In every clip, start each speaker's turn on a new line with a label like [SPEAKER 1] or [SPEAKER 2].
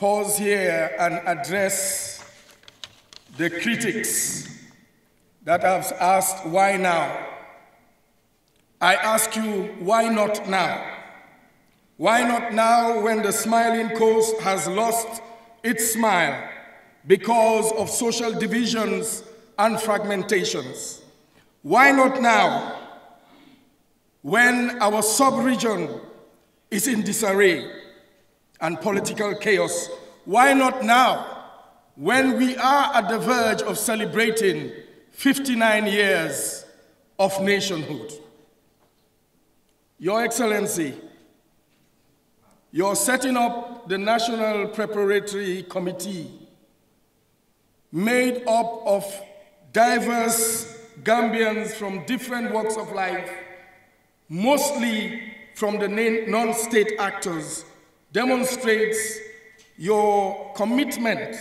[SPEAKER 1] pause here and address the critics that have asked, why now? I ask you, why not now? Why not now when the smiling coast has lost its smile because of social divisions and fragmentations? Why not now when our sub-region is in disarray? and political chaos, why not now, when we are at the verge of celebrating 59 years of nationhood? Your Excellency, you're setting up the National Preparatory Committee made up of diverse Gambians from different walks of life, mostly from the non-state actors demonstrates your commitment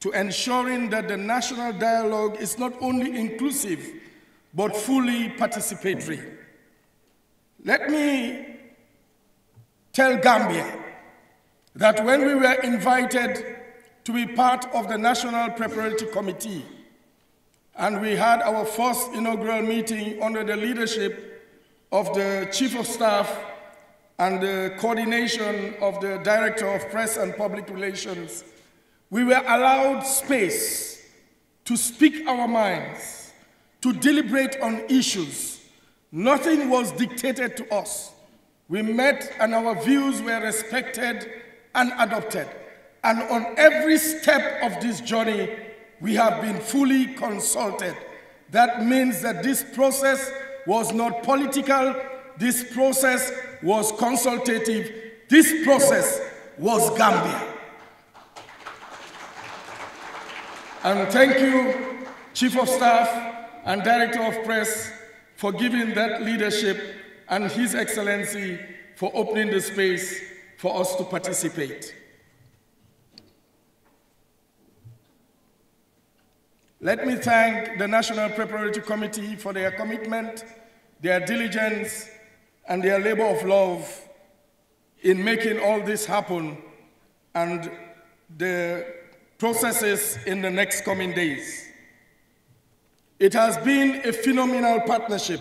[SPEAKER 1] to ensuring that the national dialogue is not only inclusive, but fully participatory. Let me tell Gambia that when we were invited to be part of the National Preparatory Committee, and we had our first inaugural meeting under the leadership of the Chief of Staff and the coordination of the Director of Press and Public Relations, we were allowed space to speak our minds, to deliberate on issues. Nothing was dictated to us. We met and our views were respected and adopted. And on every step of this journey, we have been fully consulted. That means that this process was not political, this process was consultative, this process was Gambia. And thank you, Chief of Staff and Director of Press, for giving that leadership and His Excellency for opening the space for us to participate. Let me thank the National Preparatory Committee for their commitment, their diligence, and their labor of love in making all this happen and the processes in the next coming days. It has been a phenomenal partnership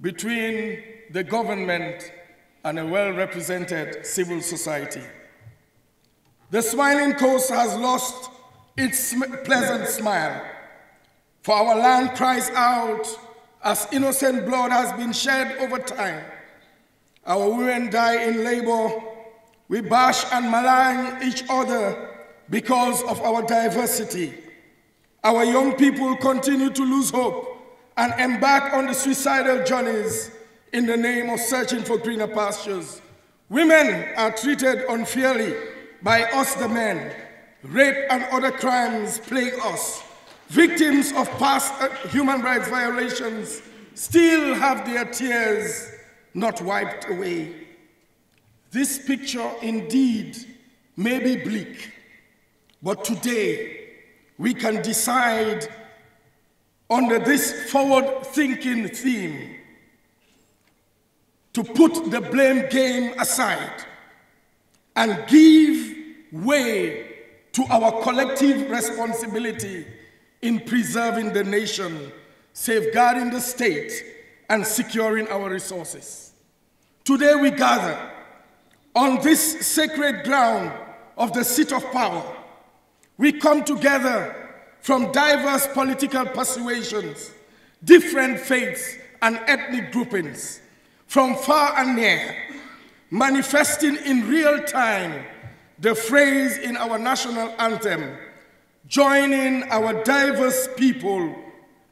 [SPEAKER 1] between the government and a well-represented civil society. The smiling coast has lost its pleasant smile, for our land cries out as innocent blood has been shed over time. Our women die in labor. We bash and malign each other because of our diversity. Our young people continue to lose hope and embark on the suicidal journeys in the name of searching for greener pastures. Women are treated unfairly by us, the men. Rape and other crimes plague us. Victims of past uh, human rights violations still have their tears not wiped away. This picture indeed may be bleak, but today we can decide under this forward-thinking theme to put the blame game aside and give way to our collective responsibility in preserving the nation, safeguarding the state, and securing our resources. Today we gather on this sacred ground of the seat of power. We come together from diverse political persuasions, different faiths and ethnic groupings, from far and near, manifesting in real time the phrase in our national anthem, joining our diverse people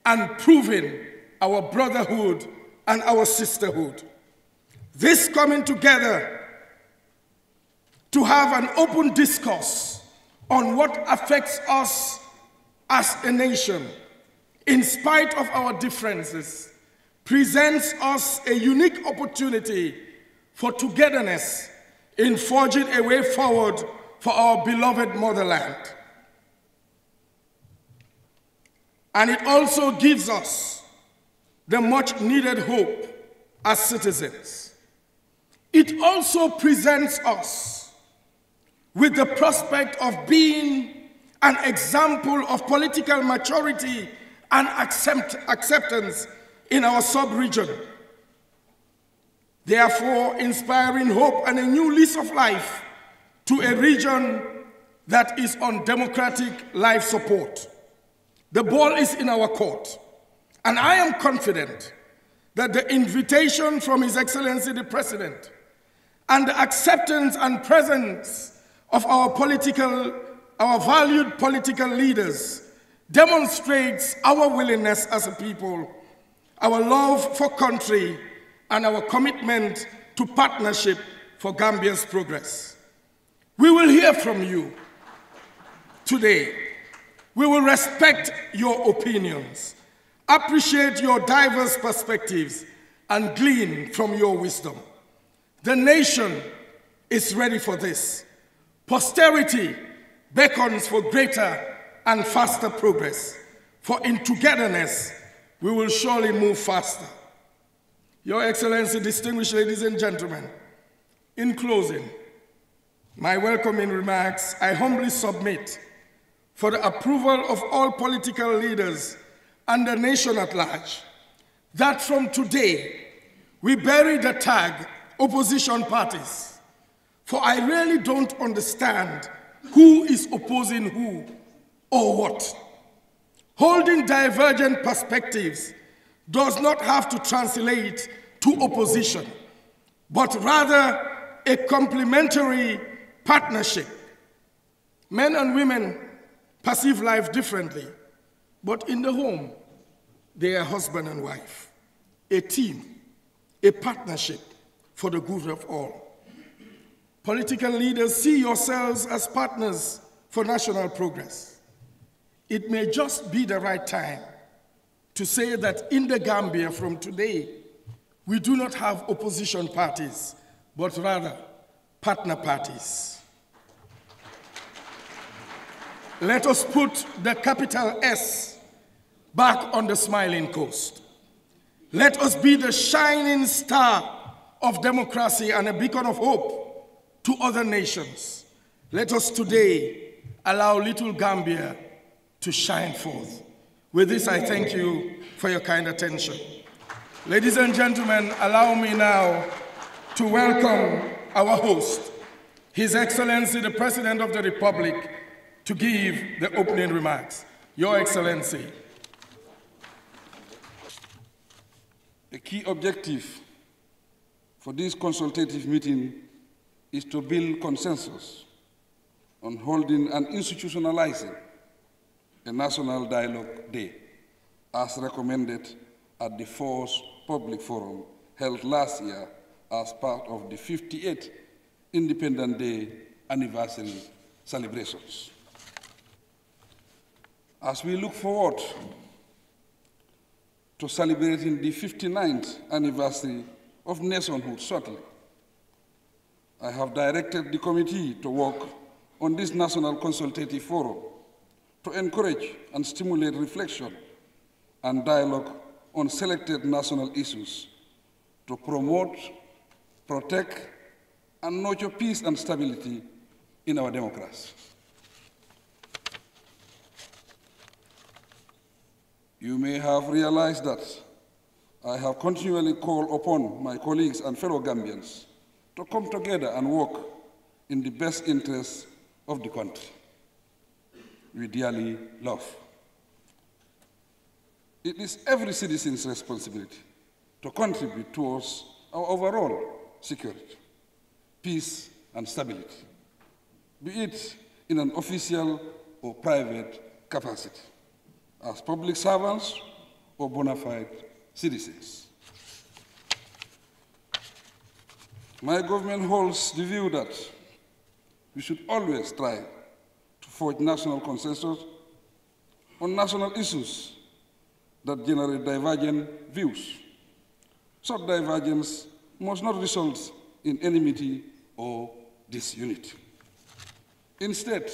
[SPEAKER 1] and proving our brotherhood and our sisterhood. This coming together to have an open discourse on what affects us as a nation, in spite of our differences, presents us a unique opportunity for togetherness in forging a way forward for our beloved motherland. And it also gives us the much needed hope as citizens. It also presents us with the prospect of being an example of political maturity and accept acceptance in our sub-region. Therefore, inspiring hope and a new lease of life to a region that is on democratic life support. The ball is in our court. And I am confident that the invitation from His Excellency the President and the acceptance and presence of our political, our valued political leaders demonstrates our willingness as a people, our love for country, and our commitment to partnership for Gambia's progress. We will hear from you today we will respect your opinions, appreciate your diverse perspectives, and glean from your wisdom. The nation is ready for this. Posterity beckons for greater and faster progress, for in togetherness we will surely move faster. Your Excellency, distinguished ladies and gentlemen, in closing, my welcoming remarks, I humbly submit for the approval of all political leaders and the nation at large that from today we bury the tag opposition parties, for I really don't understand who is opposing who or what. Holding divergent perspectives does not have to translate to opposition, but rather a complementary partnership. Men and women perceive life differently, but in the home, they are husband and wife, a team, a partnership for the good of all. Political leaders, see yourselves as partners for national progress. It may just be the right time to say that in the Gambia from today, we do not have opposition parties, but rather partner parties. Let us put the capital S back on the smiling coast. Let us be the shining star of democracy and a beacon of hope to other nations. Let us today allow little Gambia to shine forth. With this, I thank you for your kind attention. Ladies and gentlemen, allow me now to welcome our host, His Excellency the President of the Republic, to give the opening remarks. Your Excellency.
[SPEAKER 2] The key objective for this consultative meeting is to build consensus on holding and institutionalizing a National Dialogue Day, as recommended at the fourth public forum held last year as part of the 58th Independent Day anniversary celebrations. As we look forward to celebrating the 59th anniversary of nationhood shortly, I have directed the committee to work on this national consultative forum to encourage and stimulate reflection and dialogue on selected national issues to promote, protect, and nurture peace and stability in our democracy. You may have realized that I have continually called upon my colleagues and fellow Gambians to come together and work in the best interests of the country we dearly love. It is every citizen's responsibility to contribute towards our overall security, peace, and stability, be it in an official or private capacity as public servants or bona fide citizens. My government holds the view that we should always try to forge national consensus on national issues that generate divergent views. Such divergence must not result in enmity or disunity. Instead,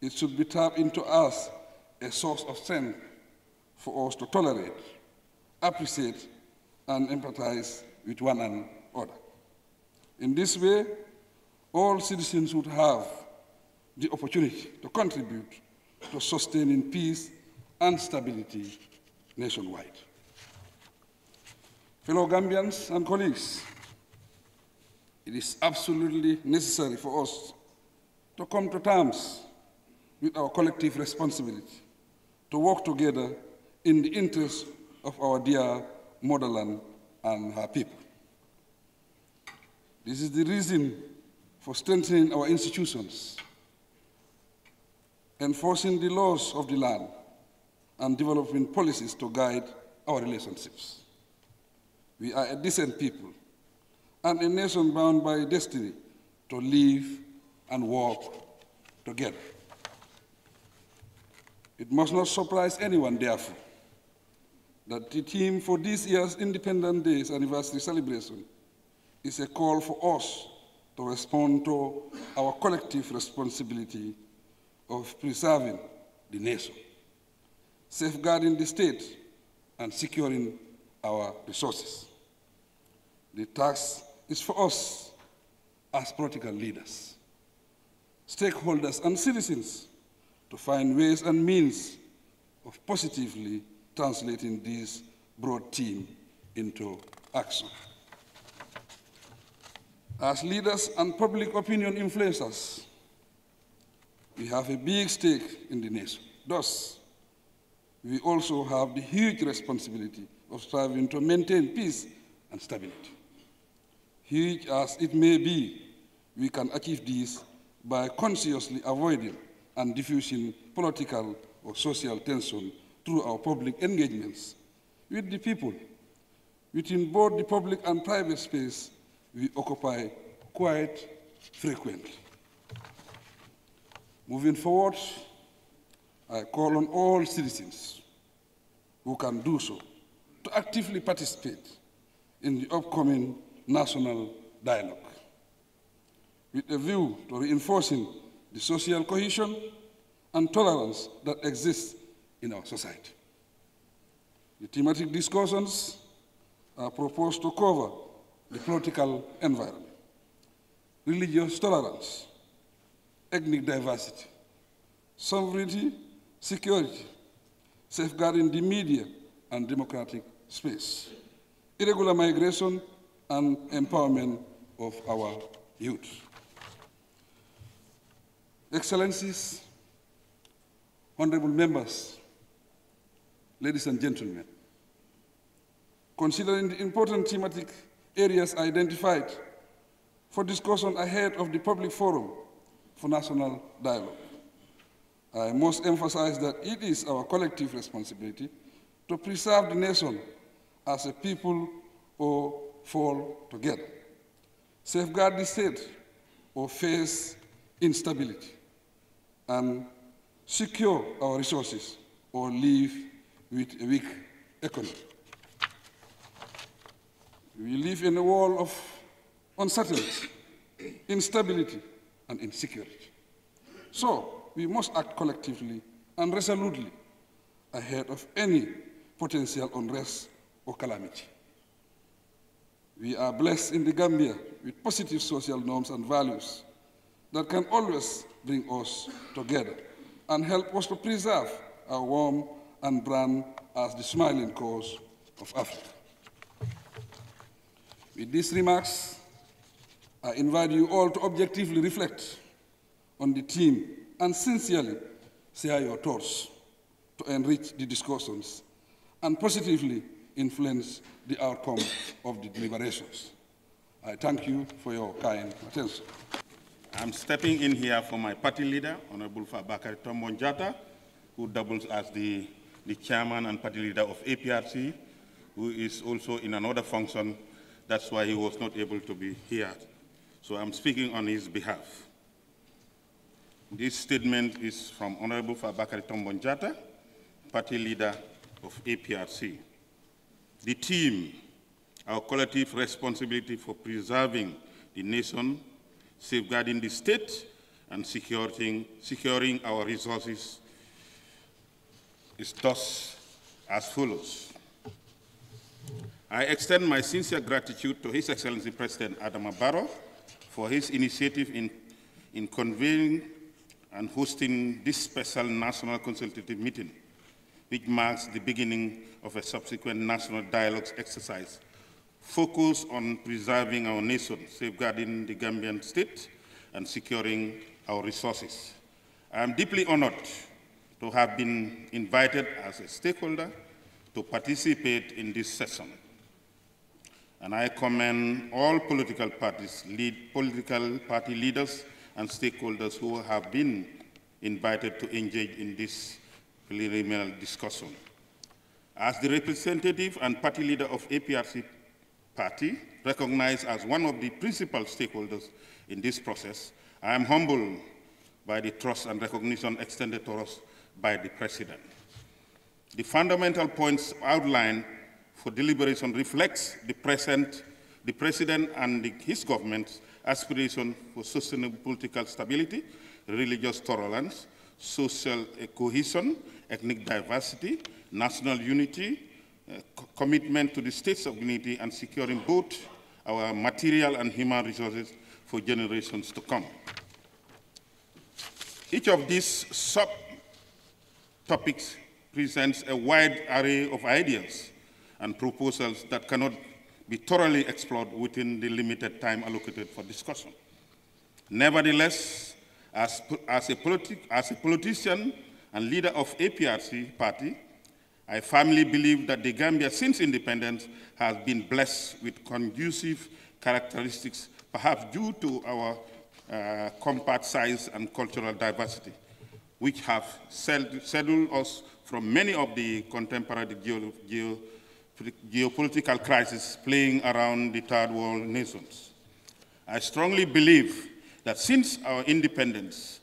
[SPEAKER 2] it should be tapped into us a source of strength for us to tolerate, appreciate, and empathize with one another. In this way, all citizens would have the opportunity to contribute to sustaining peace and stability nationwide. Fellow Gambians and colleagues, it is absolutely necessary for us to come to terms with our collective responsibility to work together in the interest of our dear motherland and her people. This is the reason for strengthening our institutions, enforcing the laws of the land, and developing policies to guide our relationships. We are a decent people and a nation bound by destiny to live and work together. It must not surprise anyone, therefore, that the theme for this year's Independence Day's anniversary celebration is a call for us to respond to our collective responsibility of preserving the nation, safeguarding the state, and securing our resources. The task is for us as political leaders, stakeholders, and citizens to find ways and means of positively translating this broad theme into action. As leaders and public opinion influencers, we have a big stake in the nation. Thus, we also have the huge responsibility of striving to maintain peace and stability. Huge as it may be, we can achieve this by consciously avoiding and diffusing political or social tension through our public engagements with the people. Within both the public and private space, we occupy quite frequently. Moving forward, I call on all citizens who can do so to actively participate in the upcoming national dialogue with a view to reinforcing the social cohesion and tolerance that exists in our society. The thematic discussions are proposed to cover the political environment, religious tolerance, ethnic diversity, sovereignty, security, safeguarding the media and democratic space, irregular migration, and empowerment of our youth. Excellencies, honorable members, ladies and gentlemen, considering the important thematic areas identified for discussion ahead of the public forum for national dialogue. I must emphasize that it is our collective responsibility to preserve the nation as a people or fall together, safeguard the state or face instability and um, secure our resources or live with a weak economy. We live in a world of uncertainty, instability, and insecurity. So we must act collectively and resolutely ahead of any potential unrest or calamity. We are blessed in the Gambia with positive social norms and values that can always bring us together and help us to preserve our warm and brand as the smiling cause of Africa. With these remarks, I invite you all to objectively reflect on the theme and sincerely share your thoughts to enrich the discussions and positively influence the outcome of the deliberations. I thank you for your kind attention. I'm stepping in here for my party leader, Honorable Fabakari
[SPEAKER 3] Tombonjata, who doubles as the, the chairman and party leader of APRC, who is also in another function. That's why he was not able to be here. So I'm speaking on his behalf. This statement is from Honorable Fabakari Tombonjata, party leader of APRC. The team, our collective responsibility for preserving the nation safeguarding the state and securing, securing our resources is thus as follows. I extend my sincere gratitude to His Excellency President Adam Barrow for his initiative in, in convening and hosting this special national consultative meeting, which marks the beginning of a subsequent national dialogues exercise focus on preserving our nation, safeguarding the Gambian state, and securing our resources. I am deeply honored to have been invited as a stakeholder to participate in this session. And I commend all political parties, lead, political party leaders and stakeholders who have been invited to engage in this preliminary discussion. As the representative and party leader of APRC Party, recognized as one of the principal stakeholders in this process, I am humbled by the trust and recognition extended to us by the President. The fundamental points outlined for deliberation reflects the present, the President and the, his government's aspiration for sustainable political stability, religious tolerance, social cohesion, ethnic diversity, national unity, uh, commitment to the states sovereignty and securing both our material and human resources for generations to come. Each of these sub-topics presents a wide array of ideas and proposals that cannot be thoroughly explored within the limited time allocated for discussion. Nevertheless, as, as, a, politi as a politician and leader of APRC party, I firmly believe that the Gambia, since independence, has been blessed with conducive characteristics, perhaps due to our uh, compact size and cultural diversity, which have settled us from many of the contemporary geo geo geopolitical crises playing around the third world nations. I strongly believe that since our independence,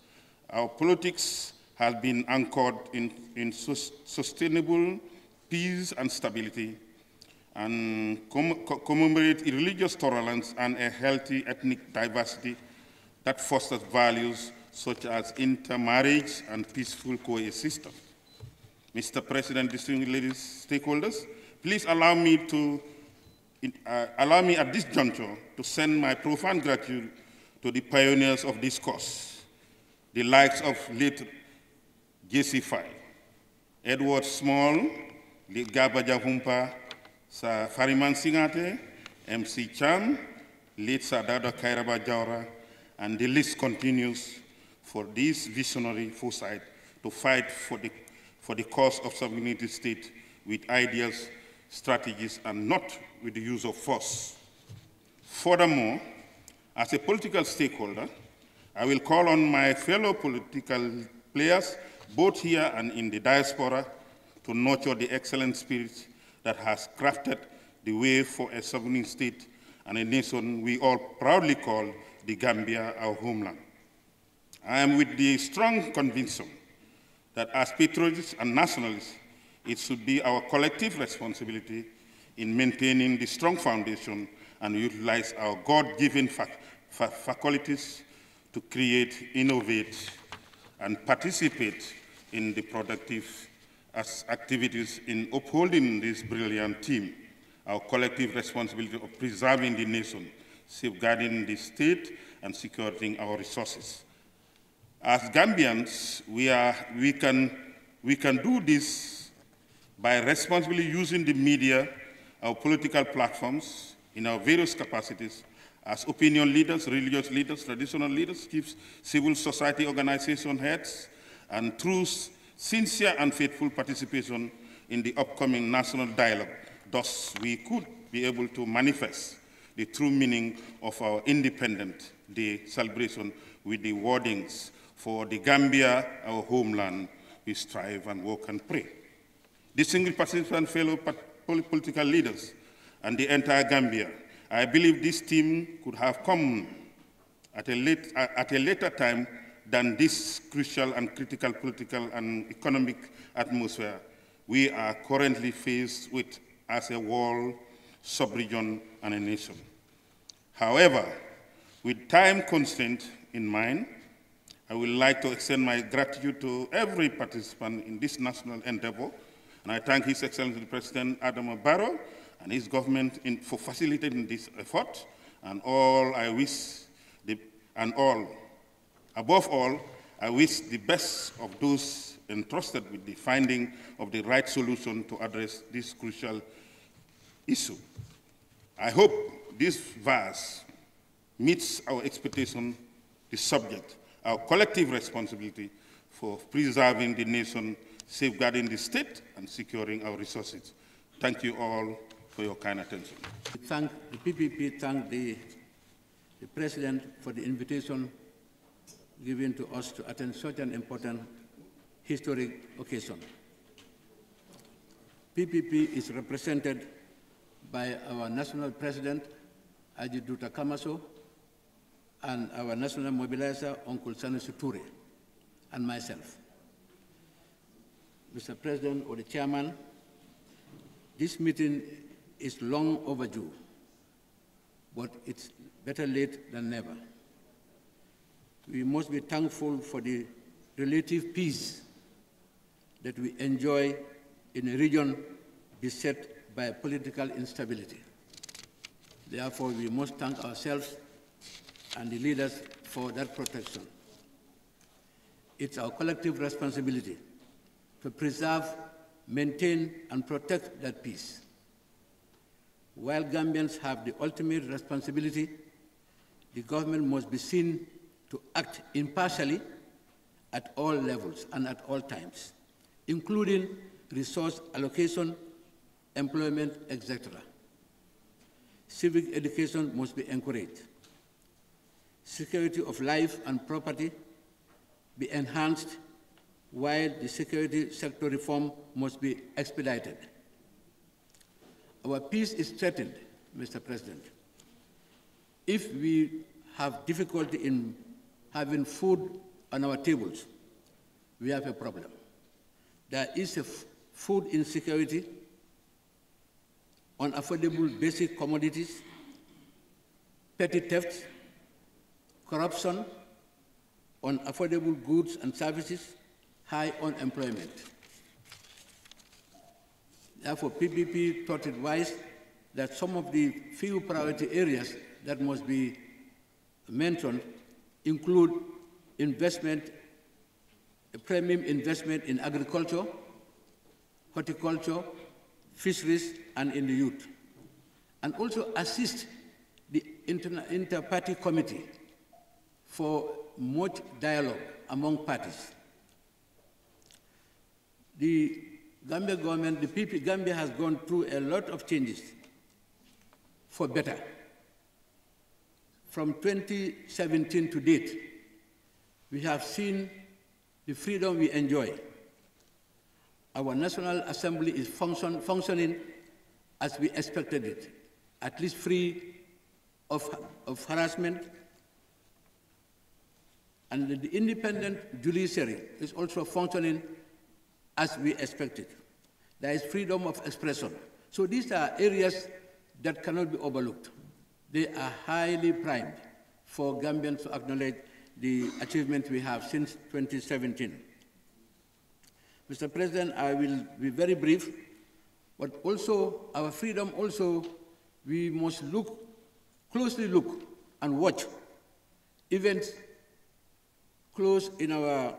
[SPEAKER 3] our politics has been anchored in, in sustainable peace and stability and com commemorate religious tolerance and a healthy ethnic diversity that fosters values such as intermarriage and peaceful coexistence. Mr. President, distinguished ladies, stakeholders, please allow me to uh, allow me at this juncture to send my profound gratitude to the pioneers of this course, the likes of late Jesse Fay, Edward Small, Gaba Jahumpa, Sa Fariman Singate, MC Chan, late Sadada Kairaba and the list continues for these visionary foresight to fight for the, for the cause of United state with ideas, strategies, and not with the use of force. Furthermore, as a political stakeholder, I will call on my fellow political players both here and in the diaspora, to nurture the excellent spirit that has crafted the way for a sovereign state and a nation we all proudly call the Gambia our homeland. I am with the strong conviction that as patriots and nationalists, it should be our collective responsibility in maintaining the strong foundation and utilize our God-given fac fac faculties to create, innovate, and participate in the productive activities in upholding this brilliant team, our collective responsibility of preserving the nation, safeguarding the state, and securing our resources. As Gambians, we, are, we, can, we can do this by responsibly using the media, our political platforms, in our various capacities, as opinion leaders, religious leaders, traditional leaders, civil society organization heads, and through sincere and faithful participation in the upcoming national dialogue, thus we could be able to manifest the true meaning of our Independent Day celebration with the wordings, for the Gambia, our homeland, we strive and work and pray. Distinguished participants, fellow political leaders, and the entire Gambia, I believe this team could have come at a, late, at a later time than this crucial and critical political and economic atmosphere we are currently faced with as a world, subregion, and a nation. However, with time constraint in mind, I would like to extend my gratitude to every participant in this national endeavor, and I thank His Excellency President Adam Barrow and his government in, for facilitating this effort, and all I wish, the, and all Above all, I wish the best of those entrusted with the finding of the right solution to address this crucial issue. I hope this verse meets our expectation, the subject, our collective responsibility for preserving the nation, safeguarding the state, and securing our resources. Thank you all for your kind attention.
[SPEAKER 4] Thank, the PPP thank the, the President for the invitation given to us to attend such an important historic occasion. PPP is represented by our national president, Ajiduta Kamaso, and our national mobilizer, Uncle Sanusi and myself. Mr. President or the Chairman, this meeting is long overdue, but it's better late than never we must be thankful for the relative peace that we enjoy in a region beset by political instability. Therefore, we must thank ourselves and the leaders for that protection. It's our collective responsibility to preserve, maintain, and protect that peace. While Gambians have the ultimate responsibility, the government must be seen to act impartially at all levels and at all times, including resource allocation, employment, etc. Civic education must be encouraged. Security of life and property be enhanced while the security sector reform must be expedited. Our peace is threatened, Mr. President. If we have difficulty in having food on our tables, we have a problem. There is a food insecurity, unaffordable basic commodities, petty theft, corruption, unaffordable goods and services, high unemployment. Therefore, PPP thought it wise that some of the few priority areas that must be mentioned include investment, premium investment in agriculture, horticulture, fisheries, and in the youth, and also assist the inter-party committee for much dialogue among parties. The Gambia government, the PP Gambia has gone through a lot of changes for better from 2017 to date, we have seen the freedom we enjoy. Our National Assembly is function, functioning as we expected it, at least free of, of harassment. And the independent judiciary is also functioning as we expected. There is freedom of expression. So these are areas that cannot be overlooked. They are highly primed for Gambians to acknowledge the achievements we have since 2017. Mr. President, I will be very brief, but also our freedom also, we must look, closely look and watch events close in our,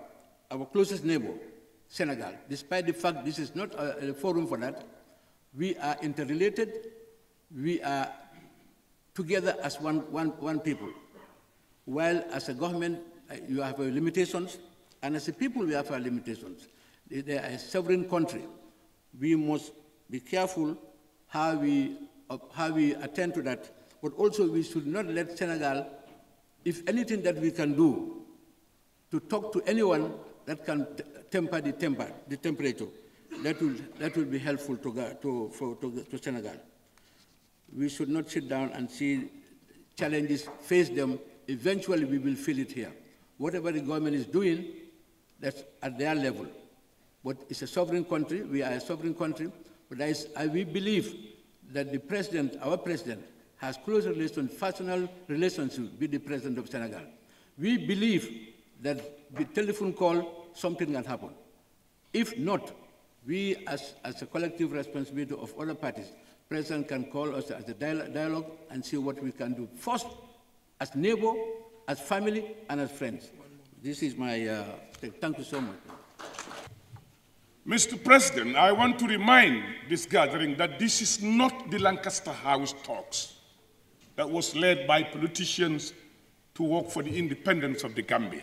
[SPEAKER 4] our closest neighbor, Senegal. Despite the fact this is not a, a forum for that, we are interrelated, we are together as one, one, one people. While as a government, uh, you have limitations, and as a people, we have our limitations. They are a sovereign country. We must be careful how we, how we attend to that. But also, we should not let Senegal, if anything that we can do to talk to anyone that can temper the, temper, the temperature, that will, that will be helpful to, to, for, to, to Senegal we should not sit down and see challenges, face them. Eventually, we will feel it here. Whatever the government is doing, that's at their level. But it's a sovereign country. We are a sovereign country. But I, we believe that the president, our president, has close relations, personal relationship with the president of Senegal. We believe that the telephone call, something can happen. If not, we as, as a collective responsibility of other parties President can call us at the dialogue and see what we can do. First, as neighbor, as family, and as friends. This is my uh, thank you so much.
[SPEAKER 5] Mr. President, I want to remind this gathering that this is not the Lancaster House talks that was led by politicians to work for the independence of the Gambia.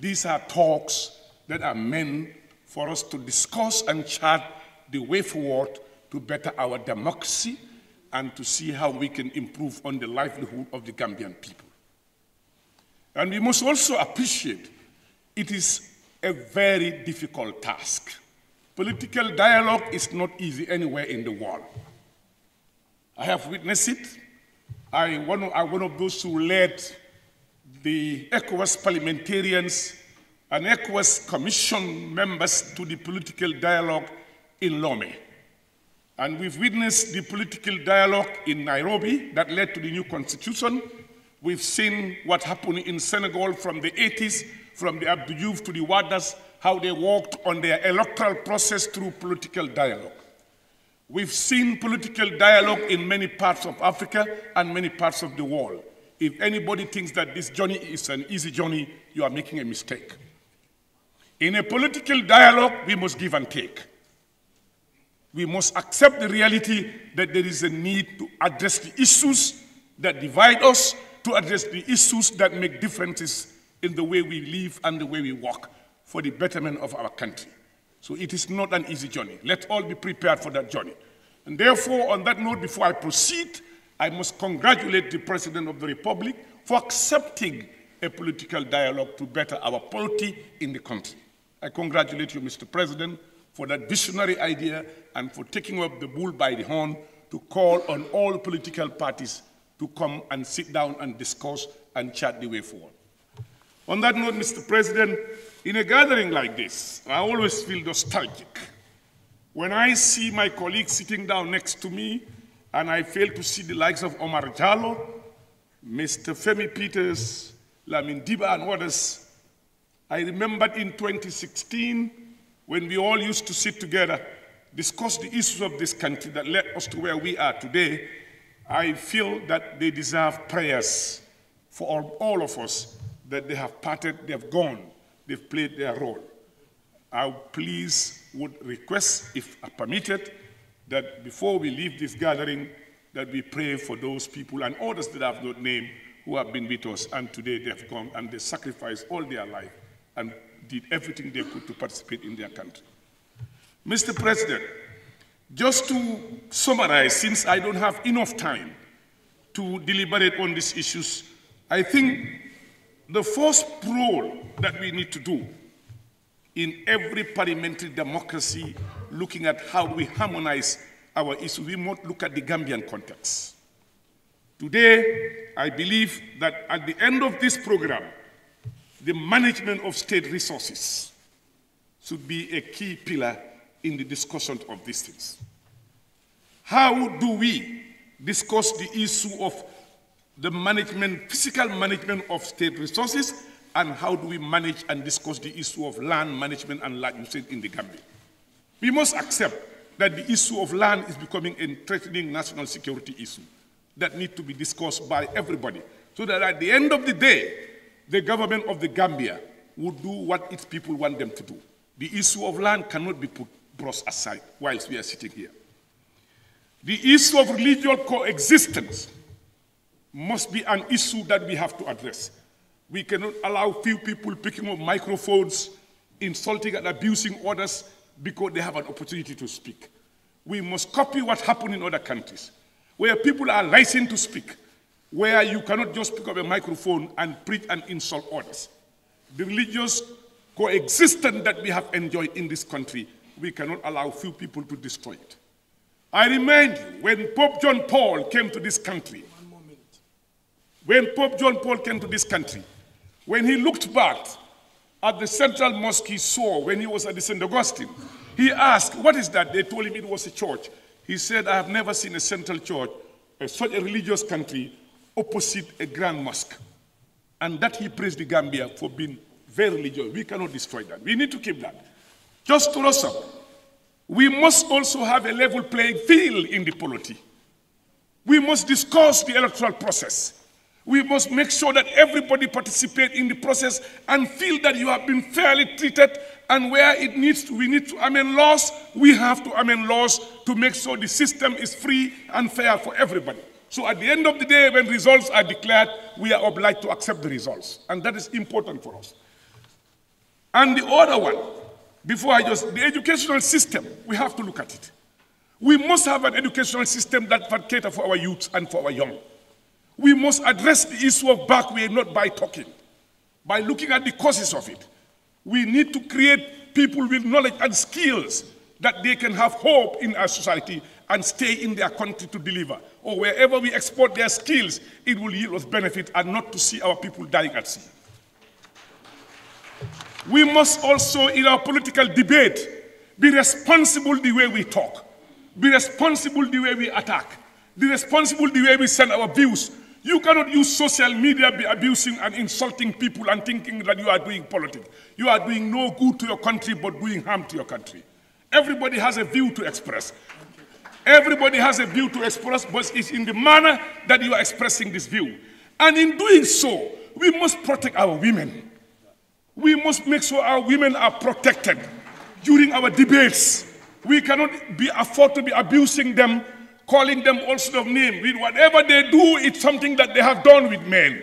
[SPEAKER 5] These are talks that are meant for us to discuss and chart the way forward to better our democracy and to see how we can improve on the livelihood of the Gambian people. And we must also appreciate it is a very difficult task. Political dialogue is not easy anywhere in the world. I have witnessed it. I one of, I'm one of those who led the ECOWAS parliamentarians and ECOWAS commission members to the political dialogue in Lomé. And we've witnessed the political dialogue in Nairobi that led to the new constitution. We've seen what happened in Senegal from the 80s, from the Abdou to the Wadas, how they worked on their electoral process through political dialogue. We've seen political dialogue in many parts of Africa and many parts of the world. If anybody thinks that this journey is an easy journey, you are making a mistake. In a political dialogue, we must give and take we must accept the reality that there is a need to address the issues that divide us, to address the issues that make differences in the way we live and the way we work for the betterment of our country. So it is not an easy journey. Let's all be prepared for that journey. And therefore, on that note, before I proceed, I must congratulate the President of the Republic for accepting a political dialogue to better our polity in the country. I congratulate you, Mr. President for that visionary idea and for taking up the bull by the horn to call on all political parties to come and sit down and discuss and chart the way forward. On that note, Mr. President, in a gathering like this, I always feel nostalgic. When I see my colleagues sitting down next to me and I fail to see the likes of Omar Jalo, Mr. Femi Peters, Lamin Diba, and others, I remembered in 2016 when we all used to sit together, discuss the issues of this country that led us to where we are today, I feel that they deserve prayers for all, all of us that they have parted, they have gone, they've played their role. I please would request, if permitted, that before we leave this gathering, that we pray for those people and others that I have not named who have been with us and today they have gone and they sacrificed all their life and did everything they could to participate in their country. Mr. President, just to summarize, since I don't have enough time to deliberate on these issues, I think the first role that we need to do in every parliamentary democracy, looking at how we harmonize our issues, we must look at the Gambian context. Today, I believe that at the end of this program, the management of state resources should be a key pillar in the discussion of these things. How do we discuss the issue of the management, physical management of state resources, and how do we manage and discuss the issue of land management and land usage in the Gambia? We must accept that the issue of land is becoming a threatening national security issue that needs to be discussed by everybody, so that at the end of the day, the government of the Gambia would do what its people want them to do. The issue of land cannot be put, brushed aside whilst we are sitting here. The issue of religious coexistence must be an issue that we have to address. We cannot allow few people picking up microphones, insulting and abusing others because they have an opportunity to speak. We must copy what happened in other countries, where people are licensed to speak where you cannot just pick up a microphone and preach and insult others. The religious coexistence that we have enjoyed in this country, we cannot allow few people to destroy it. I remind you, when Pope John Paul came to this country, when Pope John Paul came to this country, when he looked back at the central mosque he saw when he was at the St. Augustine, he asked, What is that? They told him it was a church. He said, I have never seen a central church, such a religious country, opposite a grand mosque. And that he praised the Gambia for being very religious. We cannot destroy that. We need to keep that. Just to us up, we must also have a level playing field in the polity. We must discuss the electoral process. We must make sure that everybody participates in the process and feel that you have been fairly treated and where it needs to, we need to amend laws, we have to amend laws to make sure the system is free and fair for everybody. So at the end of the day, when results are declared, we are obliged to accept the results. And that is important for us. And the other one, before I just, the educational system, we have to look at it. We must have an educational system that can cater for our youth and for our young. We must address the issue of backway not by talking, by looking at the causes of it. We need to create people with knowledge and skills that they can have hope in our society and stay in their country to deliver or wherever we export their skills, it will yield us benefit and not to see our people dying at sea. We must also, in our political debate, be responsible the way we talk, be responsible the way we attack, be responsible the way we send our views. You cannot use social media be abusing and insulting people and thinking that you are doing politics. You are doing no good to your country but doing harm to your country. Everybody has a view to express. Everybody has a view to express, but it's in the manner that you are expressing this view. And in doing so, we must protect our women. We must make sure our women are protected during our debates. We cannot be afford to be abusing them, calling them all sort of names. Whatever they do, it's something that they have done with men.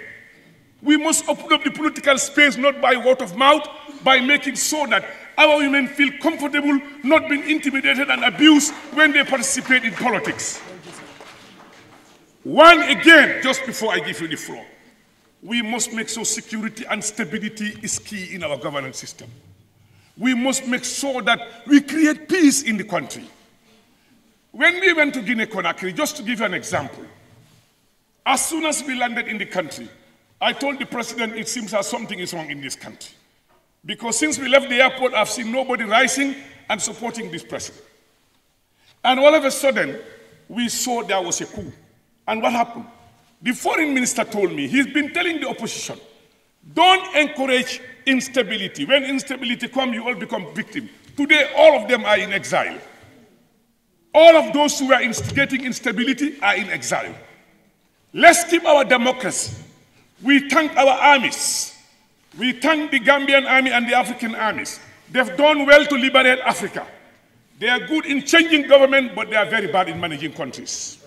[SPEAKER 5] We must open up the political space not by word of mouth, by making sure that our women feel comfortable not being intimidated and abused when they participate in politics. One again, just before I give you the floor, we must make sure security and stability is key in our governance system. We must make sure that we create peace in the country. When we went to Guinea Conakry, just to give you an example, as soon as we landed in the country, I told the president, it seems that something is wrong in this country. Because since we left the airport, I've seen nobody rising and supporting this person. And all of a sudden, we saw there was a coup. And what happened? The foreign minister told me, he's been telling the opposition, don't encourage instability. When instability comes, you all become victim. Today, all of them are in exile. All of those who are instigating instability are in exile. Let's keep our democracy. We thank our armies. We thank the Gambian army and the African armies. They've done well to liberate Africa. They are good in changing government, but they are very bad in managing countries.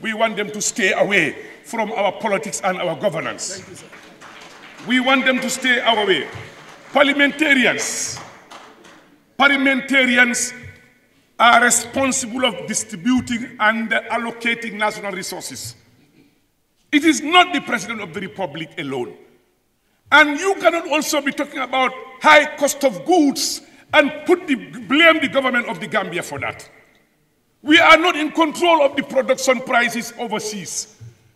[SPEAKER 5] We want them to stay away from our politics and our governance. We want them to stay our way. Parliamentarians, parliamentarians are responsible of distributing and allocating national resources. It is not the President of the Republic alone. And you cannot also be talking about high cost of goods and put the, blame the government of the Gambia for that. We are not in control of the production prices overseas.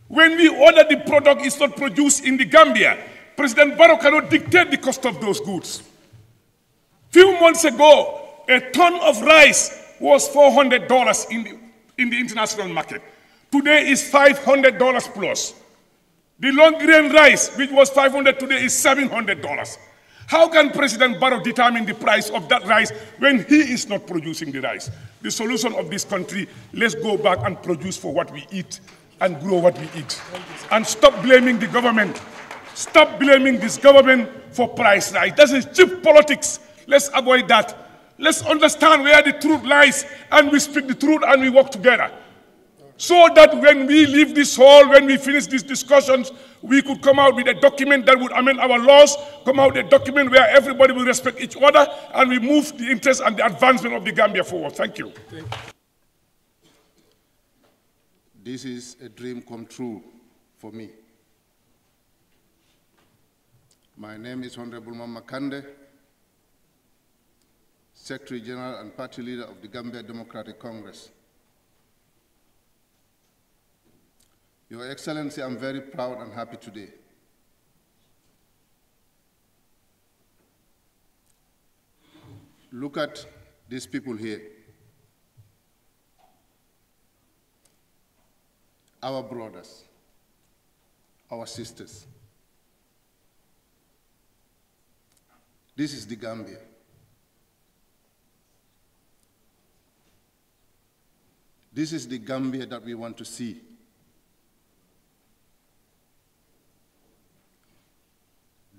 [SPEAKER 5] When we order the product, it's not produced in the Gambia. President Barrow cannot dictate the cost of those goods. Few months ago, a ton of rice was $400 in the, in the international market. Today is $500 plus. The long grain rice, which was 500 today, is $700. How can President Barrow determine the price of that rice when he is not producing the rice? The solution of this country, let's go back and produce for what we eat and grow what we eat. And stop blaming the government. Stop blaming this government for price rise. That is cheap politics. Let's avoid that. Let's understand where the truth lies and we speak the truth and we work together so that when we leave this hall, when we finish these discussions, we could come out with a document that would amend our laws, come out with a document where everybody will respect each other, and we move the interests and the advancement of the Gambia forward. Thank you.
[SPEAKER 6] This is a dream come true for me. My name is Honorable Mama Kande, Secretary General and Party Leader of the Gambia Democratic Congress. Your Excellency, I'm very proud and happy today. Look at these people here. Our brothers, our sisters. This is the Gambia. This is the Gambia that we want to see.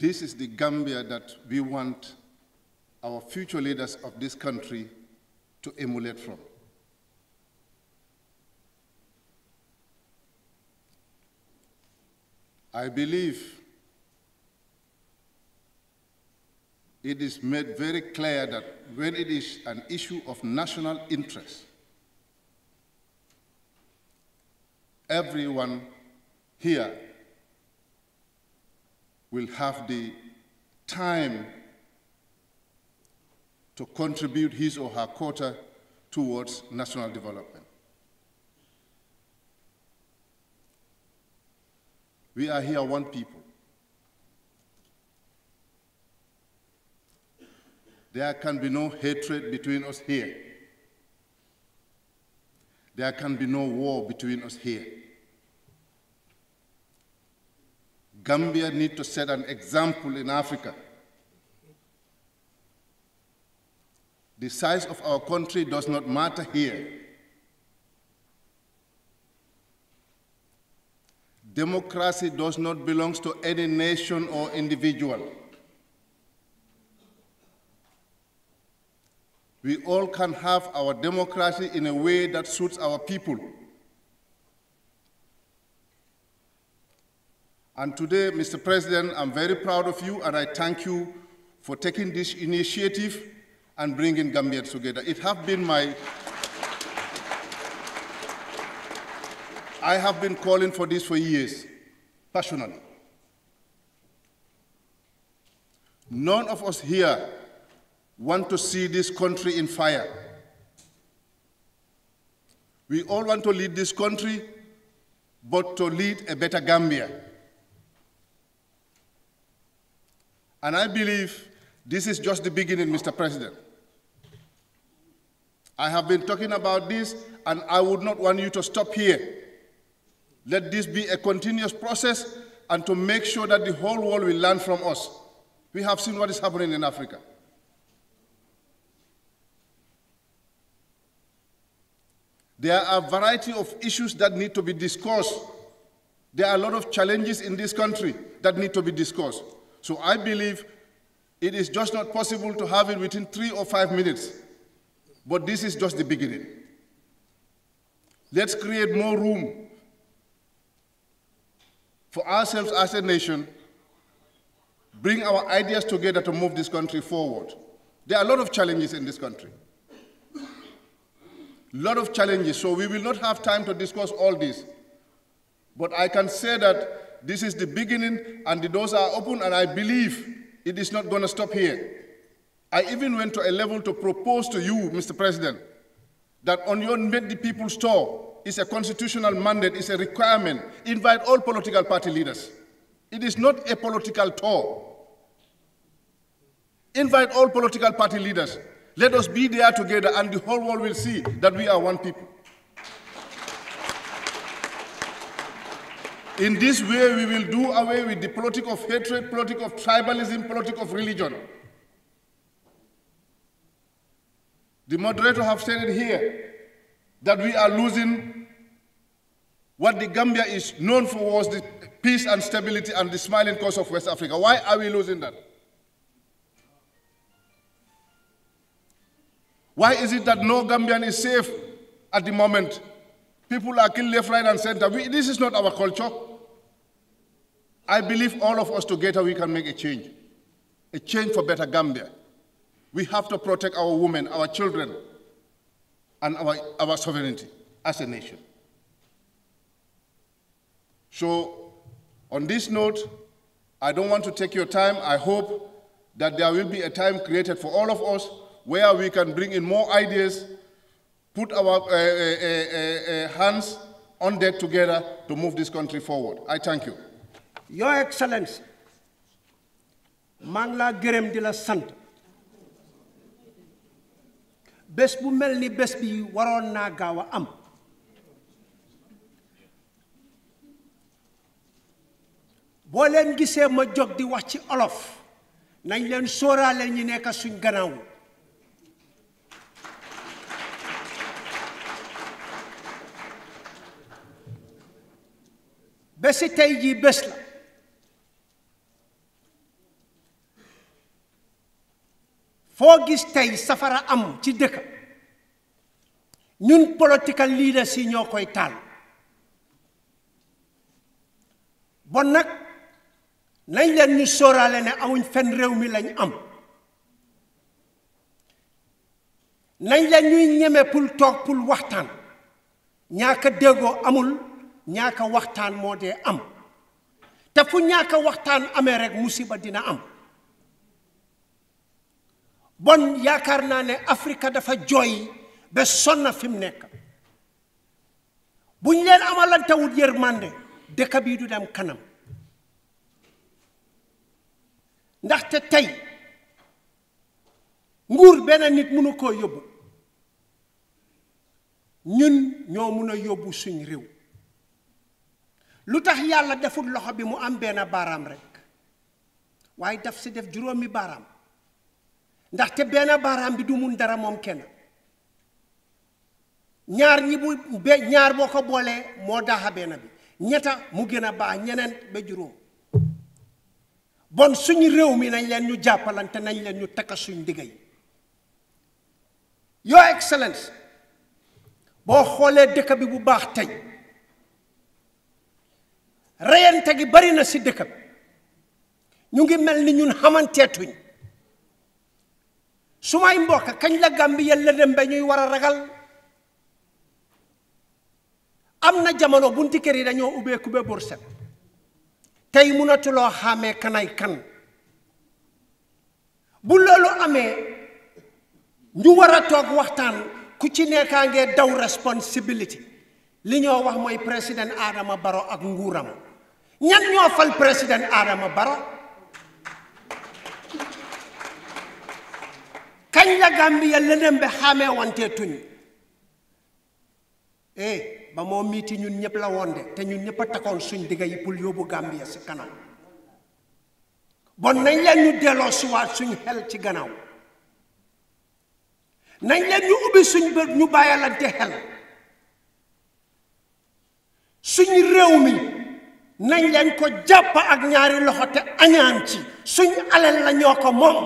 [SPEAKER 6] This is the Gambia that we want our future leaders of this country to emulate from. I believe it is made very clear that when it is an issue of national interest, everyone here will have the time to contribute his or her quota towards national development. We are here one people. There can be no hatred between us here. There can be no war between us here. Gambia need to set an example in Africa. The size of our country does not matter here. Democracy does not belong to any nation or individual. We all can have our democracy in a way that suits our people. And today, Mr. President, I'm very proud of you and I thank you for taking this initiative and bringing Gambia together. It has been my... I have been calling for this for years, passionately. None of us here want to see this country in fire. We all want to lead this country, but to lead a better Gambia. And I believe this is just the beginning, Mr. President. I have been talking about this, and I would not want you to stop here. Let this be a continuous process and to make sure that the whole world will learn from us. We have seen what is happening in Africa. There are a variety of issues that need to be discussed. There are a lot of challenges in this country that need to be discussed. So I believe it is just not possible to have it within three or five minutes, but this is just the beginning. Let's create more room for ourselves as a nation, bring our ideas together to move this country forward. There are a lot of challenges in this country. A lot of challenges, so we will not have time to discuss all this. But I can say that this is the beginning, and the doors are open, and I believe it is not going to stop here. I even went to a level to propose to you, Mr. President, that on your Meet the People store is a constitutional mandate, is a requirement. Invite all political party leaders. It is not a political tour. Invite all political party leaders. Let us be there together, and the whole world will see that we are one people. In this way, we will do away with the politics of hatred, politics of tribalism, politics of religion. The moderator have stated here that we are losing what the Gambia is known for was the peace and stability and the smiling coast of West Africa. Why are we losing that? Why is it that no Gambian is safe at the moment People are killed left, right, and center. We, this is not our culture. I believe all of us together we can make a change, a change for better Gambia. We have to protect our women, our children, and our, our sovereignty as a nation. So, on this note, I don't want to take your time. I hope that there will be a time created for all of us where we can bring in more ideas put our uh, uh, uh, hands on deck together to move this country forward. I thank you. Your Excellency, Mangla ngi laa gërëm di la sant
[SPEAKER 7] bés bu mel ni bés am boo leen ma jóg di wax ci olof nañ leen sóoraale ñi nekk gannaaw. ba si tey jii bés la foo gis tey safara am ci dëkk ñun political leaders yi ñoo koy taal bon nag nañ leen ñu sóoraale ne amuñ fenn réew mi lañ am nañ leen ñuy ñeme pour toog pour waxtaan ñaaka déggoo amul ñàkk a waxtaan moo dee am te fu ñàkk a waxtaan amee rek musiba dina am bon yaakaar naa ne Afrika dafa jooy ba sonna fi mu nekk bu ñu leen amalantewut yërmande dëkk bii du dem kanam ndaxte tey nguur benn nit mënu koo yóbbu ñun ñoo mun a yóbbu suñ réew lu tax yàlla deful loxo bi mu am benn baaraam rekk waaye daf si def juróomi baaraam ndax ndaxte benn baaraam bi du mun dara moom kenn ñaar ñi bu ñaar boo ko boolee moo daaxa benn bi ñetta mu gën a baax ñeneen ba juróom bon suñu réew mi nañ leen ñu jàppalante nañ leen ñu takka suñ digga yi Your Excellence boo xoolee dëkk bi bu baax tey reyante gi bari na ci dëkk bi ñu ngi mel ni ñun xamanteetuñ su may mbokk kañ la gambi yalla dem ba ñuy wara ragal am na jamono bunti kër yi dañoo kubé ba tay set tey munatuloo xamé kanay kan bu lolu amé ñu wara tok waxtaan ku ci daw responsibility li ñoo wax mooy président Adama baro ak ñan ñoo fal président Adama Barrow kañ la Gambia leneen bi xamee wante tuñ eh, ba moo miiti ñun ñëpp la woon de te ñun ñëpp a takkoon suñ digga yi pour yóbbu Gambia si kanam bon nañ leen ñu delloo suwaat suñ xel ci gannaaw nañ leen ñu ubbi suñ bët ñu bàyyalante xel suñ réew mi nañ lañ ko jàpp ak ñaari loxo te añaan ci suñ alal la ñoo ko moom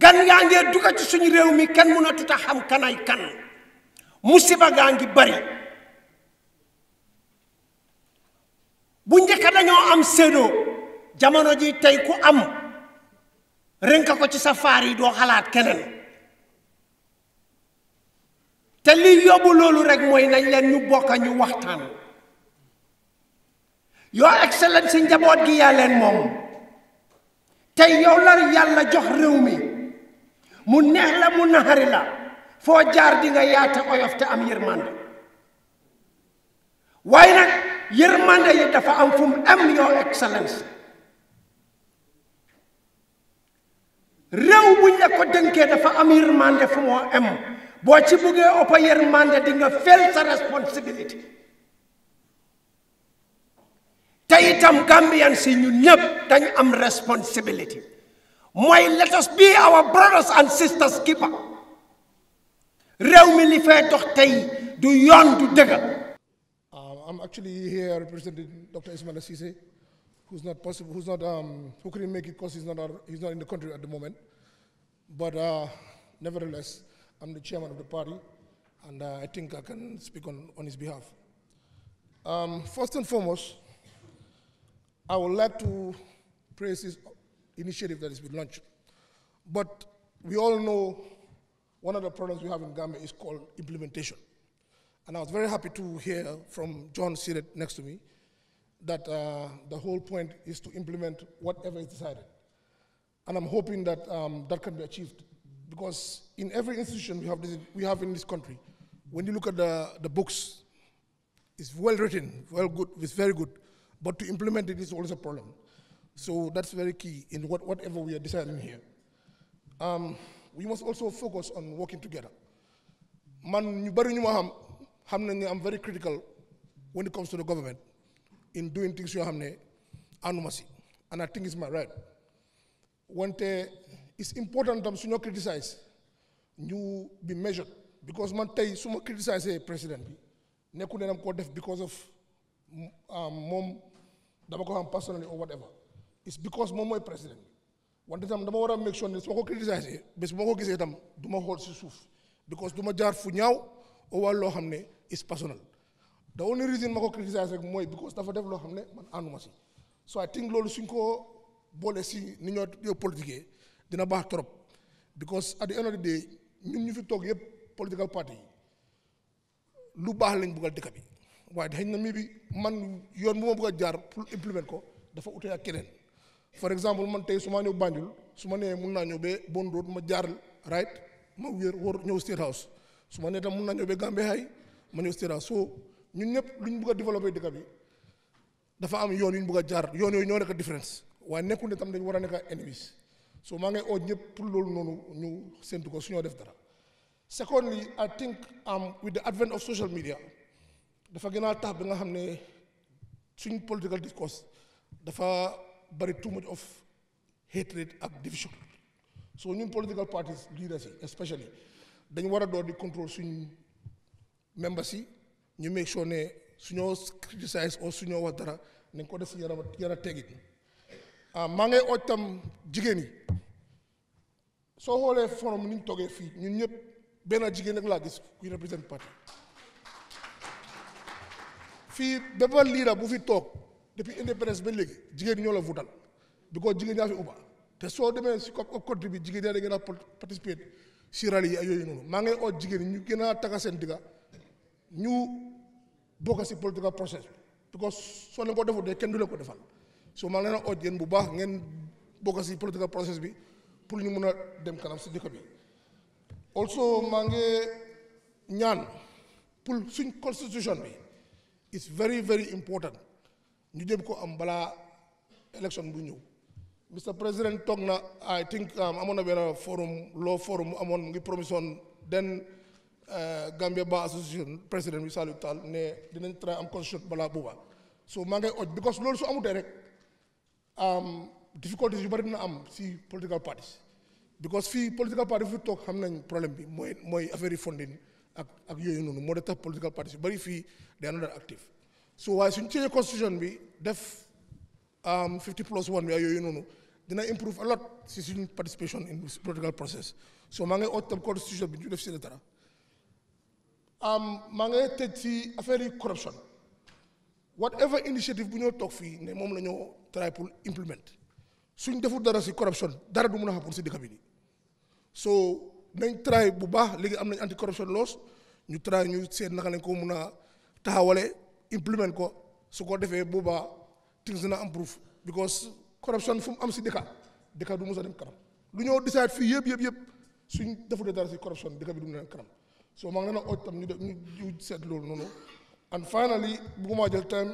[SPEAKER 7] gan yaa ngee duga ci suñu réew mi kenn mun a tuta xam kanay kan musiba gaa ngi bari bu njëkka dañoo am séenoo jamono ji tey ku am rënka ko ci sa yi doo xalaat keneen te liy yóbbu loolu rek mooy nañ leen ñu bokka ñu waxtaan yoo excellence si njaboot gi yàlla leen moom tey yow la yàlla jox réew mi mu neex la mu naxari la foo jaar di nga yaate oyof te am yërmande waaye nag yërmande yi dafa am fu mu am excellence réew buñ la ko dënkee dafa am yërmande fu moo am boo ci bëggee ëpp yërmande di nga fel sa responsabilité te itam Gambian si ñun ñëpp am responsibility mooy let us be our brothers and sisters keeper
[SPEAKER 8] réew mi li Do dox tey du yoon du i um, I'm actually here representing Dr. Ismail Assise, who's not possible, who's not, um, who couldn't make it because he's not, he's not in the country at the moment. But uh, nevertheless, I'm the chairman of the party, and uh, I think I can speak on, on his behalf. Um, first and foremost, I would like to praise this initiative that has been launched. But we all know one of the problems we have in Ghana is called implementation. And I was very happy to hear from John seated next to me that uh, the whole point is to implement whatever is decided. And I'm hoping that um, that can be achieved because in every institution we have, this, we have in this country, when you look at the, the books, it's well written, well good, it's very good. But to implement it is always a problem. So that's very key in what, whatever we are deciding here. Um, we must also focus on working together. Man, am very critical when it comes to the government in doing things You xam and I think it's my right wante it's important tam su criticize you be measured because man tey su criticize criticiser président bi nekku ne because of mom. Um, dama ko am personally or whatever it's because moom mooy président wante tam dama war a make soo ne su ma ko criticisé bés bu ma ko gisee tam du ma xool si suuf because du ma jaar fu ñaaw o wàll loo xam ne it's personal the only reason ma ko criticisé rek mooy because dafa def loo xam ne man ànduma si so I think loolu suñ ko boole si ni ñoo politique dina baax trop because at the end of the day ñun ñu fi toog yëpp political party yi lu baax lañ buggal dëkk bi waaye xëy na mi bi man yoon bu ma a jaar pour implémenter ko dafa ute ak keneen par exemple man tey su ma ñëw Banjul su ma nee mun naa ñëw ba Bond Road ma jaar right ma wéer wóor ñëw State House su ma nee tam mun naa ñëw ba Gambey High ma ñëw State House ñun ñëpp lu ñu bëgg a développé dëkk bi dafa am yoon yu ñu bëgg a jaar yoon yooyu ñoo nekk différence waaye nekkul ne tam dañ war a nekk ennemis so maa ngi oo ñëpp pour loolu noonu ñu séntu ko su ñoo def dara secondly I think um, with the advent of social media dafa gën a tax bi nga xam ne suñ political discourse dafa bari too much of hatred ak division so ñun political parties leaders yi especially dañ war a door di contrôle suñ members si ñu make sure ne suñoo criticize or suñoo wax dara nañ ko def si yara yara tegit ah maa ngay ooj tam jigéen yi soo xoolee forum ni ñu toogee fii ñun ñëpp benn jigéen rek laa gis kuy représente parti Fi bépp lira bu fi tok depuis independence ba léegi jigen ñoo la votal bi jigen jigéen ñaa fi uba te soo demee si côté bi jigéen ñaa da ngeen a participer ci rally yi ak yooyu noonu maa ngay o jigen ñu gëna taga ñu bokk ci political process bi because soo ko defut de kenn du la ko defal so ma leena o jigen bu baax ngeen bokk ci political process bi pour ñu mëna dem kanam ci dëkk bi also ma ngay ñaan pour suñ constitution bi is very very important ñu jëm ko am balaa élection Mr President toog na I um, am on na benn forum law forum mu amoon mu ngi promission den uh, Gambia Bar Association président bi Saliou Tall ne dinañ try am constitution balaa booba so maa ngay oj because loolu su amutee rek um, difficultés yu bëri dina am see political parties because fii political parties fi toog xam nañ problème bi mooy mooy affaire yi funding ak ak yooyu noonu moo tax political parties bari fii they are not active so waaye suñ change constitution bi def um, 50 plus 1 bi ak yooyu noonu dina improve a lot si suñ participation in this political process so maa ngi ot tam constitution bi ñu def si dara um, maa ngi tëj si affaire corruption whatever initiative bu ñoo toog fii ne moom la try pour implement suñ deful dara si corruption dara du mun a xapul si dëkk bi nii so nañ try bu baax léegi am nañ anti corruption laws ñu try ñu seet naka lañ ko mun a taxawale implement ko su ko defee boobaa things dina improve because corruption fu mu am si dëkka dëkka du mus a dem kanam lu ñëw decide fii yëpp yëpp yëpp suñ defulee dara si corruption dëkka bi du mun a dem kanam so maa ngi leen a ooj tam ñu ñu seet loolu noonu and finally bugguma jël time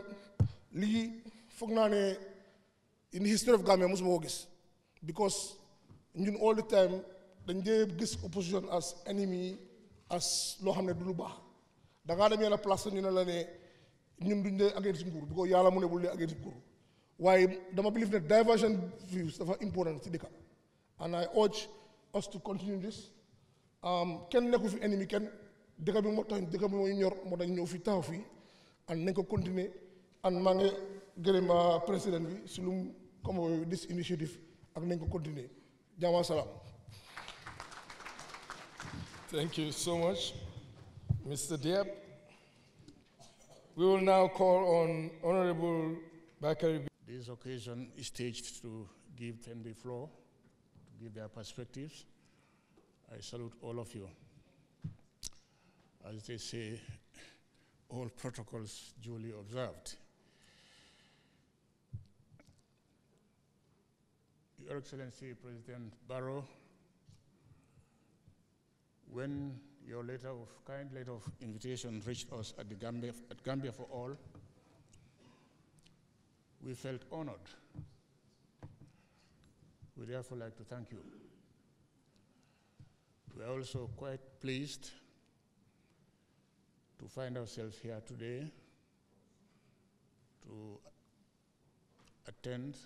[SPEAKER 8] lii foog naa ne in the history of Gambia mosuma ko gis because ñun all the time dañ dee gis opposition as ennemi as loo xam ne du lu baax da ngaa place ñu ne la ne ñun duñ nguur ko yàlla mu ne bul nguur waaye dama believe ne views dafa important dëkka and I urge us to continue this um, kenn nekku fi ennemi kenn dëkka bi moo tax dëkka bi moo ñor moo tax ñëw fi taxaw fii and nañ ko continuer and maa ngi gërëm président bi si lu uh, this initiative ak nañ ko continuer jaamaa salaam Thank you so much, Mr. Diab.
[SPEAKER 1] We
[SPEAKER 9] will now call on Honorable Bakari. This occasion is staged to give them the floor, to give their perspectives. I salute all of you. As they say, all protocols duly observed. Your Excellency President Barrow, when your letter of kind letter of invitation reached us at the Gambia, at Gambia for All, we felt honored. We therefore like to thank you. We are also quite pleased to find ourselves here today to attend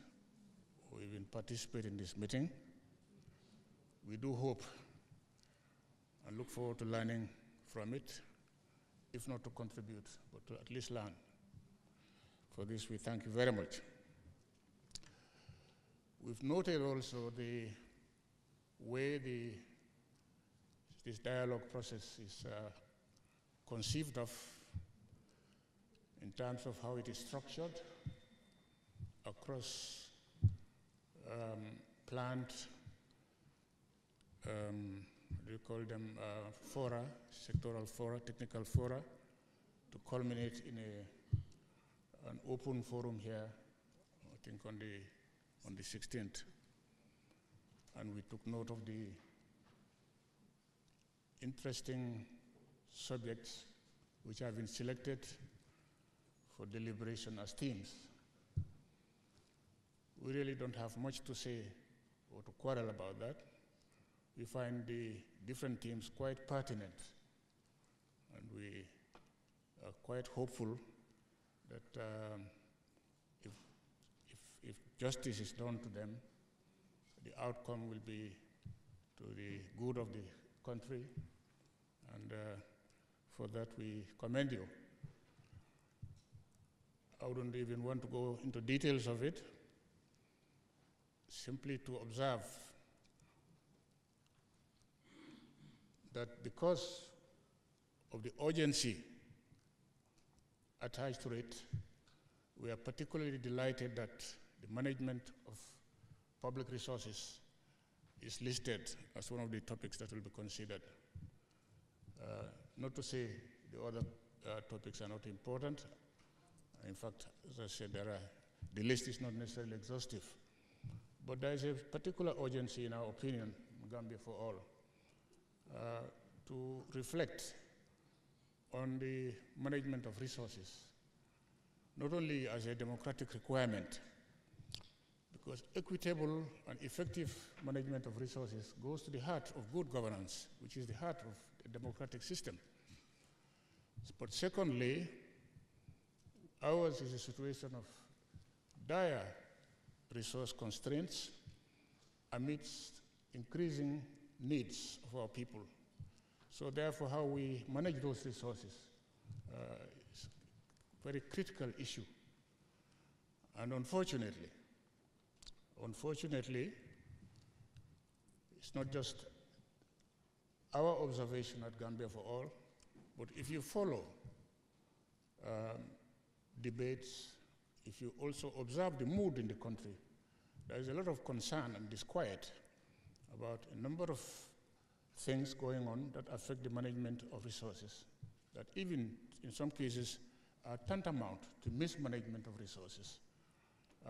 [SPEAKER 9] or even participate in this meeting. We do hope and look forward to learning from it, if not to contribute, but to at least learn. For this, we thank you very much. We've noted also the way the, this dialogue process is uh, conceived of in terms of how it is structured across um, plant um, we call them uh, fora, sectoral fora, technical fora, to culminate in a, an open forum here, I think on the, on the 16th. And we took note of the interesting subjects which have been selected for deliberation as themes. We really don't have much to say or to quarrel about that we find the different themes quite pertinent, and we are quite hopeful that um, if, if, if justice is done to them, the outcome will be to the good of the country, and uh, for that we commend you. I wouldn't even want to go into details of it, simply to observe that because of the urgency attached to it, we are particularly delighted that the management of public resources is listed as one of the topics that will be considered. Uh, not to say the other uh, topics are not important. In fact, as I said, there are, the list is not necessarily exhaustive. But there is a particular urgency, in our opinion, Gambia for all, uh, to reflect on the management of resources, not only as a democratic requirement, because equitable and effective management of resources goes to the heart of good governance, which is the heart of a democratic system. But secondly, ours is a situation of dire resource constraints amidst increasing needs of our people. So therefore, how we manage those resources uh, is a very critical issue. And unfortunately, unfortunately, it's not just our observation at Gambia for All, but if you follow um, debates, if you also observe the mood in the country, there is a lot of concern and disquiet about a number of things going on that affect the management of resources, that even in some cases are tantamount to mismanagement of resources.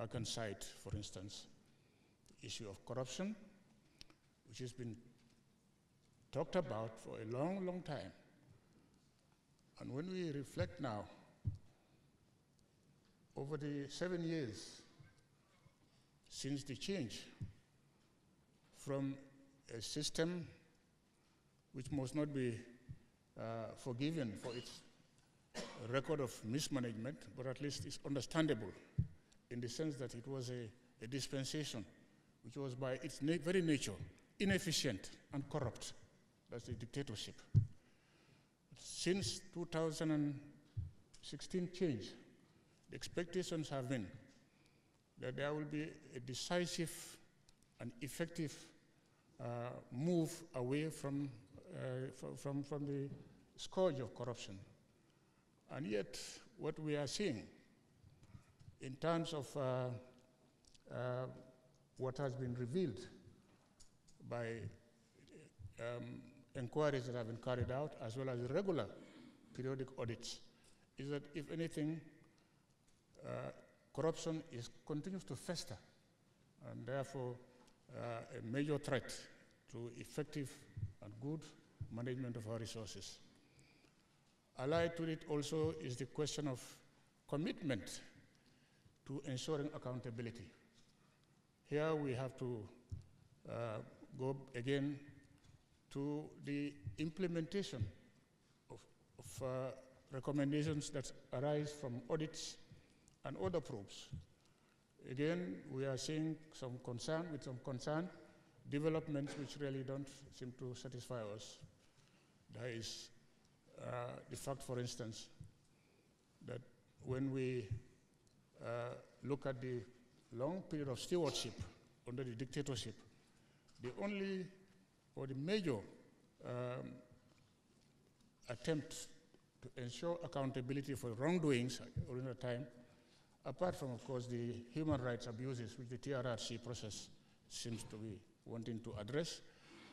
[SPEAKER 9] I can cite, for instance, the issue of corruption, which has been talked about for a long, long time. And when we reflect now, over the seven years since the change from a system which must not be uh, forgiven for its record of mismanagement, but at least it's understandable in the sense that it was a, a dispensation which was by its na very nature inefficient and corrupt. That's a dictatorship. Since 2016 change, the expectations have been that there will be a decisive and effective uh, move away from, uh, from, from the scourge of corruption. And yet, what we are seeing in terms of uh, uh, what has been revealed by um, inquiries that have been carried out, as well as regular periodic audits, is that if anything, uh, corruption is, continues to fester, and therefore uh, a major threat to effective and good management of our resources. Allied to it also is the question of commitment to ensuring accountability. Here we have to uh, go again to the implementation of, of uh, recommendations that arise from audits and other probes. Again, we are seeing some concern, with some concern, developments which really don't seem to satisfy us. There is uh, the fact, for instance, that when we uh, look at the long period of stewardship under the dictatorship, the only or the major um, attempt to ensure accountability for wrongdoings during the time, apart from, of course, the human rights abuses which the TRRC process seems to be wanting to address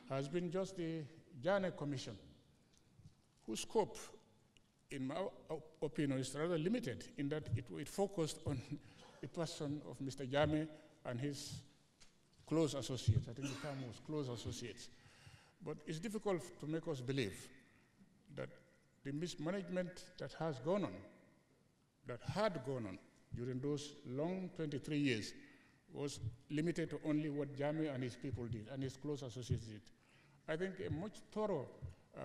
[SPEAKER 9] has been just the Jane Commission, whose scope, in my opinion, is rather limited in that it, it focused on the person of Mr. Jame and his close associates. I think the term was close associates. But it's difficult to make us believe that the mismanagement that has gone on, that had gone on during those long 23 years, was limited to only what Jami and his people did, and his close associates did. I think a much thorough uh,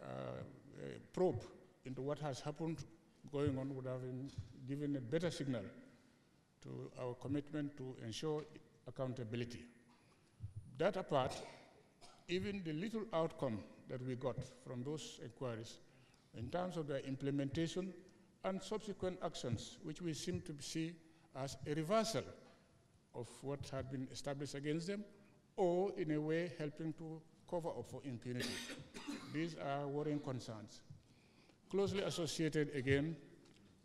[SPEAKER 9] uh, uh probe into what has happened going on would have given a better signal to our commitment to ensure accountability. That apart, even the little outcome that we got from those inquiries in terms of their implementation and subsequent actions, which we seem to see as a reversal of what had been established against them, or in a way helping to cover up for impunity. These are worrying concerns. Closely associated again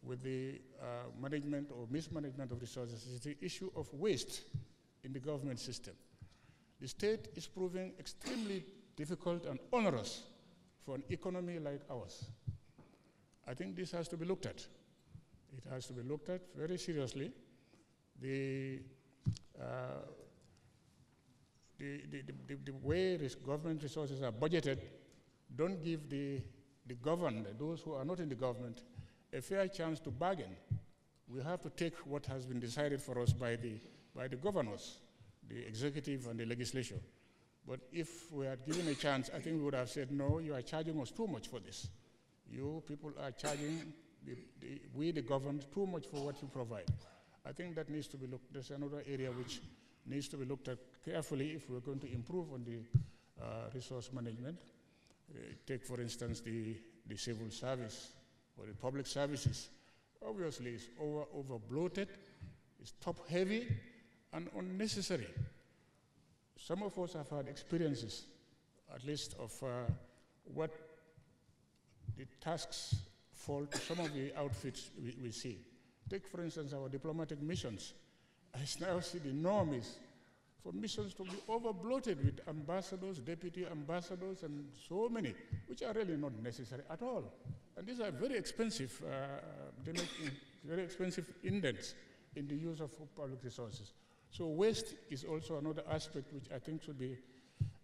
[SPEAKER 9] with the uh, management or mismanagement of resources is the issue of waste in the government system. The state is proving extremely difficult and onerous for an economy like ours. I think this has to be looked at. It has to be looked at very seriously. The uh, the, the, the, the, way government resources are budgeted don't give the, the governed, those who are not in the government, a fair chance to bargain. We have to take what has been decided for us by the, by the governors, the executive and the legislature. But if we had given a chance, I think we would have said, no, you are charging us too much for this. You people are charging the, the, we, the governed, too much for what you provide. I think that needs to be looked, there's another area which needs to be looked at carefully if we're going to improve on the uh, resource management. Uh, take, for instance, the, the civil service or the public services. Obviously, it's over, over bloated, it's top heavy, and unnecessary. Some of us have had experiences, at least, of uh, what the tasks fall to some of the outfits we, we see. Take, for instance, our diplomatic missions. I now see the norm is for missions to be overbloated with ambassadors, deputy ambassadors, and so many, which are really not necessary at all. And these are very expensive, uh, they make very expensive indents in the use of public resources. So waste is also another aspect which I think should be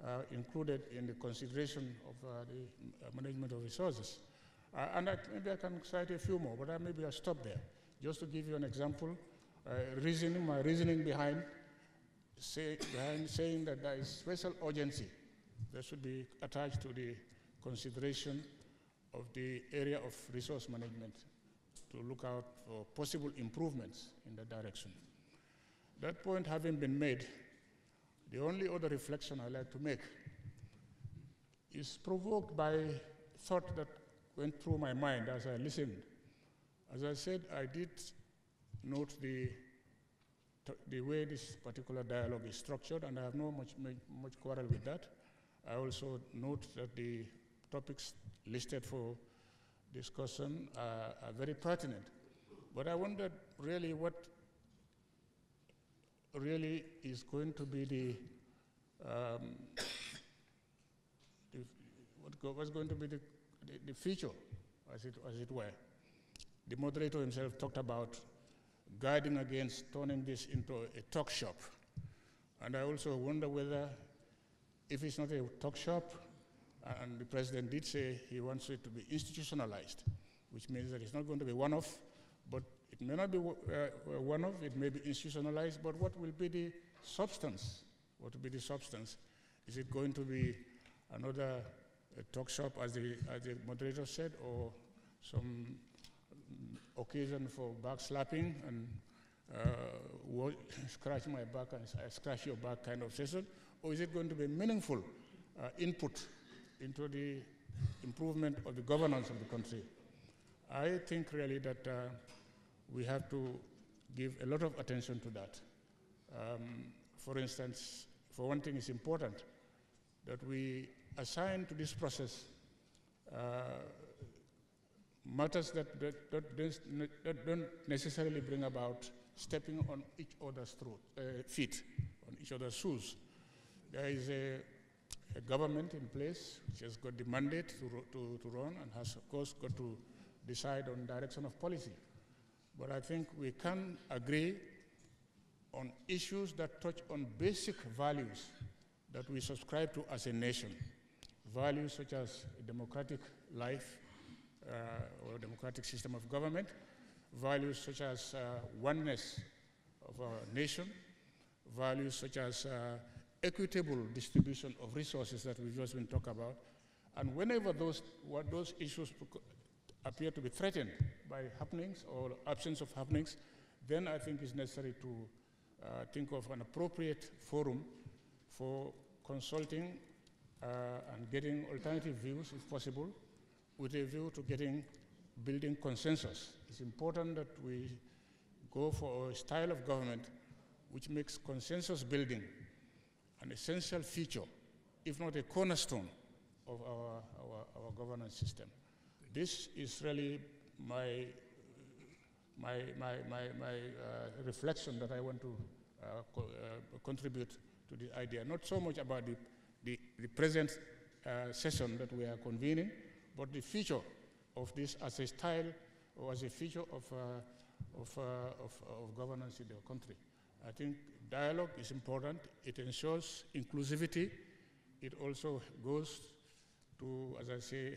[SPEAKER 9] uh, included in the consideration of uh, the uh, management of resources. Uh, and I, maybe I can cite a few more, but I, maybe I'll stop there. Just to give you an example, uh, reasoning, my reasoning behind, say, behind saying that there is special urgency that should be attached to the consideration of the area of resource management to look out for possible improvements in that direction. That point having been made, the only other reflection I like to make is provoked by thought that went through my mind as I listened as I said, I did note the, the way this particular dialogue is structured, and I have no much, much quarrel with that. I also note that the topics listed for discussion are, are very pertinent. But I wondered really what really is going to be the, um, the what go, what's going to be the, the, the feature, as it, as it were. The moderator himself talked about guarding against turning this into a talk shop. And I also wonder whether, if it's not a talk shop, and the president did say he wants it to be institutionalized, which means that it's not going to be one off, but it may not be uh, uh one off, it may be institutionalized, but what will be the substance? What will be the substance? Is it going to be another uh, talk shop, as the, as the moderator said, or some occasion for backslapping and uh, scratch my back and I scratch your back kind of session? Or is it going to be meaningful uh, input into the improvement of the governance of the country? I think really that uh, we have to give a lot of attention to that. Um, for instance, for one thing, it's important that we assign to this process uh, matters that, that, that, that, don't necessarily bring about stepping on each other's throat, uh, feet, on each other's shoes. There is a, a, government in place which has got the mandate to, to, to run and has, of course, got to decide on direction of policy. But I think we can agree on issues that touch on basic values that we subscribe to as a nation. Values such as democratic life, uh, or democratic system of government, values such as uh, oneness of our nation, values such as uh, equitable distribution of resources that we've just been talking about. And whenever those, what those issues appear to be threatened by happenings or absence of happenings, then I think it's necessary to uh, think of an appropriate forum for consulting uh, and getting alternative views, if possible, with a view to getting building consensus. It's important that we go for a style of government which makes consensus building an essential feature, if not a cornerstone, of our, our, our governance system. This is really my, my, my, my, my uh, reflection that I want to uh, co uh, contribute to the idea. Not so much about the, the, the present uh, session that we are convening, but the feature of this as a style or as a feature of, uh, of, uh, of, of, governance in the country. I think dialogue is important. It ensures inclusivity. It also goes to, as I say,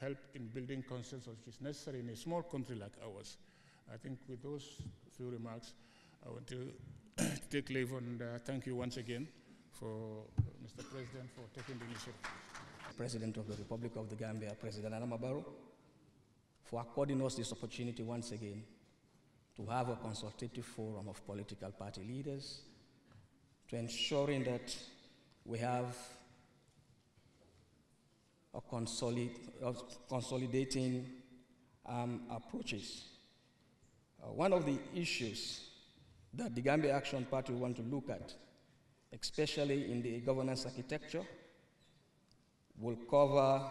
[SPEAKER 9] help in building consensus, which is necessary in a small country like ours. I think with those few remarks, I want to take leave and uh,
[SPEAKER 10] thank you once again for uh, Mr. President for taking the initiative. President of the Republic of the Gambia, President Anamabaru, for according us this opportunity once again to have a consultative forum of political party leaders to ensuring that we have a consolid, uh, consolidating um, approaches. Uh, one of the issues that the Gambia Action Party want to look at, especially in the governance architecture, will cover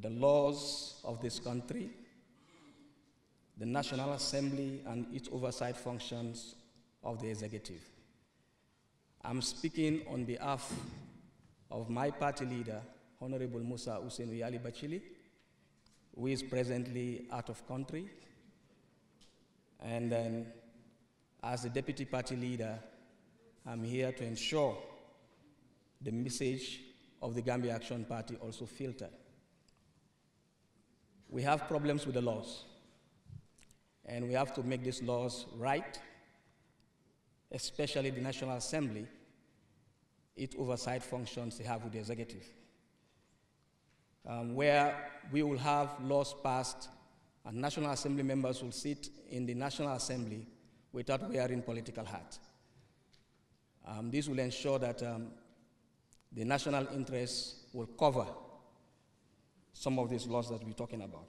[SPEAKER 10] the laws of this country, the National Assembly and its oversight functions of the executive. I'm speaking on behalf of my party leader, Honorable Musa Hussein Uyali Bachili, who is presently out of country. And then as the deputy party leader, I'm here to ensure the message of the Gambia Action Party also filtered. We have problems with the laws, and we have to make these laws right, especially the National Assembly, its oversight functions they have with the executive, um, where we will have laws passed and National Assembly members will sit in the National Assembly without wearing political hats. Um, this will ensure that um, the national interest will cover some of these laws that we're talking about.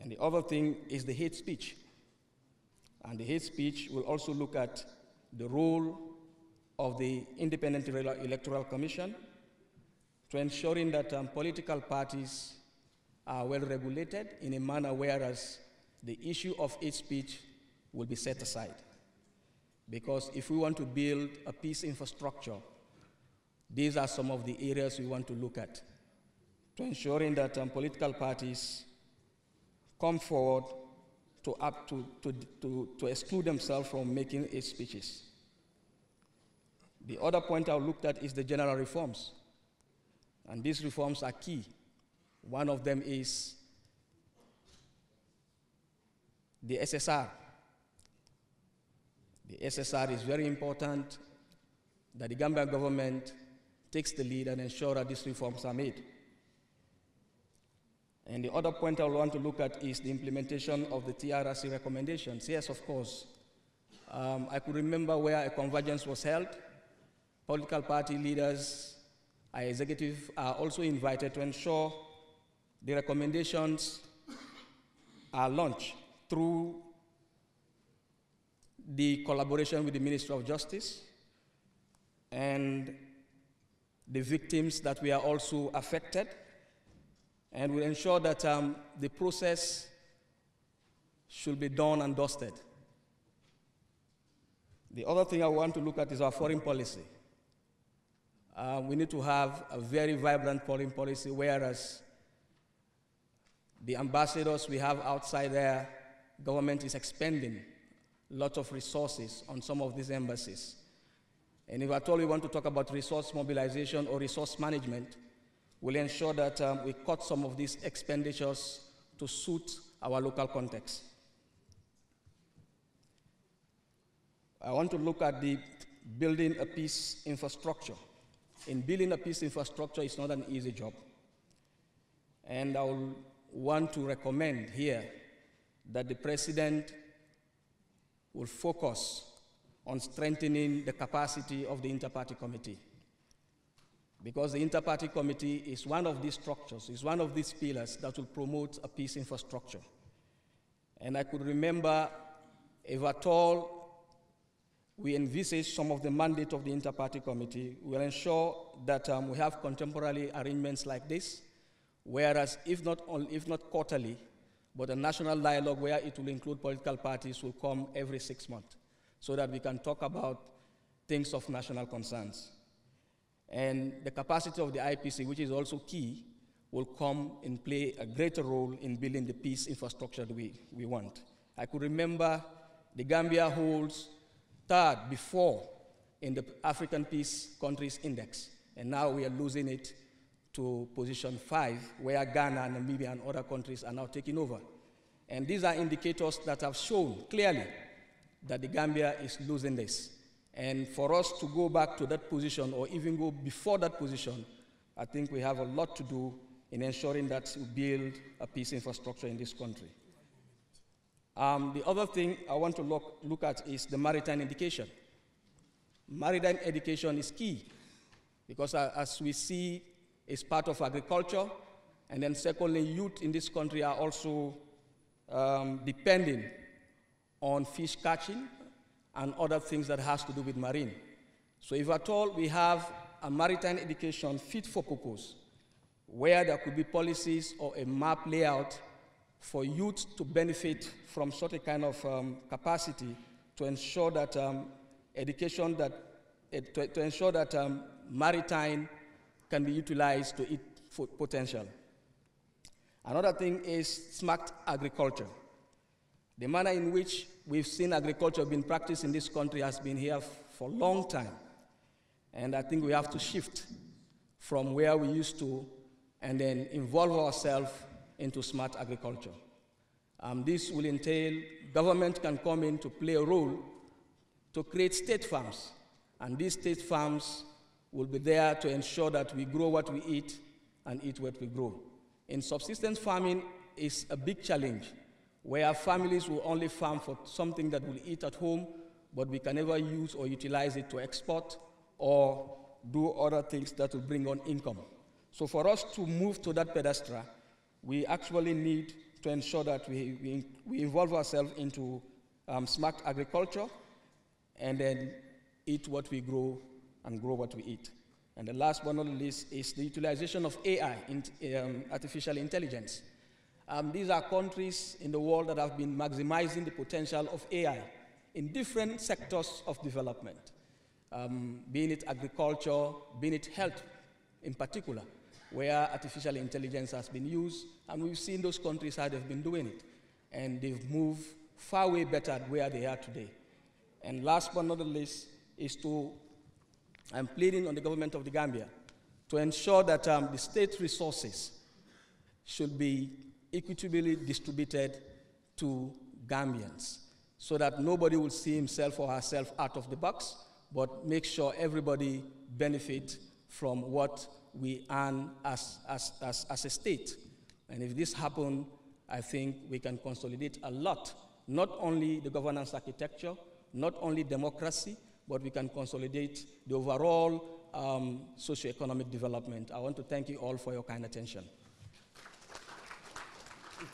[SPEAKER 10] And the other thing is the hate speech. And the hate speech will also look at the role of the Independent Electoral Commission to ensuring that um, political parties are well regulated in a manner whereas the issue of hate speech will be set aside. Because if we want to build a peace infrastructure these are some of the areas we want to look at to ensuring that um, political parties come forward to, up to, to, to, to exclude themselves from making speeches. The other point I looked at is the general reforms. And these reforms are key. One of them is the SSR. The SSR is very important that the Gambian government takes the lead and ensures that these reforms are made. And the other point I want to look at is the implementation of the TRRC recommendations. Yes, of course. Um, I could remember where a convergence was held. Political party leaders, our executive are also invited to ensure the recommendations are launched through the collaboration with the Ministry of Justice and the victims that we are also affected, and will ensure that um, the process should be done and dusted. The other thing I want to look at is our foreign policy. Uh, we need to have a very vibrant foreign policy, whereas the ambassadors we have outside there, government is expending lots of resources on some of these embassies. And if at all we want to talk about resource mobilization or resource management, we'll ensure that um, we cut some of these expenditures to suit our local context. I want to look at the building a peace infrastructure. In building a peace infrastructure, it's not an easy job. And I will want to recommend here that the president will focus on strengthening the capacity of the interparty committee. Because the interparty committee is one of these structures, is one of these pillars that will promote a peace infrastructure. And I could remember, if at all we envisage some of the mandate of the interparty committee. We'll ensure that um, we have contemporary arrangements like this, whereas if not, if not quarterly, but a national dialogue where it will include political parties will come every six months so that we can talk about things of national concerns. And the capacity of the IPC, which is also key, will come and play a greater role in building the peace infrastructure that we, we want. I could remember the Gambia holds third before in the African Peace Countries Index, and now we are losing it to position five, where Ghana, Namibia, and other countries are now taking over. And these are indicators that have shown clearly that the Gambia is losing this. And for us to go back to that position or even go before that position, I think we have a lot to do in ensuring that we build a peace infrastructure in this country. Um, the other thing I want to look, look at is the maritime education. Maritime education is key because uh, as we see, it's part of agriculture. And then secondly, youth in this country are also um, depending on fish catching and other things that has to do with marine. So if at all we have a maritime education fit for purpose, where there could be policies or a map layout for youth to benefit from such a kind of um, capacity to ensure that um, education that, uh, to, to, ensure that um, maritime can be utilized to its potential. Another thing is smart agriculture. The manner in which we've seen agriculture being practiced in this country has been here for a long time. And I think we have to shift from where we used to and then involve ourselves into smart agriculture. Um, this will entail government can come in to play a role to create state farms. And these state farms will be there to ensure that we grow what we eat and eat what we grow. In subsistence farming is a big challenge where families will only farm for something that we'll eat at home, but we can never use or utilize it to export or do other things that will bring on income. So for us to move to that pedestal, we actually need to ensure that we, we, we involve ourselves into um, smart agriculture and then eat what we grow and grow what we eat. And the last but not least is the utilization of AI, in, um, artificial intelligence. Um, these are countries in the world that have been maximizing the potential of AI in different sectors of development, um, being it agriculture, being it health in particular, where artificial intelligence has been used, and we've seen those countries how they've been doing it, and they've moved far way better where they are today. And last but not the least is to, I'm pleading on the government of the Gambia to ensure that um, the state resources should be equitably distributed to Gambians so that nobody will see himself or herself out of the box, but make sure everybody benefit from what we earn as, as, as, as a state. And if this happens, I think we can consolidate a lot, not only the governance architecture, not only democracy, but we can consolidate the overall um, socioeconomic development. I want to thank you all for your
[SPEAKER 11] kind attention.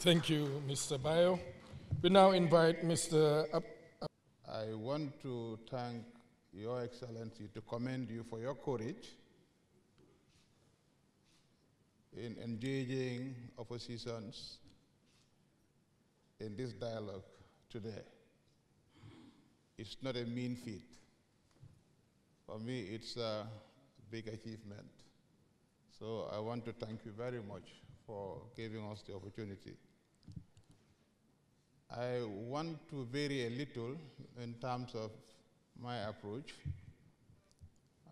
[SPEAKER 11] Thank you, Mr. Bayo. We now invite Mr. Ab I want to thank Your Excellency to commend you for your courage in engaging oppositions in this dialogue today. It's not a mean feat. For me, it's a big achievement. So I want to thank you very much for giving us the opportunity. I want to vary a little in terms of my approach.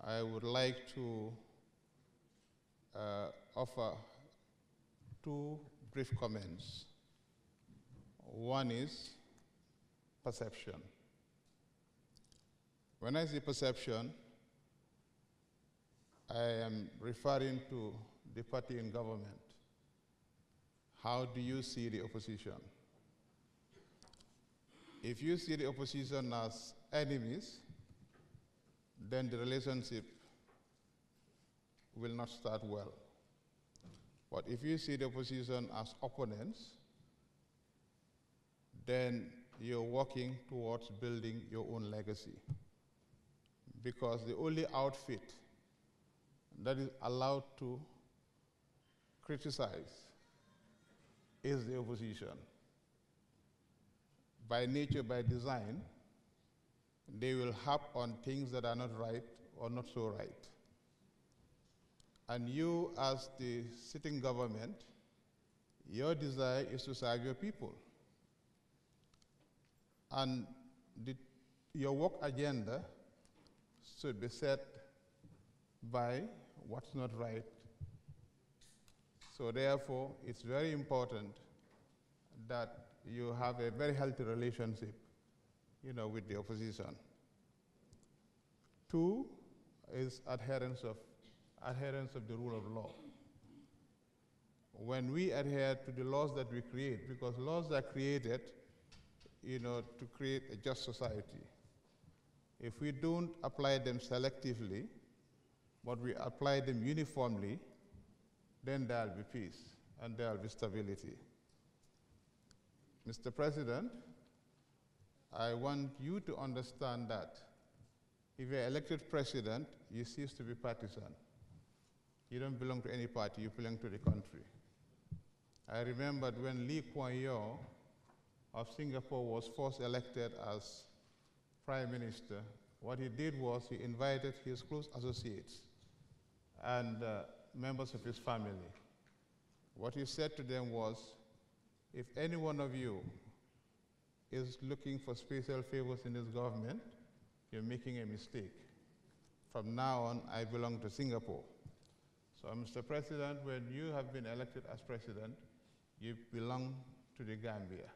[SPEAKER 11] I would like to uh, offer two brief comments. One is perception. When I say perception, I am referring to the party in government. How do you see the opposition? If you see the opposition as enemies, then the relationship will not start well. But if you see the opposition as opponents, then you're working towards building your own legacy. Because the only outfit that is allowed to criticize is the opposition by nature, by design, they will harp on things that are not right or not so right. And you, as the sitting government, your desire is to serve your people. And the, your work agenda should be set by what's not right. So, therefore, it's very important that you have a very healthy relationship, you know, with the opposition. Two is adherence of, adherence of the rule of law. When we adhere to the laws that we create, because laws are created, you know, to create a just society. If we don't apply them selectively, but we apply them uniformly, then there will be peace and there will be stability. Mr. President, I want you to understand that if you're elected president, you cease to be partisan. You don't belong to any party, you belong to the country. I remembered when Lee Kuan Yew of Singapore was first elected as prime minister, what he did was he invited his close associates and uh, members of his family. What he said to them was, if any one of you is looking for special favors in this government, you're making a mistake. From now on, I belong to Singapore. So, Mr. President, when you have been elected as president, you belong to the Gambia.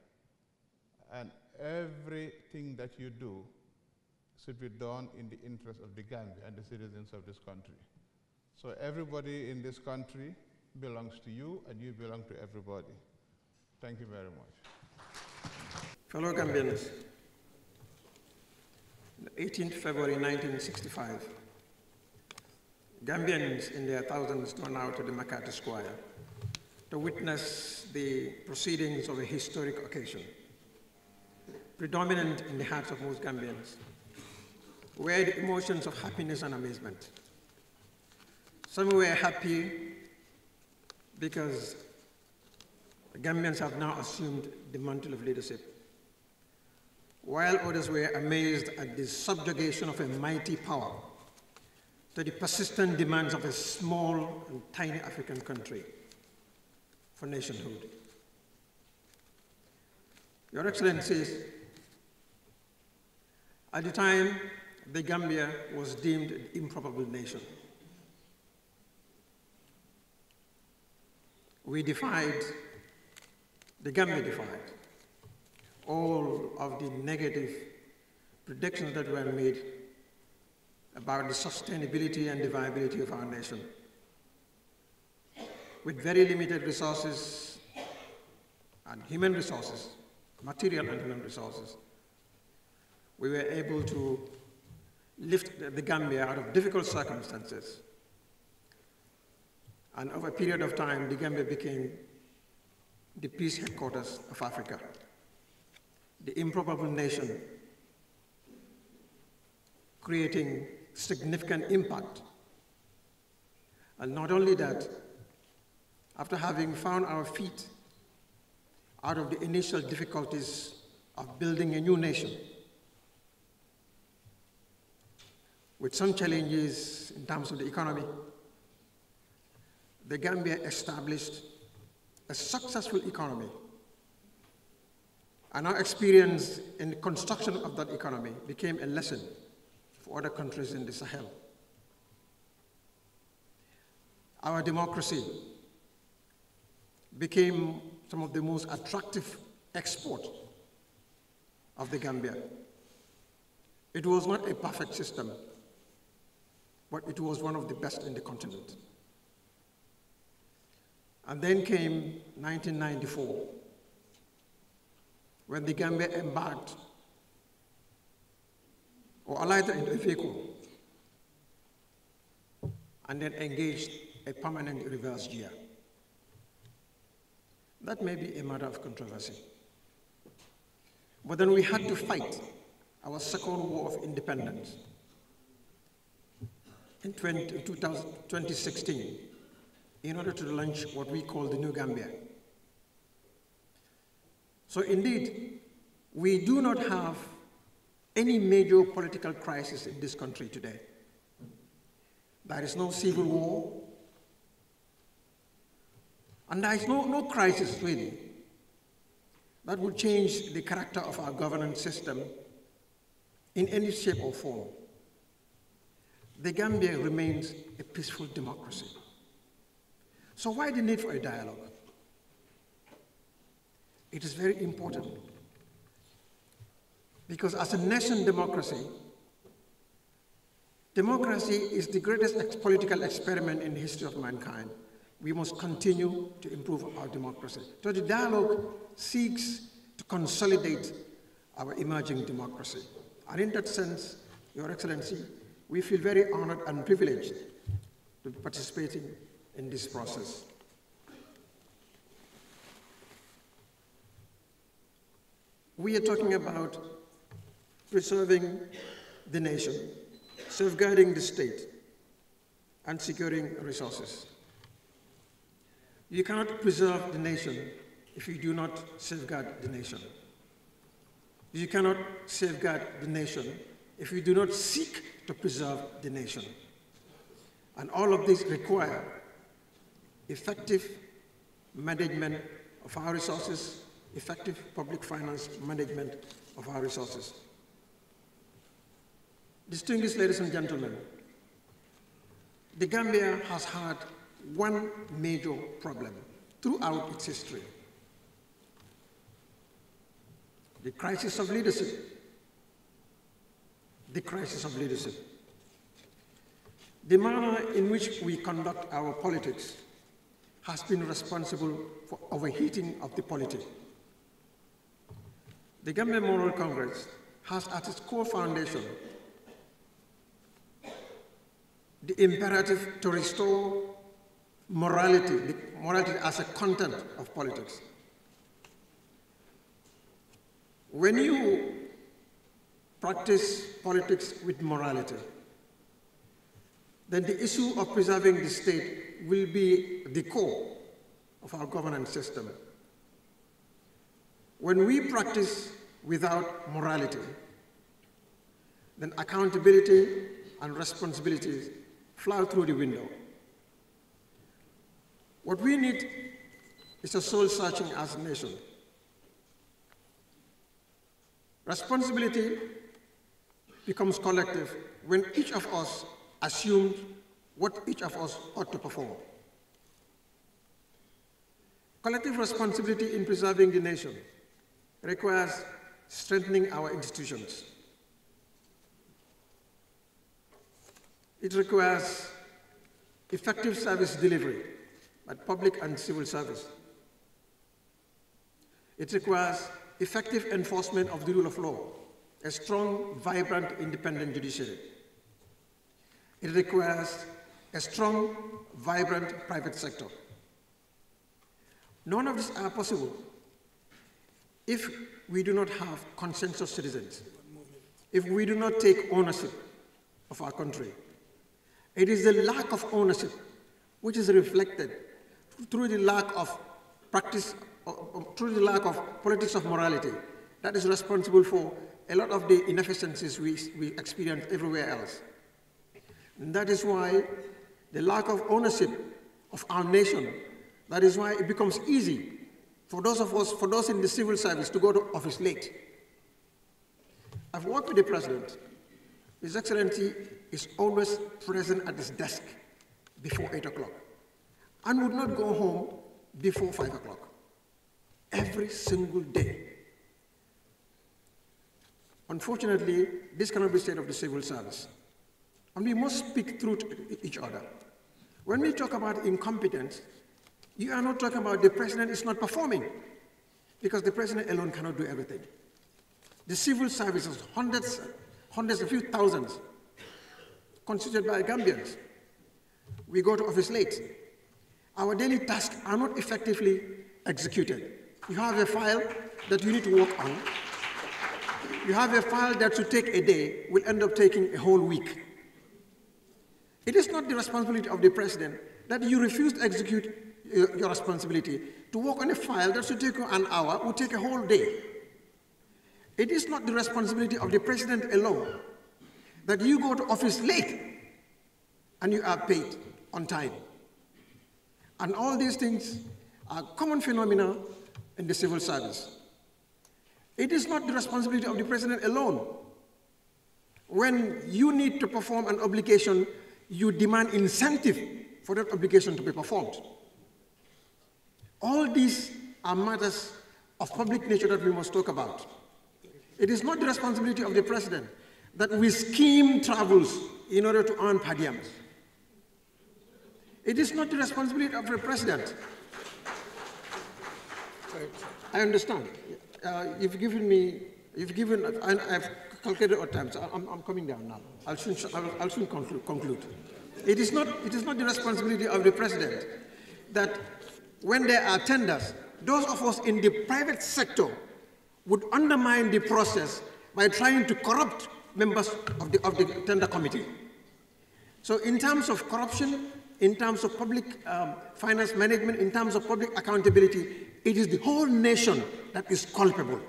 [SPEAKER 11] And everything that you do should be done in the interest of the Gambia and the citizens of this country. So everybody in this country belongs to you and you belong to everybody. Thank you very much.
[SPEAKER 12] Fellow Gambians, the 18th February 1965, Gambians in their thousands turned out to the Makati Square to witness the proceedings of a historic occasion, predominant in the hearts of most Gambians, were the emotions of happiness and amazement. Some were happy because Gambians have now assumed the mantle of leadership. While others were amazed at the subjugation of a mighty power to the persistent demands of a small and tiny African country for nationhood. Your Excellencies, at the time, the Gambia was deemed an improbable nation. We defied they can be defied. All of the negative predictions that were made about the sustainability and the viability of our nation. With very limited resources and human resources, material and human resources, we were able to lift the Gambia out of difficult circumstances. And over a period of time, the Gambia became the peace headquarters of Africa, the improbable nation, creating significant impact. And not only that, after having found our feet out of the initial difficulties of building a new nation, with some challenges in terms of the economy, the Gambia established a successful economy. And our experience in the construction of that economy became a lesson for other countries in the Sahel. Our democracy became some of the most attractive export of the Gambia. It was not a perfect system, but it was one of the best in the continent. And then came 1994, when the Gambia embarked or alighted into a vehicle and then engaged a permanent reverse gear. That may be a matter of controversy. But then we had to fight our second war of independence in 20, 2016 in order to launch what we call the New Gambia. So indeed, we do not have any major political crisis in this country today. There is no civil war, and there is no, no crisis really that would change the character of our governance system in any shape or form. The Gambia remains a peaceful democracy. So why the need for a dialogue? It is very important. Because as a nation democracy, democracy is the greatest ex political experiment in the history of mankind. We must continue to improve our democracy. So the dialogue seeks to consolidate our emerging democracy. And in that sense, Your Excellency, we feel very honored and privileged to be participating in this process. We are talking about preserving the nation, safeguarding the state, and securing resources. You cannot preserve the nation if you do not safeguard the nation. You cannot safeguard the nation if you do not seek to preserve the nation. And all of this require effective management of our resources, effective public finance management of our resources. Distinguished ladies and gentlemen, the Gambia has had one major problem throughout its history. The crisis of leadership. The crisis of leadership. The manner in which we conduct our politics has been responsible for overheating of the polity. The Gambia Moral Congress has at its core foundation the imperative to restore morality, morality as a content of politics. When you practice politics with morality, then the issue of preserving the state will be the core of our governance system. When we practice without morality, then accountability and responsibilities fly through the window. What we need is a soul searching as a nation. Responsibility becomes collective when each of us assumes what each of us ought to perform. Collective responsibility in preserving the nation requires strengthening our institutions. It requires effective service delivery at public and civil service. It requires effective enforcement of the rule of law, a strong, vibrant, independent judiciary. It requires a strong, vibrant private sector. None of this are possible if we do not have consensus citizens, if we do not take ownership of our country. It is the lack of ownership which is reflected through the lack of practice, uh, uh, through the lack of politics of morality that is responsible for a lot of the inefficiencies we, we experience everywhere else. And that is why the lack of ownership of our nation. That is why it becomes easy for those of us, for those in the civil service, to go to office late. I've worked with the president. His Excellency is always present at his desk before 8 o'clock and would not go home before 5 o'clock every single day. Unfortunately, this cannot be said of the civil service. And we must speak truth to each other. When we talk about incompetence, you are not talking about the president is not performing, because the president alone cannot do everything. The civil services, hundreds, hundreds, a few thousands, constituted by Gambians. We go to office late. Our daily tasks are not effectively executed. You have a file that you need to work on. You have a file that should take a day, will end up taking a whole week. It is not the responsibility of the president that you refuse to execute uh, your responsibility. To work on a file that should take you an hour would take a whole day. It is not the responsibility of the president alone that you go to office late and you are paid on time. And all these things are common phenomena in the civil service. It is not the responsibility of the president alone when you need to perform an obligation you demand incentive for that obligation to be performed. All these are matters of public nature that we must talk about. It is not the responsibility of the president that we scheme travels in order to earn padiams. It is not the responsibility of the president. I understand. Uh, you've given me, you've given, I've calculated times. I'm, I'm coming down now. I'll soon, I'll soon conclude. It is, not, it is not the responsibility of the president that when there are tenders, those of us in the private sector would undermine the process by trying to corrupt members of the, of the tender committee. So in terms of corruption, in terms of public um, finance management, in terms of public accountability, it is the whole nation that is culpable.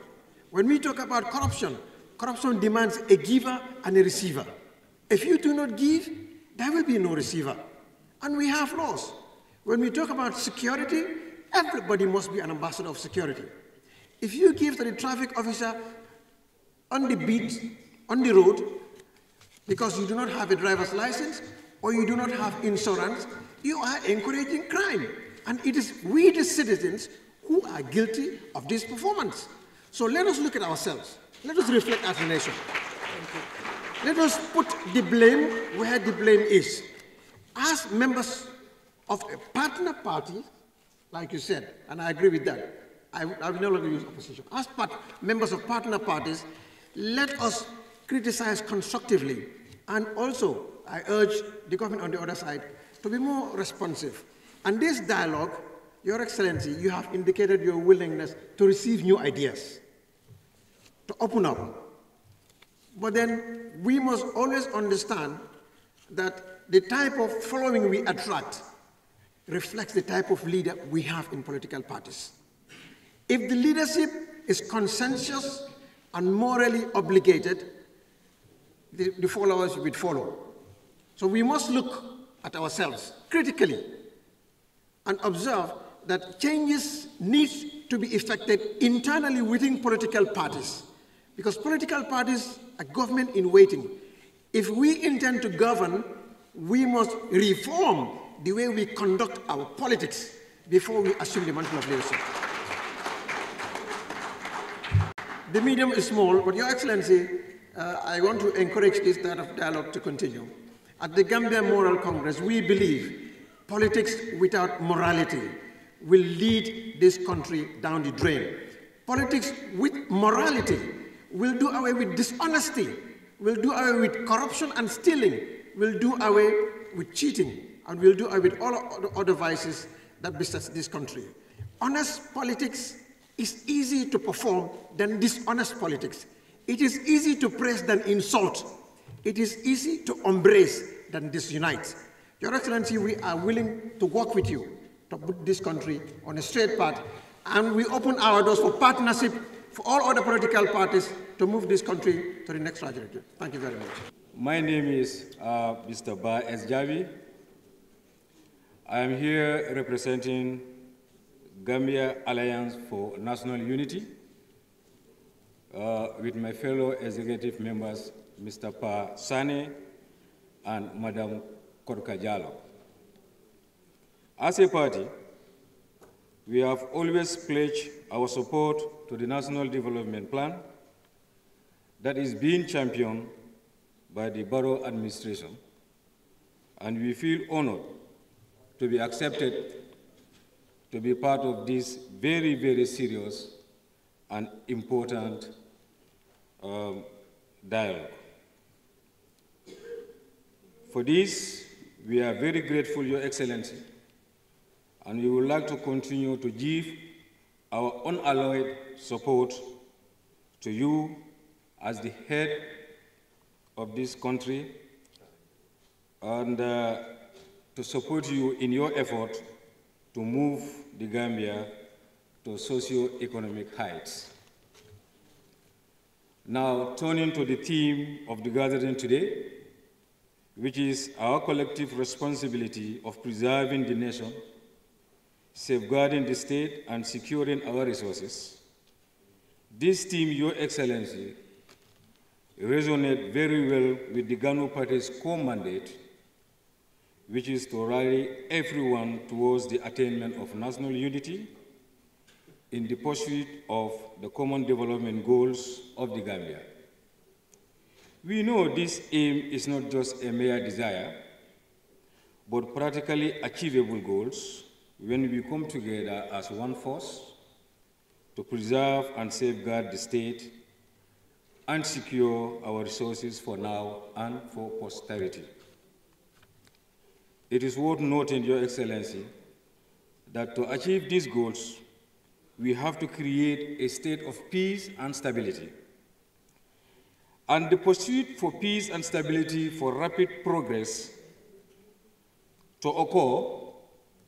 [SPEAKER 12] When we talk about corruption, Corruption demands a giver and a receiver. If you do not give, there will be no receiver. And we have laws. When we talk about security, everybody must be an ambassador of security. If you give to the traffic officer on the beat, on the road, because you do not have a driver's license or you do not have insurance, you are encouraging crime. And it is we, the citizens, who are guilty of this performance. So let us look at ourselves. Let us reflect as a nation. Let us put the blame where the blame is. As members of a partner party, like you said, and I agree with that, I, I will no longer use opposition. As part, members of partner parties, let us criticize constructively. And also, I urge the government on the other side to be more responsive. And this dialogue, Your Excellency, you have indicated your willingness to receive new ideas to open up. But then we must always understand that the type of following we attract reflects the type of leader we have in political parties. If the leadership is conscientious and morally obligated, the, the followers will follow. So we must look at ourselves critically and observe that changes need to be effected internally within political parties because political parties are government in waiting. If we intend to govern, we must reform the way we conduct our politics before we assume the mantle of leadership. The medium is small, but Your Excellency, uh, I want to encourage this dialogue to continue. At the Gambia Moral Congress, we believe politics without morality will lead this country down the drain. Politics with morality we will do away with dishonesty, we will do away with corruption and stealing, we will do away with cheating, and we will do away with all other vices that beset this country. Honest politics is easy to perform than dishonest politics. It is easy to praise than insult. It is easy to embrace than disunite. Your Excellency, we are willing to work with you to put this country on a straight path, and we open our doors for partnership for all other political parties to move this country to the next trajectory.
[SPEAKER 13] Thank you very much. My name is uh, Mr. Ba Esjavi. I am here representing Gambia Alliance for National Unity uh, with my fellow executive members, Mr. Pa Sane and Madam Korka Jalo. As a party, we have always pledged our support to the National Development Plan that is being championed by the Borough Administration, and we feel honored to be accepted to be part of this very, very serious and important um, dialogue. For this, we are very grateful, Your Excellency, and we would like to continue to give our unalloyed support to you as the head of this country and uh, to support you in your effort to move the Gambia to socio-economic heights. Now, turning to the theme of the gathering today, which is our collective responsibility of preserving the nation safeguarding the state and securing our resources, this team, Your Excellency, resonates very well with the Gano Party's core mandate, which is to rally everyone towards the attainment of national unity in the pursuit of the common development goals of the Gambia. We know this aim is not just a mere desire, but practically achievable goals when we come together as one force to preserve and safeguard the state and secure our resources for now and for posterity. It is worth noting, Your Excellency, that to achieve these goals, we have to create a state of peace and stability. And the pursuit for peace and stability for rapid progress to occur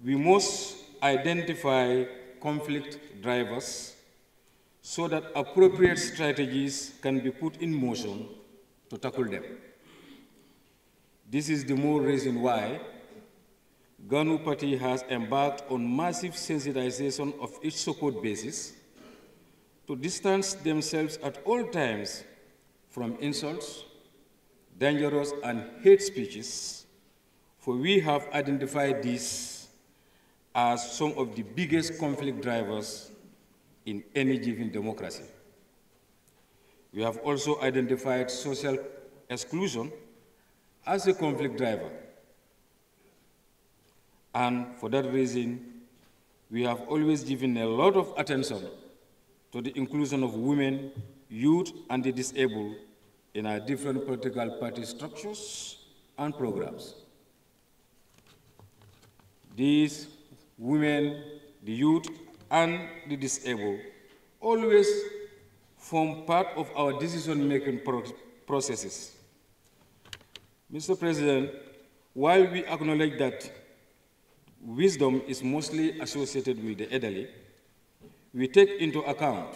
[SPEAKER 13] we must identify conflict drivers so that appropriate strategies can be put in motion to tackle them. This is the more reason why GANU party has embarked on massive sensitization of its so-called basis to distance themselves at all times from insults, dangerous and hate speeches, for we have identified these as some of the biggest conflict drivers in any given democracy. We have also identified social exclusion as a conflict driver. And for that reason, we have always given a lot of attention to the inclusion of women, youth, and the disabled in our different political party structures and programs. These women, the youth, and the disabled always form part of our decision-making processes. Mr. President, while we acknowledge that wisdom is mostly associated with the elderly, we take into account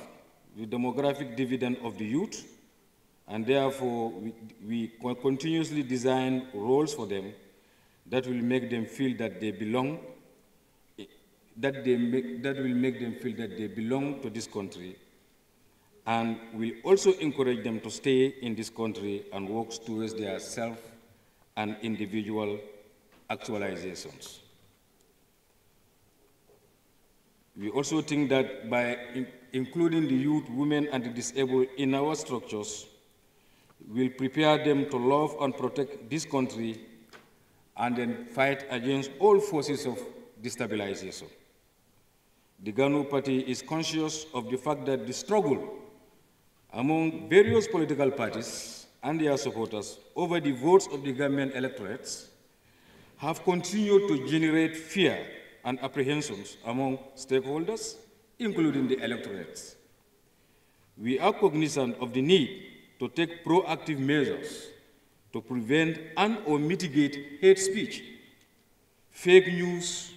[SPEAKER 13] the demographic dividend of the youth, and therefore we, we continuously design roles for them that will make them feel that they belong that, they make, that will make them feel that they belong to this country and will also encourage them to stay in this country and work towards their self and individual actualizations. We also think that by in including the youth, women, and the disabled in our structures will prepare them to love and protect this country and then fight against all forces of destabilization. The GANU party is conscious of the fact that the struggle among various political parties and their supporters over the votes of the Gambian electorates have continued to generate fear and apprehensions among stakeholders, including the electorates. We are cognizant of the need to take proactive measures to prevent and or mitigate hate speech, fake news,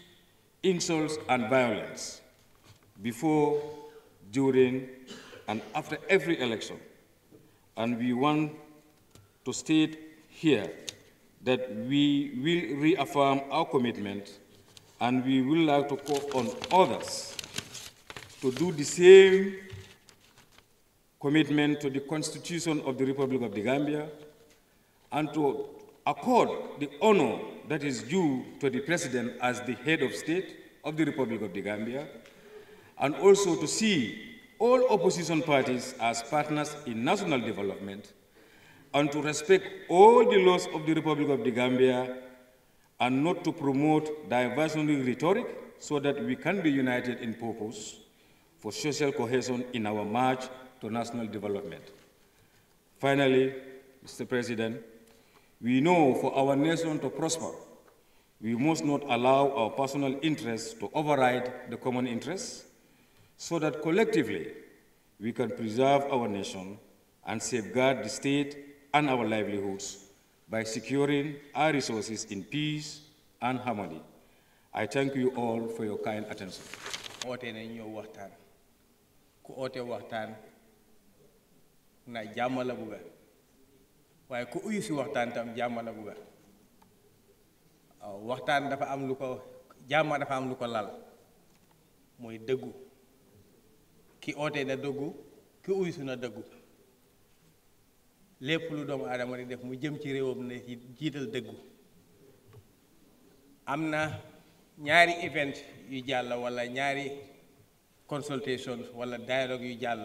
[SPEAKER 13] insults, and violence before, during, and after every election. And we want to state here that we will reaffirm our commitment and we would like to call on others to do the same commitment to the Constitution of the Republic of the Gambia and to accord the honor that is due to the President as the head of state of the Republic of the Gambia and also to see all opposition parties as partners in national development and to respect all the laws of the Republic of the Gambia and not to promote diversionary rhetoric so that we can be united in purpose for social cohesion in our march to national development. Finally, Mr. President, we know for our nation to prosper, we must not allow our personal interests to override the common interests so that collectively we can preserve our nation and safeguard the state and our livelihoods by securing our resources in peace and harmony. I thank you all for your kind attention.
[SPEAKER 14] ku uyu si waxtaan tam la ah, waxtaan dafa am lu ko dafa am lu ko lal mooy dëggu ki oote na dëggu ki uysu na dëggu lépp lu doomu aadama di def mu jëm ci réewam ne jiital dëggu am na ñaari event yu jàll walla ñaari consultation walla dialogue yu jàll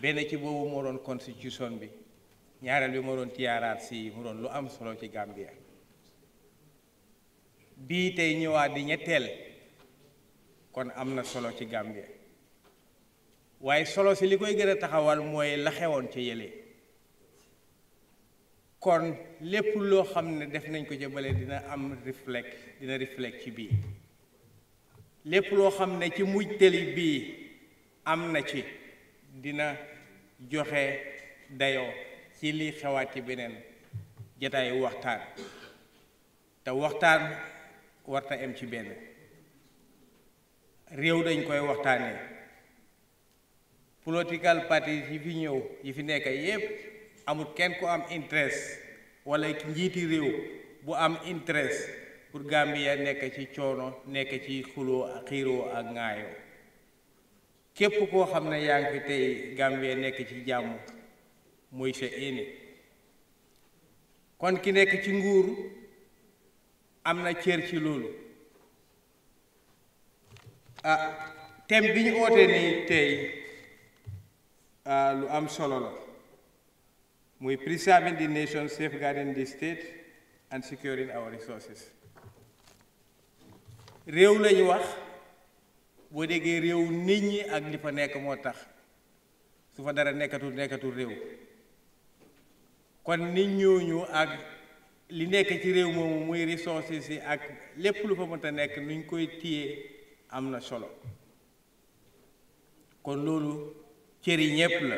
[SPEAKER 14] benn ci boobu moo doon constitution bi ñaareel bi moo doon tiyaaraat si mu doon lu am solo ci Gambia bii tey ñëwaat di ñetteel kon am na solo ci Gambia waaye solo si li koy gën a taxawal mooy la xewoon ca yële kon lépp loo xam ne def nañ ko ca bële dina am reflect dina reflect ci bii lépp loo xam ne ci mujj tëli bii am na ci dina joxe dayoo ci li xewaat ci beneen jataayu waxtaan te waxtaan warta em ci benn réew dañ koy waxtaanee political parties yi fi ñëw yi fi nekk yépp amul kenn ku am interest walla njiiti réew bu am interest pour Gambia nekk ci coono nekk ci xuloo xiiroo ak ŋaayoo képp koo xam ne yaa ngi fi tey Gambia nekk ci jàmm mooy sa éene kon ki nekk ci nguur am na cër ci loolu ah thème bi ñu oote nii tey Ah, lu am solo la muy preserving the nation safeguarding the state and securing our resources réew lañu wax boo déggee réew nit ñi ak li fa nekk moo tax su fa dara nekkatul nekkatul réew kon nit ñooñu ak li nekk ci réew moomu muy ressources yi ak lépp lu fa mënta nekk nuñ koy tiye am na solo kon loolu cër yi ñépp la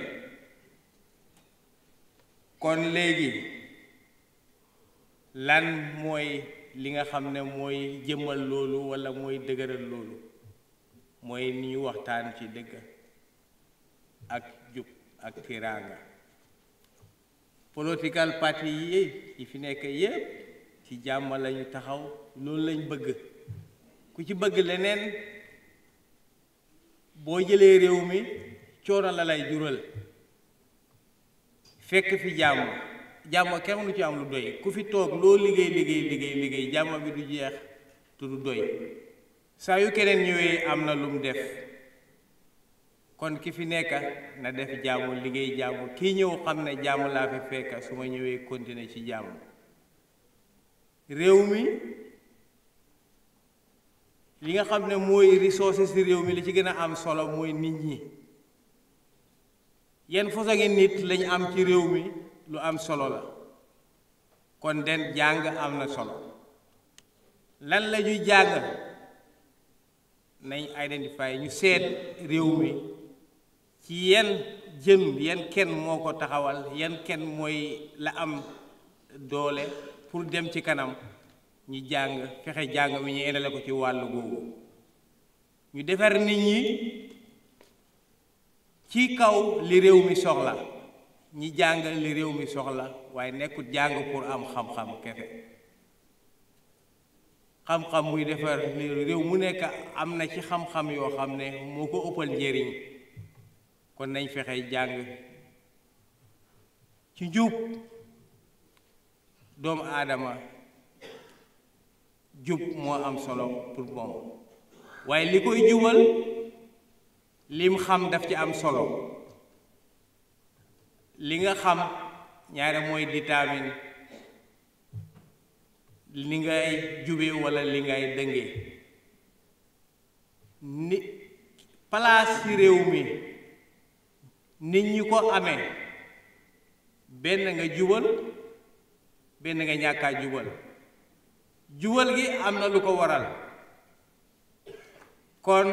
[SPEAKER 14] kon léegi lan mooy li nga xam ne mooy jëmal loolu walla mooy dëgëral loolu mooy ni ñu waxtaan ci dëgg ak jub ak tiraanga political party yi yi fi nekk yépp ci jàmm lañu taxaw loolu lañ bëgg ku ci bëgg leneen boo jëlee réew mi coono la lay jural fekk fi jàmm jàmm kenn lu ci am lu doy ku fi toog loo liggéey liggéey liggéey liggéey jàmm bi du jeex te du doy saa yu keneen ñëwee am na lu mu def kon ki fi nekk na def jàmm liggéey jàmm kii ñëw xam ne jàmm laa fi fekk su ma ñëwee continuer ci jàmm réew mi li nga xam ne mooy ressources si réew mi li ci gën a am solo mooy nit ñi yenn façon nit lañu am ci réew mi lu am solo la kon denn jàng am na solo lan lañuy ñuy jàng nañ identify ñu seet réew mi ci yenn jën yan kenn moo ko taxawal yan kenn mooy la am doole pour dem ci kanam ñu jàng fexe jàng mi ñu indale ko ci wàll googu ñu defar nit ñi ci kaw li réew mi soxla ñi jàng li réew mi soxla waaye nekkut jàng pour am xam-xam kefe xam-xam muy defar li réew mu nekk am na ci xam-xam yoo xam ne moo ko ëppal njëriñ kon nañ fexe jàng ci jub doomu aadama jub moo am solo pour moom waaye li koy jubal lim xam daf ci am solo li nga xam ñaare moy détermine li ngay jubé wala li ngay dënge ni place ci réew mi nit ñi ko amé ben nga jubal ben nga ñaka jubal jubal gi amna lu ko waral kon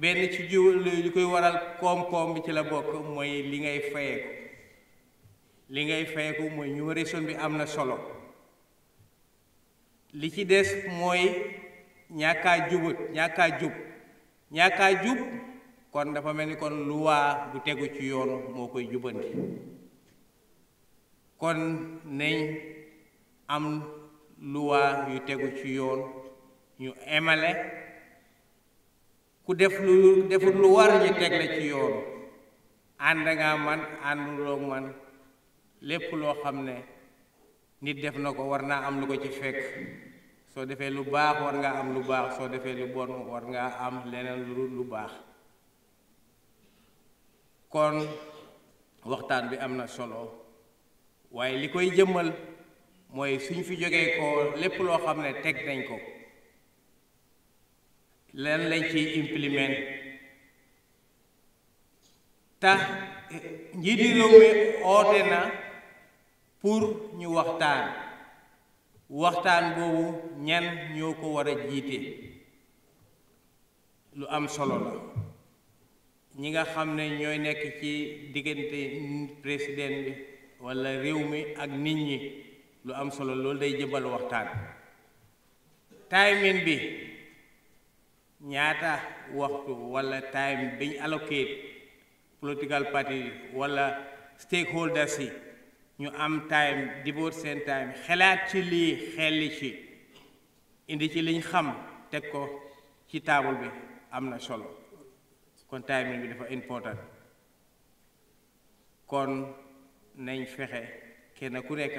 [SPEAKER 14] benn ci jiw li koy waral koom-koom bi ci la bokk mooy li ngay fayeeku li ngay fayeeku mooy numération bi am na solo li ci des mooy ñàkkaa jubut ñàkkaa jub ñàkkaa jub kon dafa mel ni kon luwaa bu tegu ci yoon moo koy jubanti kon nañ am luwaa yu tegu ci yoon ñu emale
[SPEAKER 7] ku def lu defut lu war ñu teg la ci yoon
[SPEAKER 14] ànd nga man ànduloo man lépp loo xam ne nit def na ko war naa am lu ko ci fekk soo defee lu baax war nga am lu baax soo defee lu bon war ngaa am leneen lu lu baax kon waxtaan bi am na solo waaye li koy jëmmal mooy suñ fi jógee ko lépp loo xam ne teg nañ ko lan lañ ci implement tax njiiti réew mi oote na pour ñu waxtaan waxtaan boobu ñan ñoo ko war a jiite lu am solo la ñi nga xam ne ñooy nekk ci diggante président bi walla réew mi ak nit ñi lu am solo loolu day jëbal waxtaan timing bi ñaata waxtu wala time biñ allocate political party wala stakeholders yi ñu am time devote seen time xelaat ci lii xelli ci indi ci liñ xam teg ko ci table bi am na sol kon timing bi dafa important kon nañ fexe kenn ku nekk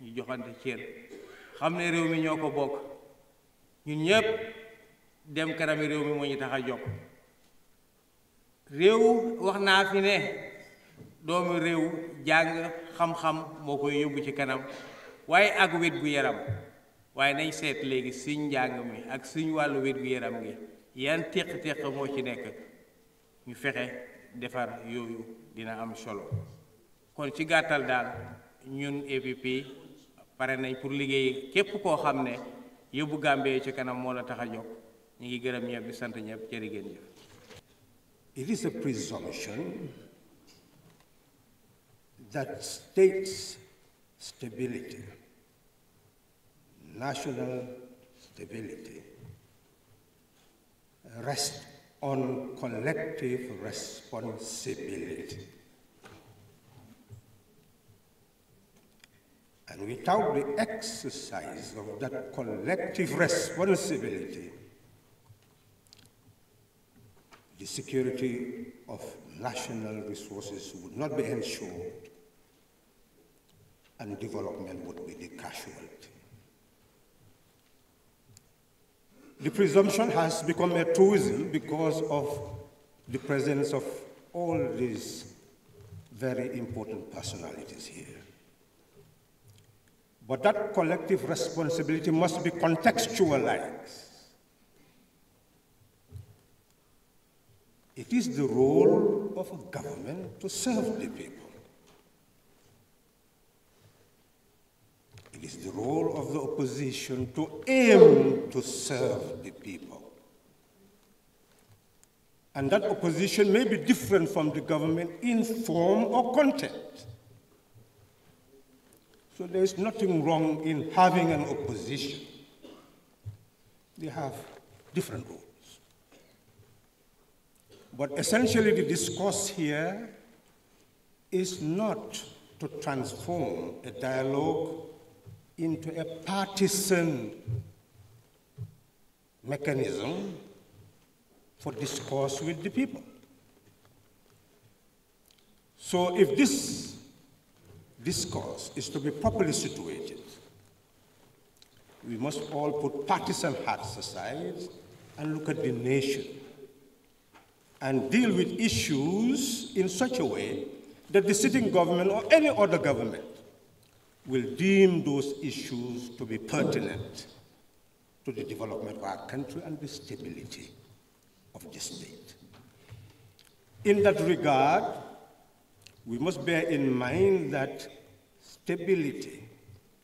[SPEAKER 14] ñu joxante cër xam ne réew mi ñoo ko bokk ñun ñëpp dem kanami réew mi moo ñu tax a jóg réew wax naa fi ne doomu réew jàng xam-xam moo koy yóbbu ci kanam waaye ak wét gu yaram waaye nañ seet léegi siñ njàng mi ak suñ wàllu wét gu yaram gi yan téq-téq moo ci nekk ñu fexe defar yooyu dina am solo kon ci gàttal daal ñun EPP pare nañ pour liggéey képp koo xam ne yóbbu Gambie ci kanam moo la tax a jóg It
[SPEAKER 15] is a presumption that states' stability, national stability, rests on collective responsibility. And without the exercise of that collective responsibility, the security of national resources would not be ensured and development would be the casualty. The presumption has become a truism because of the presence of all these very important personalities here. But that collective responsibility must be contextualized It is the role of a government to serve the people. It is the role of the opposition to aim to serve the people. And that opposition may be different from the government in form or content. So there is nothing wrong in having an opposition. They have different roles. But essentially, the discourse here is not to transform a dialogue into a partisan mechanism for discourse with the people. So if this discourse is to be properly situated, we must all put partisan hearts aside and look at the nation and deal with issues in such a way that the sitting government or any other government will deem those issues to be pertinent to the development of our country and the stability of the state. In that regard, we must bear in mind that stability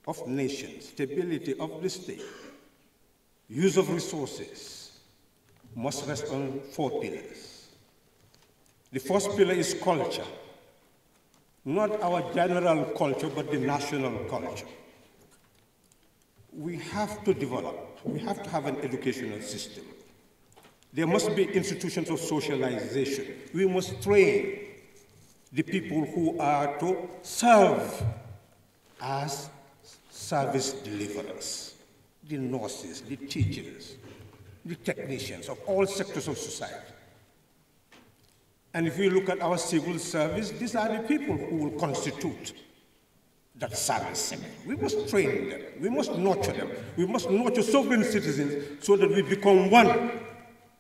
[SPEAKER 15] of nations, stability of the state, use of resources must rest on four pillars the first pillar is culture. Not our general culture, but the national culture. We have to develop, we have to have an educational system. There must be institutions of socialization. We must train the people who are to serve as service deliverers, the nurses, the teachers, the technicians of all sectors of society. And if we look at our civil service, these are the people who will constitute that service. We must train them. We must nurture them. We must nurture sovereign citizens so that we become one,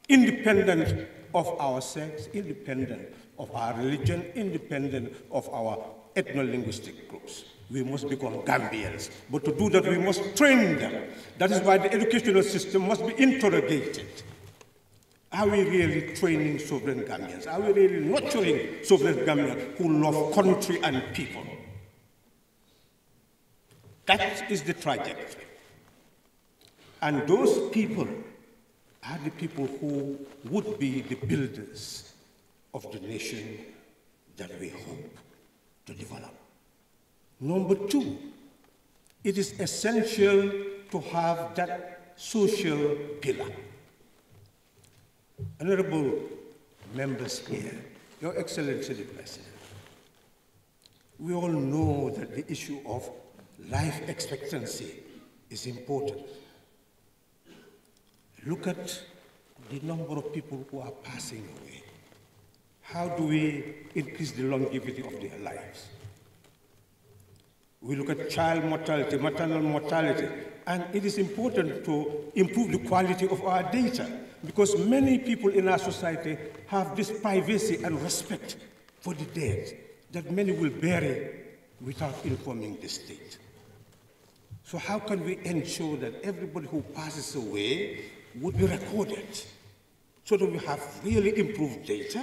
[SPEAKER 15] independent of our sex, independent of our religion, independent of our ethno-linguistic groups. We must become Gambians. But to do that, we must train them. That is why the educational system must be interrogated. Are we really training sovereign Gambians? Are we really nurturing sovereign Gambians who love country and people? That is the trajectory. And those people are the people who would be the builders of the nation that we hope to develop. Number two, it is essential to have that social pillar. Honourable members here, Your Excellency the President, we all know that the issue of life expectancy is important. Look at the number of people who are passing away. How do we increase the longevity of their lives? We look at child mortality, maternal mortality, and it is important to improve the quality of our data because many people in our society have this privacy and respect for the dead that many will bury without informing the state. So how can we ensure that everybody who passes away would be recorded so that we have really improved data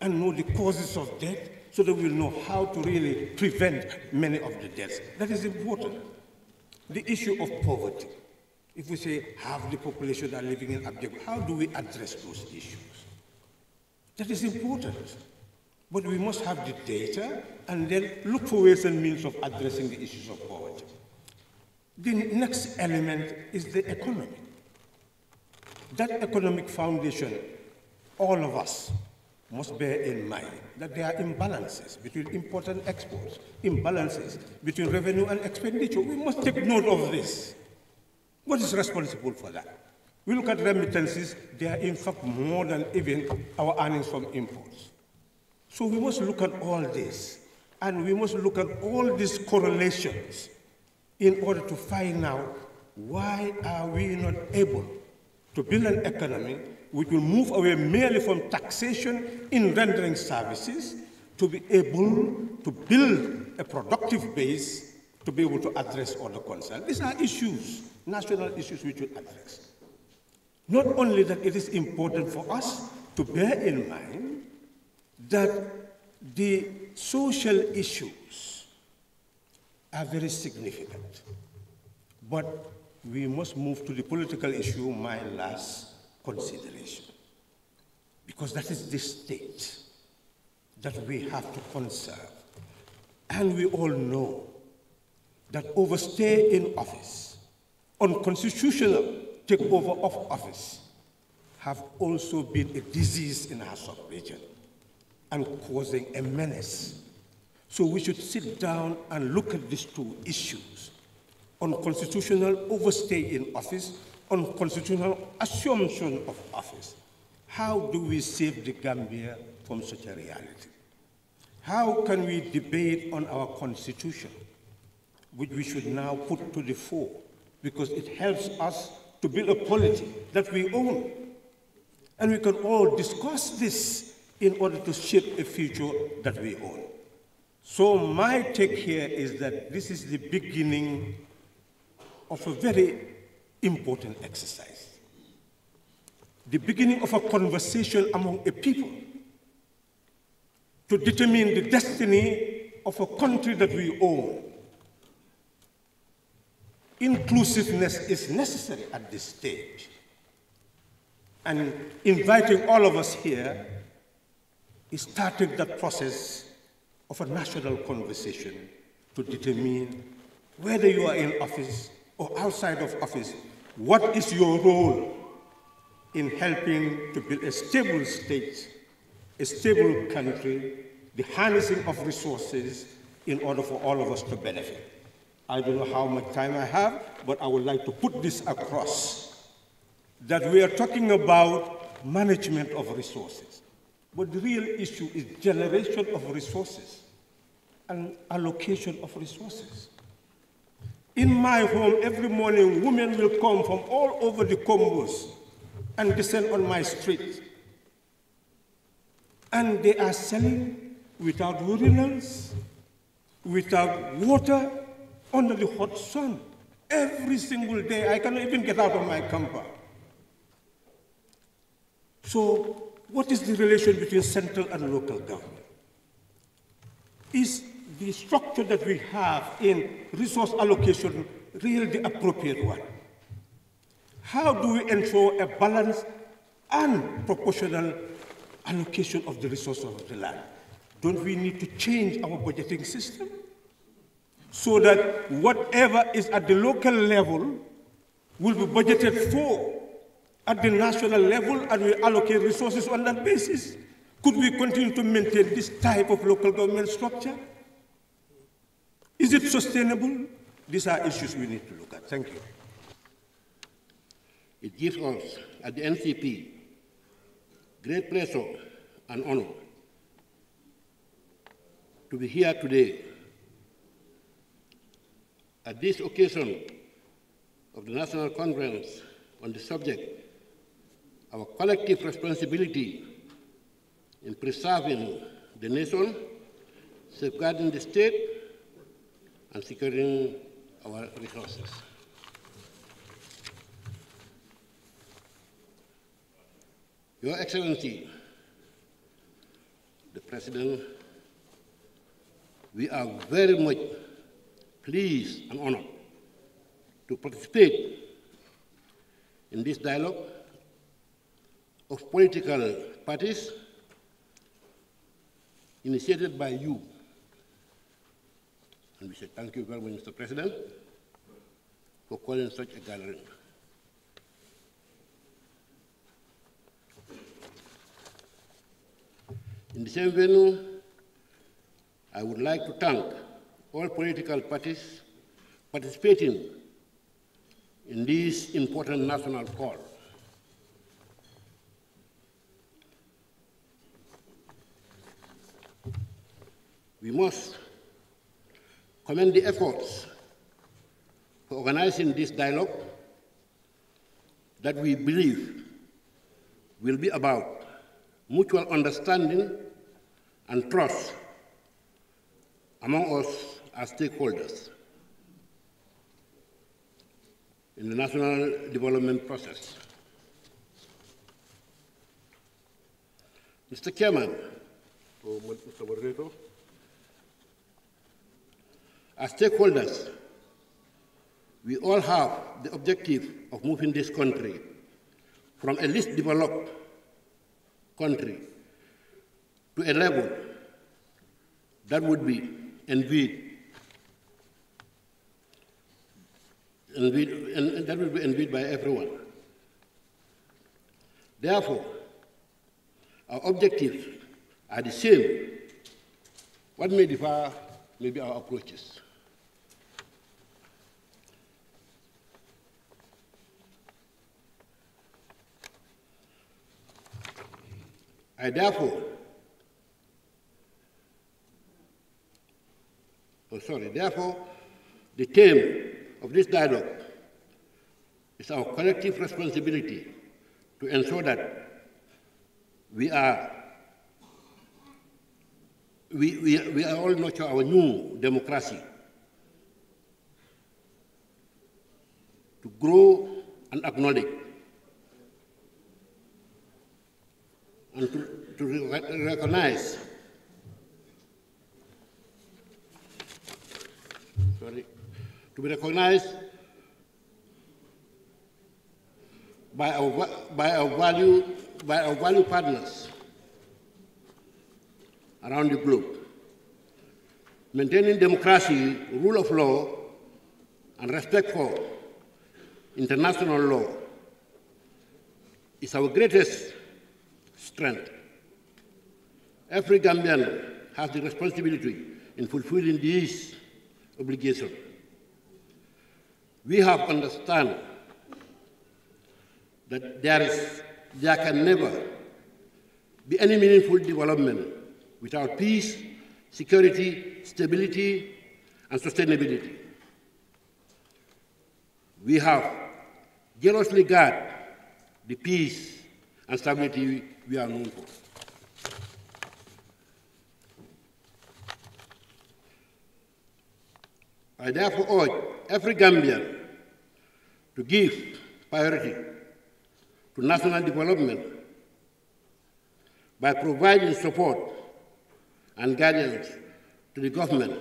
[SPEAKER 15] and know the causes of death so that we know how to really prevent many of the deaths. That is important. The issue of poverty. If we say half the population are living in abject, how do we address those issues? That is important. But we must have the data and then look for ways and means of addressing the issues of poverty. The next element is the economy. That economic foundation, all of us must bear in mind that there are imbalances between import and exports, imbalances between revenue and expenditure. We must take note of this. What is responsible for that? We look at remittances, they are in fact more than even our earnings from imports. So we must look at all this, and we must look at all these correlations in order to find out why are we not able to build an economy which will move away merely from taxation in rendering services to be able to build a productive base to be able to address all the concerns. These are issues, national issues we should address. Not only that it is important for us to bear in mind that the social issues are very significant, but we must move to the political issue, my last consideration, because that is the state that we have to conserve. And we all know that overstay in office, unconstitutional takeover of office, have also been a disease in our sub-region and causing a menace. So we should sit down and look at these two issues, unconstitutional overstay in office, unconstitutional assumption of office. How do we save the Gambia from such a reality? How can we debate on our constitution which we should now put to the fore because it helps us to build a polity that we own. And we can all discuss this in order to shape a future that we own. So my take here is that this is the beginning of a very important exercise. The beginning of a conversation among a people to determine the destiny of a country that we own inclusiveness is necessary at this stage. And inviting all of us here is starting that process of a national conversation to determine whether you are in office or outside of office, what is your role in helping to build a stable state, a stable country, the harnessing of resources in order for all of us to benefit. I don't know how much time I have, but I would like to put this across, that we are talking about management of resources. But the real issue is generation of resources and allocation of resources. In my home, every morning, women will come from all over the Combos and descend on my street. And they are selling without urinals, without water, under the hot sun every single day. I cannot even get out of my camper. So what is the relation between central and local government? Is the structure that we have in resource allocation really the appropriate one? How do we ensure a balanced and proportional allocation of the resources of the land? Don't we need to change our budgeting system? so that whatever is at the local level will be budgeted for at the national level and we allocate resources on that basis. Could we continue to maintain this type of local government structure?
[SPEAKER 16] Is it sustainable? These are issues we need to look at. Thank you. It gives us at the NCP great pleasure and honor to be here today at this occasion of the National Conference on the subject, our collective responsibility in preserving the nation, safeguarding the state, and securing our resources. Your Excellency, the President, we are very much pleased and honored to participate in this dialogue of political parties initiated by you. And we say thank you very much, Mr. President, for calling such a gathering. In the same venue, I would like to thank all political parties participating in this important national call. We must commend the efforts for organizing this dialogue that we believe will be about mutual understanding and trust among us as stakeholders in the national development process. Mr. Chairman, Mr. as stakeholders, we all have the objective of moving this country from a least developed country to a level that would be envied envied, and, and that will be envied by everyone. Therefore, our objectives are the same. What may differ may be our approaches. I therefore, oh sorry, therefore, the term of this dialogue is our collective responsibility to ensure that we are we, we, we are all nurture our new democracy to grow and acknowledge and to, to recognize to be recognized by our, by our, value, by our value partners around the globe. Maintaining democracy, rule of law, and respect for international law is our greatest strength. Every Gambian has the responsibility in fulfilling these obligations we have understand that there, is, there can never be any meaningful development without peace, security, stability, and sustainability. We have jealously guard the peace and stability we are known for. I therefore urge every Gambian to give priority to national development by providing support and guidance to the government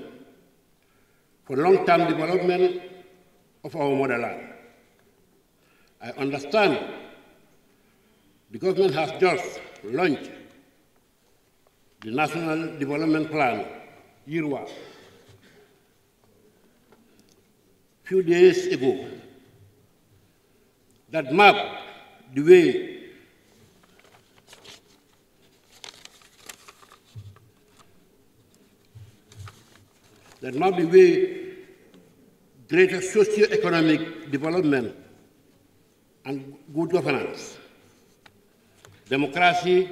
[SPEAKER 16] for long-term development of our motherland. I understand the government has just launched the National Development Plan, year one. few days ago that mapped the way that mapped the way greater socio-economic development and good governance, democracy,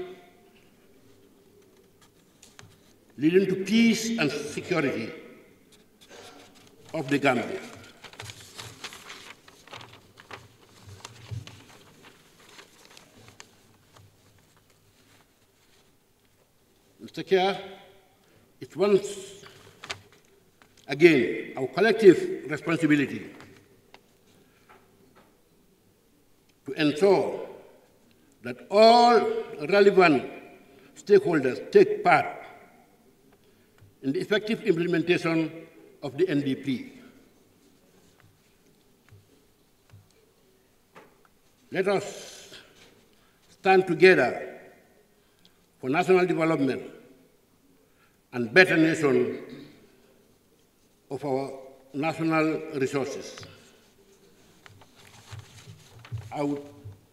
[SPEAKER 16] leading to peace and security of the Gambia. Mr. Chair, it's once again our collective responsibility to ensure that all relevant stakeholders take part in the effective implementation of the NDP. Let us stand together for national development and better nation of our national resources. I would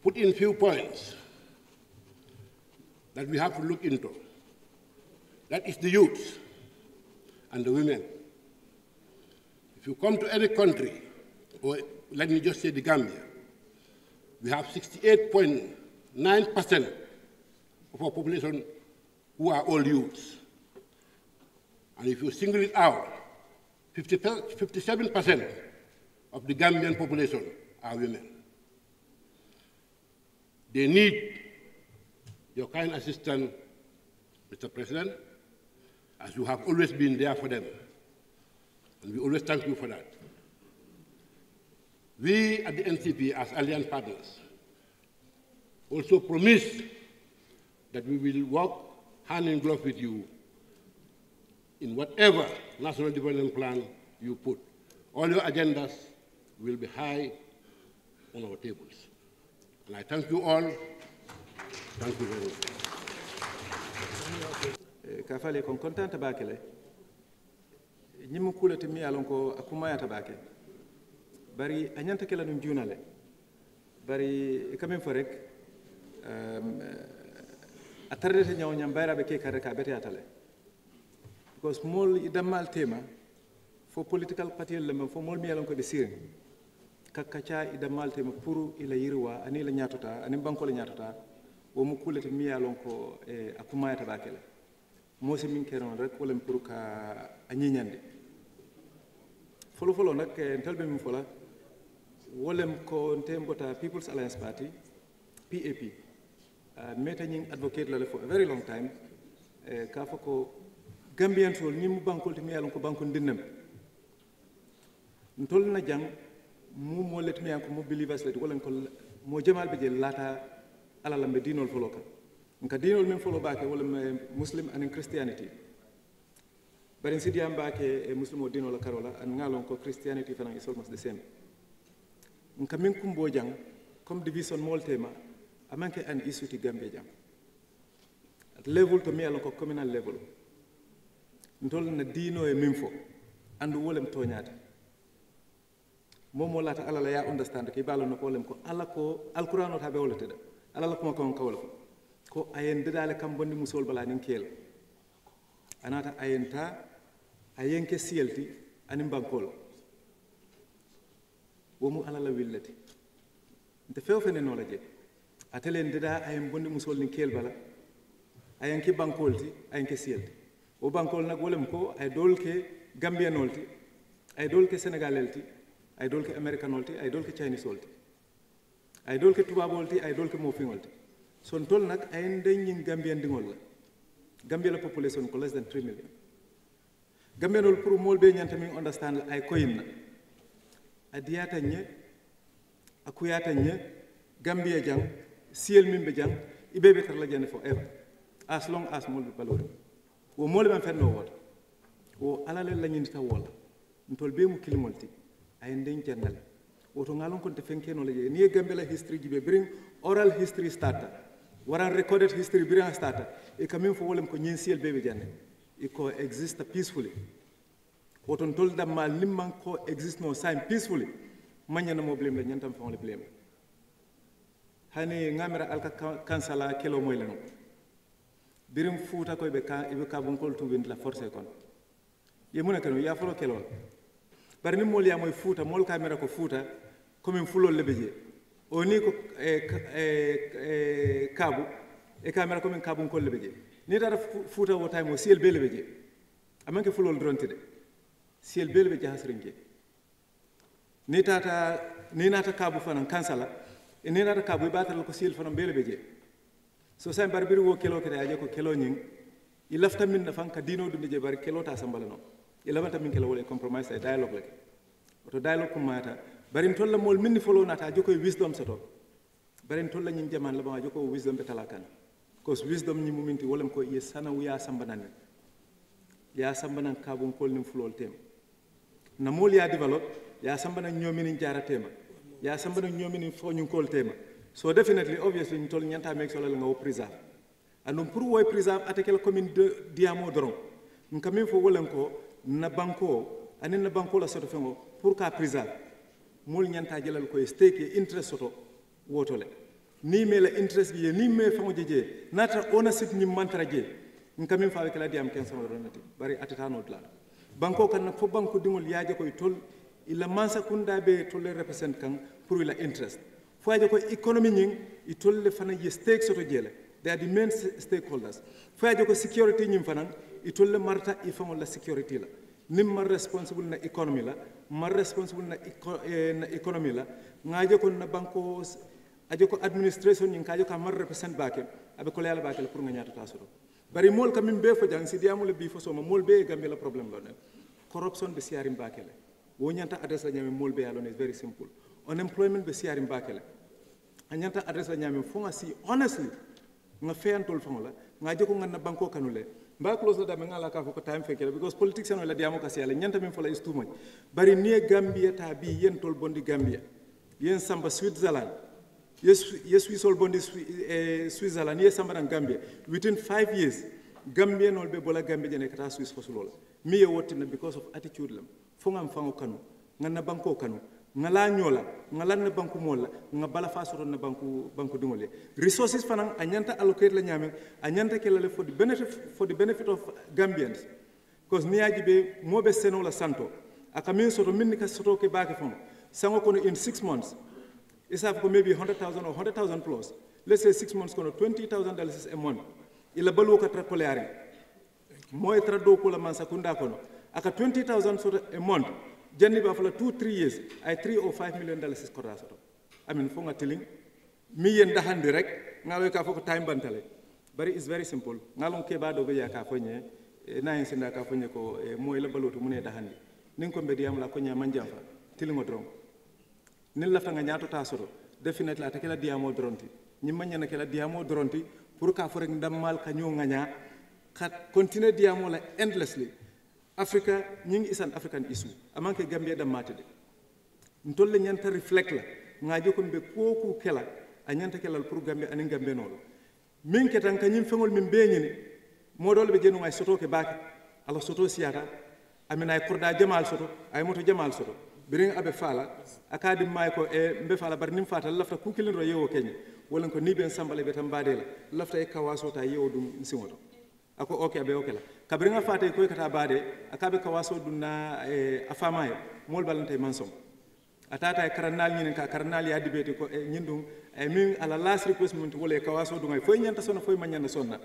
[SPEAKER 16] put in few points that we have to look into. That is the youth and the women. If you come to any country, or let me just say the Gambia, we have 68.9% of our population who are all youths. And if you single it out, 57% of the Gambian population are women. They need your kind assistance, Mr. President, as you have always been there for them. And we always thank you for that. We at the NCP, as Alliance partners, also promise that we will work hand in glove with you in whatever national development plan you put. All your agendas will be high on our tables. And I thank you all. Thank you very much. Eh, ka kon contente baake le
[SPEAKER 17] ñimu kulati mi yalon ko akumayata bari a ñanta kela bari quand même fo rek a tardete ñaw ñam bayraɓe ke kar rek a because mol i dammal tema fo political party lema fo mol mi yalan ko de sirin kakkaca i tema pour ila yirwa ani la nyatota ani banko la nyatota wo mu kulete mi yalan ko e eh, akumaya mo se min keron rek wala pour ka anyinyande folo folo nak entel eh, be mi fola wolem ko ntembota people's alliance party pap uh, ah, meta ñing advocate la le for a very long time uh, ka fo ko gambian sol mu bankol timi yalon ko banko ndinnam ntol na jang mu mo let mi ko mu believers let wala ko mo jamal be je lata ala lambe dinol folo ka nka dinol men folo baake wala muslim and christianity barin sidi am baake e muslim o dinol karola an ngalon ko christianity fana is almost de sem nka min kumbo jang comme division moltema amanke an isuti gambe jang at level to mi alon ko communal level na diino e min fo andu wolem tooñaade moom mo laata alala ya understand ke baalano ko wolem ko ala ko alquran o taɓe wolete ala alala kuma kon kawla ko ko ayen deɗaale kam bonde musol bala nin keela a naata ta a yenke siyelti anin bankol womu alala willati nte ne n'o la je atelen deɗa ayen bondi musol nin keel bala ayenke bankolti ayenke siyelti O bankol nag wolem ko ay dool ke gambiyanol ti ay dool ke sénégalel ti ay dool ke américanol ti ay dool ke chinisol ti ay dool ke tubabol ti ay dool ke mofiŋol ti son tol nag ayen de ñiŋ gambiyan diŋol la gambia la population ko less than 3 million gambiyanol pour mool be ñanta understand la ay koyin na a diyaata ñe a ñe gambia jaŋ siyel miŋ be jaŋ ibe be tara la jande forever as long as mool be balori wo moolu ben fenno wota wo ala le lañindita wol ntol be mu kilimol ti ay nden jennale woto ngalon konte fenkeno la je ni e gambe la history jibe brin oral history starter waran recorded history brin starter e kamin fo wolem ko siel bebe janne e ko existe peacefully woton tol damma limman ko existe no sign peacefully mañana mo blem le ñantam fo le blem hani ngamira alka kansala kelo moy le non birin fuuta ko ɓe ɓe kabunkol la forcé kono ye muna keno yafolo kelol bari ni moolu yamoy fuuta moolu ka mira ko fuuta commin fulol le ɓe jee o ni ko e e ka mira commin kabunkol le ɓe jee ni tata fuuta wo time o siyel bee le ɓe jee amanke fulol doronti de siyel bee le ɓe jahasirin jee ni tata ni naata kaabu fanan kansala e ni naata kaabu e ɓaatala ko siyel fanan bee le ɓe so sen bari biri wo kelo kete aje ko kelo nyin i lafta min na fanka dino dunde je bar kelo ta sambala no i lafta min kelo wole compromise e dialogue lake oto dialogue ko mata barim tolla mol minni folo nata joko e wisdom sato barim tolla nyin jaman la laba joko e wisdom be talakan cause wisdom nyi muminti wolam ko ye sana wiya sambanani ya sambanan ka kabun kolnin fulol tem na mol ya develop ya sambanan nyomin jaratema ya sambanan nyomini fo foñun kol tema So definitely, obviously, nous avons dit que nous préserve. Et nous pouvons préserver avec la commune de Diamodron. Nous avons même fait na banko ani na banko la soto fengo pour ka préserve mol nyanta jelal ko stake interest soto wotole ni me la interest bi ni me fango jeje nata ownership ni mantara je nka min fawe kala diam ken sama ronati bari atatano dla banko kan na fo banko dingol yaaje koy tol ila mansa kunda be tolle represent kan pour la interest fayde ko économie ñing i tolle fana ye stake soto jeele they are the main stakeholders fayde ko security ñing fanan i tolle marta i faŋol la security la nim mar responsable na economy la mar responsable na, eco, eh, na economy la ŋaje kon na banko aje ko administration ñing kajo ka mar represent baake abe ko yalla bake la pour nga ñaata ta soto bari mol ka min be fo jang si diamul bi fo soma mol be e gambe la problème lo ne corruption be siarim bake la wo ñanta adresse la ñame mol be yalla ne very simple unemployment be siarim bake la anyanta adresa nyame fonga si honestly nga feyantol fangola nga jeko nganna banko kanule mba close da nga la ka ko time fekela because politics en la diamo kasi ala nyanta min fola is too much bari ne gambia ta bi yen tol bondi gambia yen samba switzerland yes yes we sol bondi eh, switzerland yes samba nan gambia within 5 years gambia nol be bola gambia jene kata swiss fosulola mi ye because of attitude lam fonga mfango kanu banko kanu nga la ñola nga lan na banku la nga bala faa soto na banku banku dingole resources fanan a ñanta allocate la ñame a ñanta ke la for the benefit for benefit of gambians cause ni yaji be mo be seno la santo aka min soto min ni ka soto ke baake fon sango kono in 6 months isa ko maybe 100000 or 100000 plus let's say 6 months kono 20000 dollars a month ila balu ka tra are moy trado ko la man sa sakunda kono aka 20000 soto a month generally for two, three years, I three or five million dollars is kota soto. I mean, for telling, me and the hand direct, ngalo ka foko time bantale. But is very simple. Ngalong ke ba do ya ka fonye, eh, na insinda ka fonye ko eh, mo la baloto mune da handi. Ning ko mbedi am la ko nyama njamfa, tilingo drom. Nin la fanga nyato ta soto, definitely atakela diamo dronti. Nyimanya na kela diamo dronti, pour ka forek ndam mal ka nyonga nya, ka continue diamo la endlessly africa ngi isan african issue amanke gambia de matede ntolle ñanta reflect la ngaje ko be koku kela a ñanta kelal pour gambia anen gambe nolo min tan kañim fengol min beñini modol be jenu ay soto ke baake ala soto siyata amina ay kurda jamal soto ay moto jamal soto birin abe fala akadi may ko e mbe fala bar nim fatal lafta kukilin ro yewo kenya wala ko ni ben sambale be tan badela lafta e kawaso ta yewo dum siwoto ako ok abe oke la kabiri nga fate koy kata bade akabe kawaso dunna e eh, afama ye mol balante mansom atata e eh, karnal nyine ka karnal ya dibete ko e eh, nyindum e min ala last request mun to wole kawaso dunga foy nyanta sona foy manyanda sonna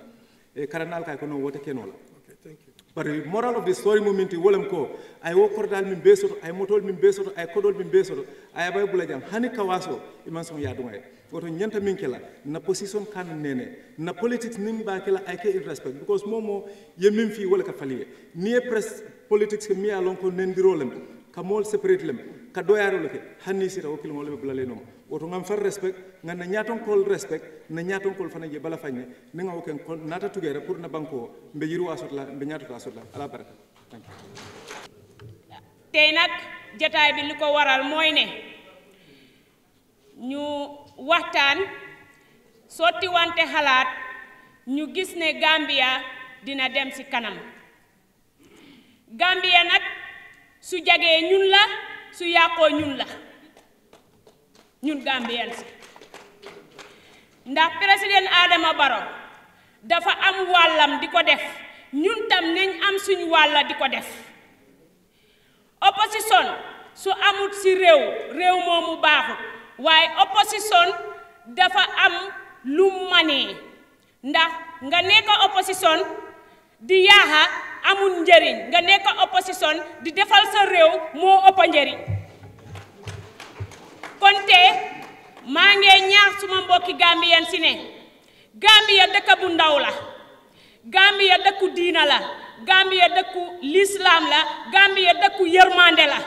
[SPEAKER 17] e karnal kay ko no wote kenola okay thank you but the moral of the story mu minti wolem ko ay wo kordal min besoto ay motol min besoto ay kodol min besoto ay bay bulajam hani kawaso imansom ya dunga woto ñanta min kela na position kan nene na politics nim ba kela ay ke respect because momo ye min fi wala ka faliye ni press politics ke mi alon ko nendiro lem ka mol separate lem ka doyaro ke hanni sira o kilmo le bulale no woto ngam far respect ngam na nyaton kol respect na nyaton kol fana je bala fanye ni ngaw ken kon nata tugere pour na banko mbe yiru wasot la mbe nyato wasot la ala baraka thank
[SPEAKER 18] you tey nak jotaay bi liko waral moy ne ñu waxtaan sottiwante xalaat ñu gis ne Gambia dina dem ci kanam Gambia nag su jagee ñun la su yàqoo ñun la ñun si ndax président Adama baro dafa am wàllam di ko def ñun tam nañ am suñu wàlla di ko def opposition su amut ci réew réew moomu baaxut waye opposition dafa am lu mané ndax nga nek opposition di yaha amul njëriñ nga nek opposition di defal sa rew mo ëpp njëriñ kon té ma ngi ñaax suma mbokki Gambien ci né Gambia dekk bu ndaw la Gambia dekk diina la Gambia dekk l'islam la Gambia dekk yermandé la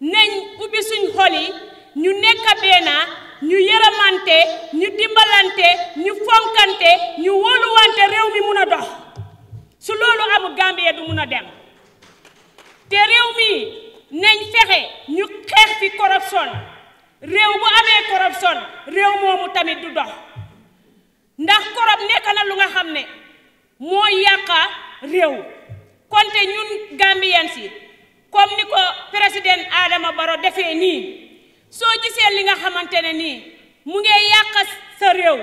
[SPEAKER 18] nañ ubi suñ xol yi ñu nekk benn ñu yërëmante ñu dimbalante ñu fonkante ñu wóoluwante réew mi mun a dox su loolu amul Gambie du mun a dem te réew mi nañ fexe ñu xeex fi corruption réew bu amee corruption réew moomu tamit du dox ndax korob nekk na lu nga xam ne moo yàqa réew konte ñun Gambiens yi comme ni ko président Adama Barrow defee nii so gisé li nga xamante ni mu ngi yàq sa réew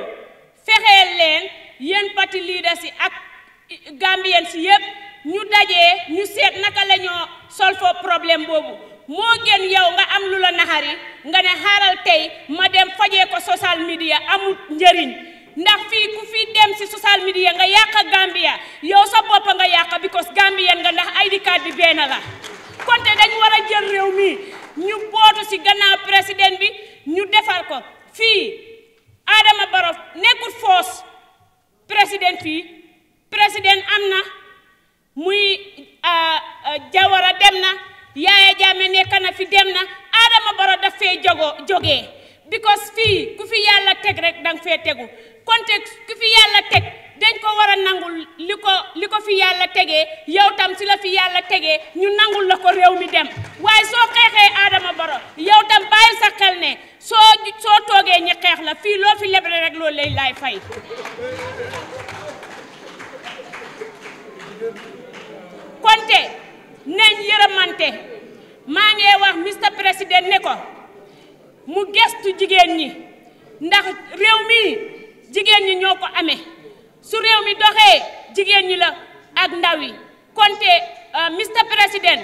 [SPEAKER 18] fexeel leen yeen parti leader ci ak Gambien si yépp ñu dajé ñu sét naka lañu ñoo solfo problème bobu mo gën yow nga am lula nahari nga né madem tay ma dem fajé ko social media amu njëriñ ndax fi ku fi dem si social media nga yàq Gambia yow sa bop nga yàq because Gambien nga ndax ID card bi benn la konte dañ wara jël mi ñu bootu ci gannaaw président bi ñu defar ko fii Adama Barrow nekkul foos président fii président am na muy Jawara dem na Yaaya Jammeh nekk na fi dem na Adama Barrow daf fee jogo jógee because fii ku fi yàlla teg rek danga fee tegu konte ku fi yàlla teg dañ ko war a nangul li ko li ko fi yàlla tegee yow tam si la fi yàlla tegee ñu nangul la ko réew mi dem waaye soo xeexee Adama Barrow yow tam bàyyi sa xel ne soo soo toogee ñi xeex la fii loo fi leble rek loolu lay fay konte nañ yërëmante maa ngi wax Mr Président ne ko mu gestu jigéen ñi ndax réew mi jigéen ñi ñoo ko amee su réew mi doxee jigéen ñi la ak ndaw yi konte euh, Mr President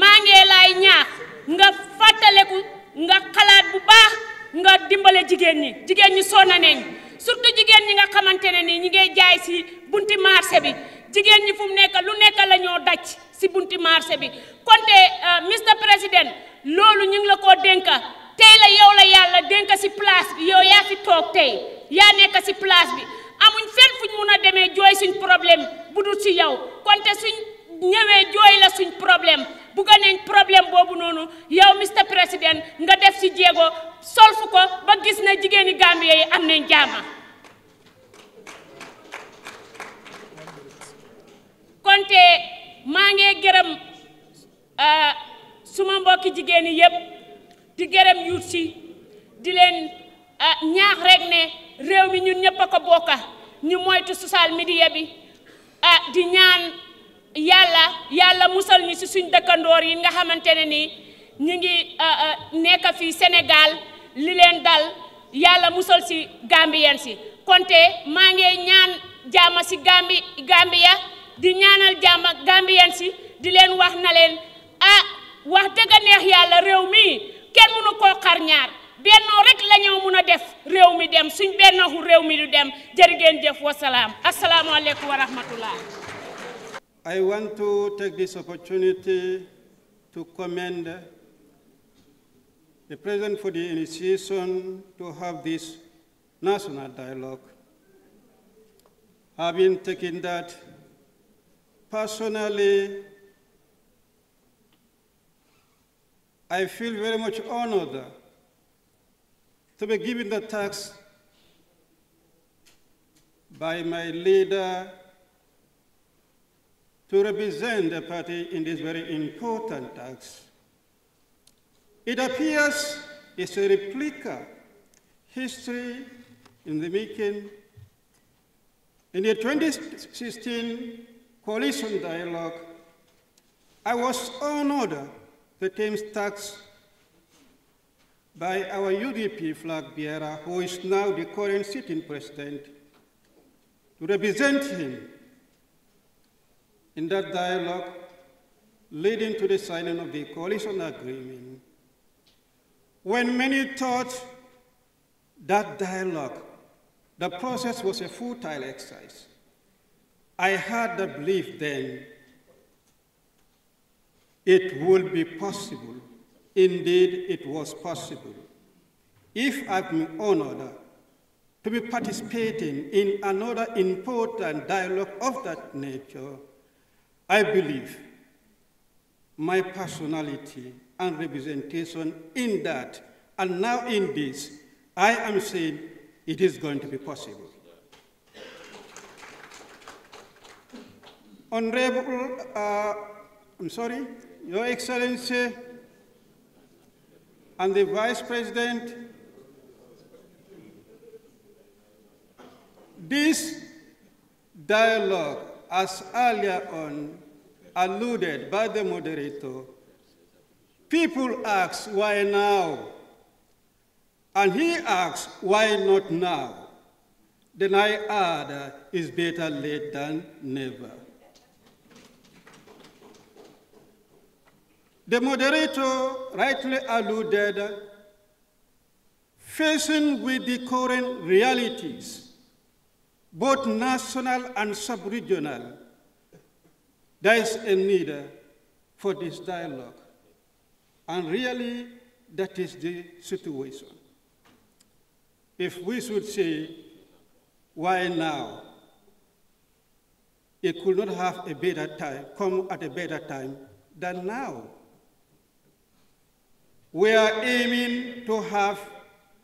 [SPEAKER 18] maa ngi lay ñaax nga fàttaleku nga xalaat bu baax nga dimbale jigéen ñi jigéen ñi sonn nañ surtout jigéen ñi nga xamante ne ñi ngay jaay si bunti marché bi jigéen ñi fu nekk lu nekk la ñoo daj si bunti marché bi konte euh, Mr President loolu ñu la ko dénka tey la yow la yàlla dénka si place bi yow yaa fi toog tey yaa nekk si place bi amuñ fenn fuñ mëna démé joy suñ problème bu dul si yow konté suñ ñëwé joy la suñ problème bu gané problème bobu nonu yow Mr President nga def si jéego solfu ko ba gis na jigéni Gambie yi am nañ jaama konte maa ngi gërëm euh, suma mbokk jigéni yépp di gërëm yuut di len euh, ñaax rek né réew mi ñun ñëpp a ko bokka ñu moytu social media bi ah, di ñaan yàlla yàlla musal ñi si suñ dëkkandoor yi nga xamante ne nii ñu ngi ah, ah, nekk fii Sénégal li leen dal yàlla musal si Gambien si konte maa ngi ñaan jaama si Gambi Gambia di ñaanal jaama Gambien si di leen wax na leen ah wax dëgg neex yàlla réew mi kenn mënu koo xar ñaar rek def mi dem mi dem wa rahmatullah
[SPEAKER 19] I want to take this opportunity to commend the President for the initiation to have this national dialogue. Having taken that personally, I feel very much honored to be given the task by my leader to represent the party in this very important task. It appears it's a replica, history in the making. In the 2016 coalition dialogue, I was honored the team's task by our UDP flag bearer, who is now the current sitting president, to represent him in that dialogue leading to the signing of the coalition agreement. When many thought that dialogue, the process was a futile exercise, I had the belief then it would be possible Indeed, it was possible. If I've been honored to be participating in another important dialogue of that nature, I believe my personality and representation in that, and now in this, I am saying it is going to be possible. Honorable, uh, I'm sorry, Your Excellency, and the Vice President. This dialogue, as earlier on alluded by the moderator, people ask why now? And he asks why not now? Then I add, is better late than never. The moderator rightly alluded, facing with the current realities, both national and sub-regional, there is a need for this dialogue. And really, that is the situation. If we should say, why now? It could not have a better time, come at a better time than now. We are aiming to have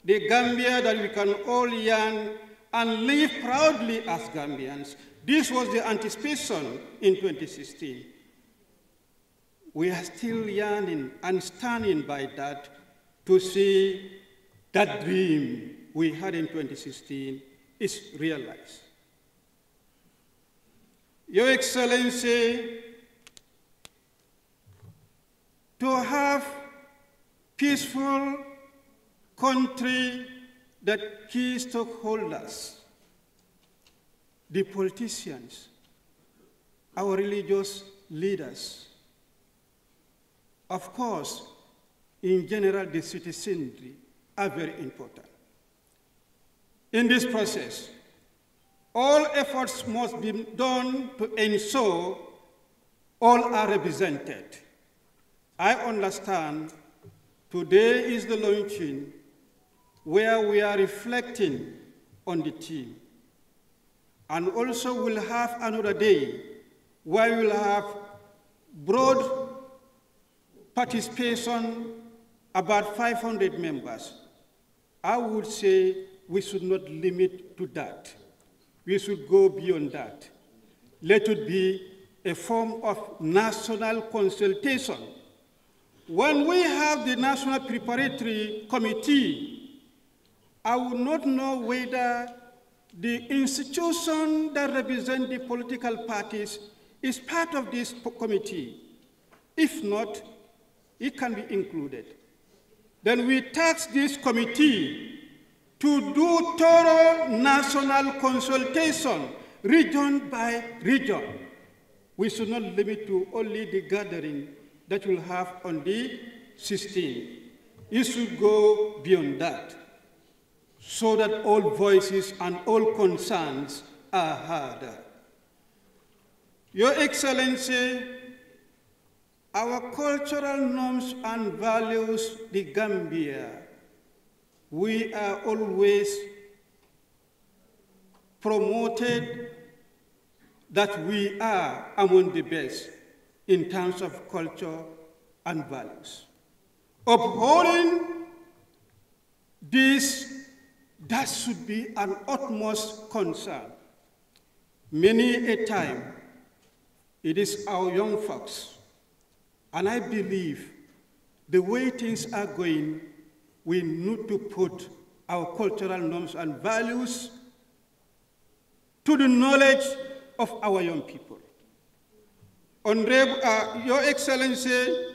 [SPEAKER 19] the Gambia that we can all yearn and live proudly as Gambians. This was the anticipation in 2016. We are still yearning and standing by that to see that dream we had in 2016 is realized. Your Excellency, to have peaceful country that key stakeholders, the politicians, our religious leaders, of course, in general, the citizenry are very important. In this process, all efforts must be done to ensure all are represented. I understand Today is the launching where we are reflecting on the team. And also we'll have another day where we'll have broad participation, about 500 members. I would say we should not limit to that. We should go beyond that. Let it be a form of national consultation when we have the National Preparatory Committee, I would not know whether the institution that represents the political parties is part of this committee. If not, it can be included. Then we task this committee to do thorough national consultation, region by region. We should not limit to only the gathering that will have only 16. It should go beyond that, so that all voices and all concerns are heard. Your Excellency, our cultural norms and values, the Gambia, we are always promoted that we are among the best in terms of culture and values. Upholding this, that should be an utmost concern. Many a time, it is our young folks, and I believe the way things are going, we need to put our cultural norms and values to the knowledge of our young people. Honorable, uh, Your Excellency,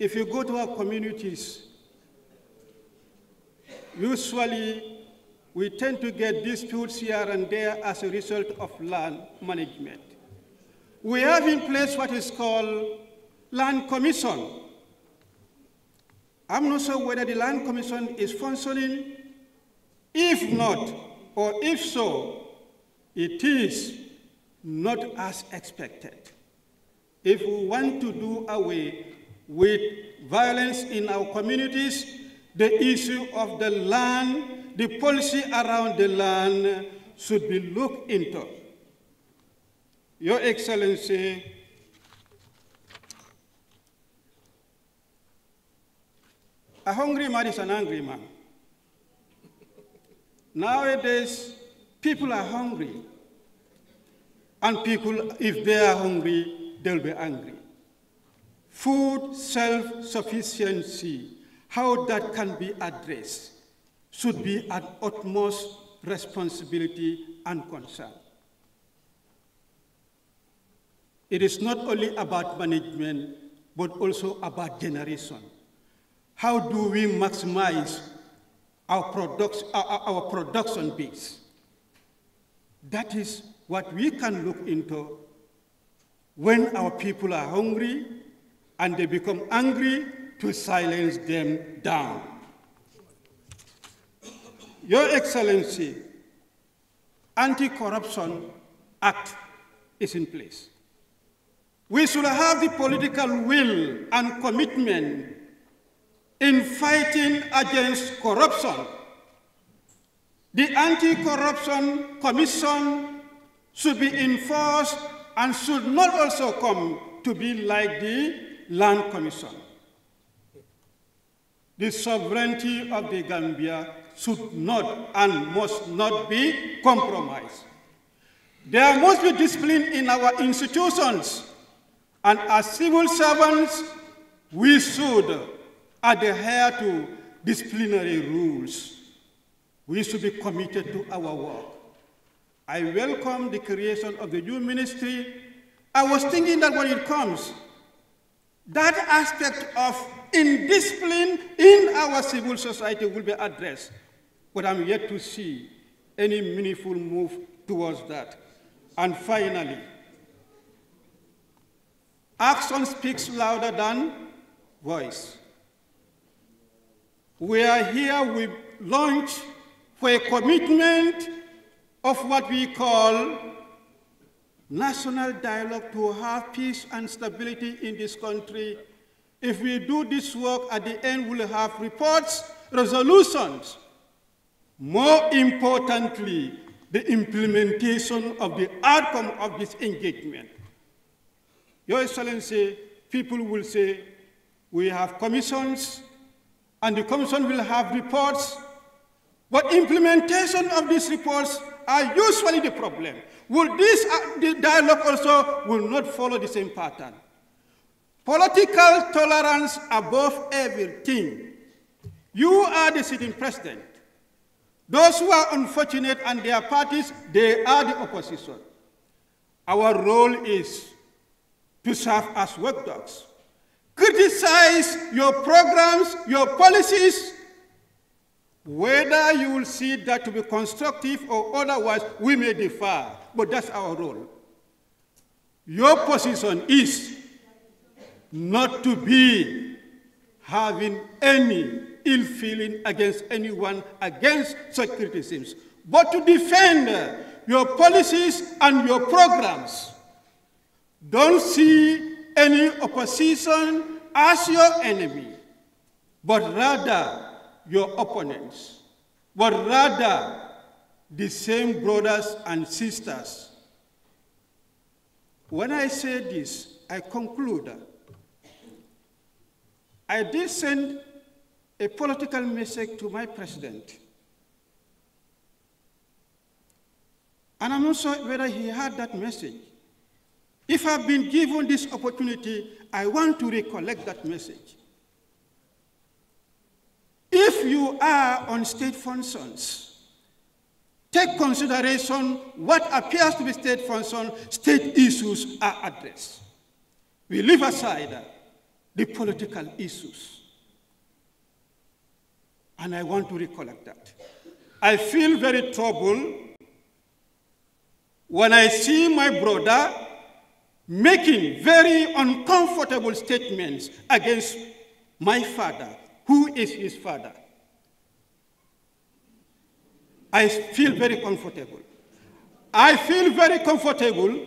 [SPEAKER 19] if you go to our communities, usually we tend to get disputes here and there as a result of land management. We have in place what is called land commission. I'm not sure whether the land commission is functioning. If not, or if so, it is not as expected. If we want to do away with violence in our communities, the issue of the land, the policy around the land should be looked into. Your Excellency, a hungry man is an angry man. Nowadays, people are hungry. And people, if they are hungry, they'll be angry. Food self-sufficiency, how that can be addressed, should be an utmost responsibility and concern. It is not only about management, but also about generation. How do we maximize our, products, our, our production base? That is what we can look into when our people are hungry and they become angry to silence them down. Your Excellency, Anti-Corruption Act is in place. We should have the political will and commitment in fighting against corruption. The Anti-Corruption Commission should be enforced and should not also come to be like the Land Commission. The sovereignty of the Gambia should not and must not be compromised. There must be discipline in our institutions, and as civil servants, we should adhere to disciplinary rules. We should be committed to our work. I welcome the creation of the new ministry. I was thinking that when it comes, that aspect of indiscipline in our civil society will be addressed. But I'm yet to see any meaningful move towards that. And finally, action speaks louder than voice. We are here, we launch for a commitment of what we call national dialogue to have peace and stability in this country. If we do this work, at the end we'll have reports, resolutions. More importantly, the implementation of the outcome of this engagement. Your Excellency, people will say, we have commissions, and the commission will have reports, but implementation of these reports are usually the problem. Will this uh, the dialogue also will not follow the same pattern? Political tolerance above everything. You are the sitting president. Those who are unfortunate and their parties, they are the opposition. Our role is to serve as watchdogs. Criticize your programs, your policies, whether you will see that to be constructive or otherwise, we may differ, but that's our role. Your position is not to be having any ill feeling against anyone, against such criticisms, but to defend uh, your policies and your programs. Don't see any opposition as your enemy, but rather your opponents, but rather the same brothers and sisters. When I say this, I conclude. I did send a political message to my president. And I'm not sure whether he had that message. If I've been given this opportunity, I want to recollect that message. If you are on state functions, take consideration what appears to be state function, state issues are addressed. We leave aside the political issues. And I want to recollect that. I feel very troubled when I see my brother making very uncomfortable statements against my father who is his father. I feel very comfortable. I feel very comfortable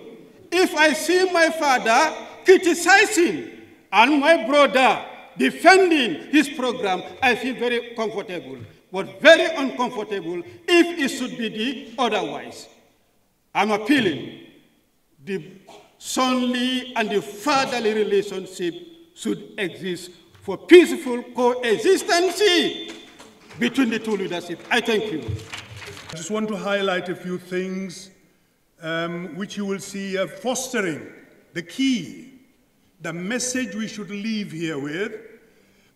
[SPEAKER 19] if I see my father criticizing and my brother defending his program. I feel very comfortable, but very uncomfortable if it should be the otherwise. I'm appealing the sonly and the fatherly relationship should exist for peaceful coexistence
[SPEAKER 20] between the two leaderships. I thank you. I just want to highlight a few things um, which you will see uh, fostering the key, the message we should leave here with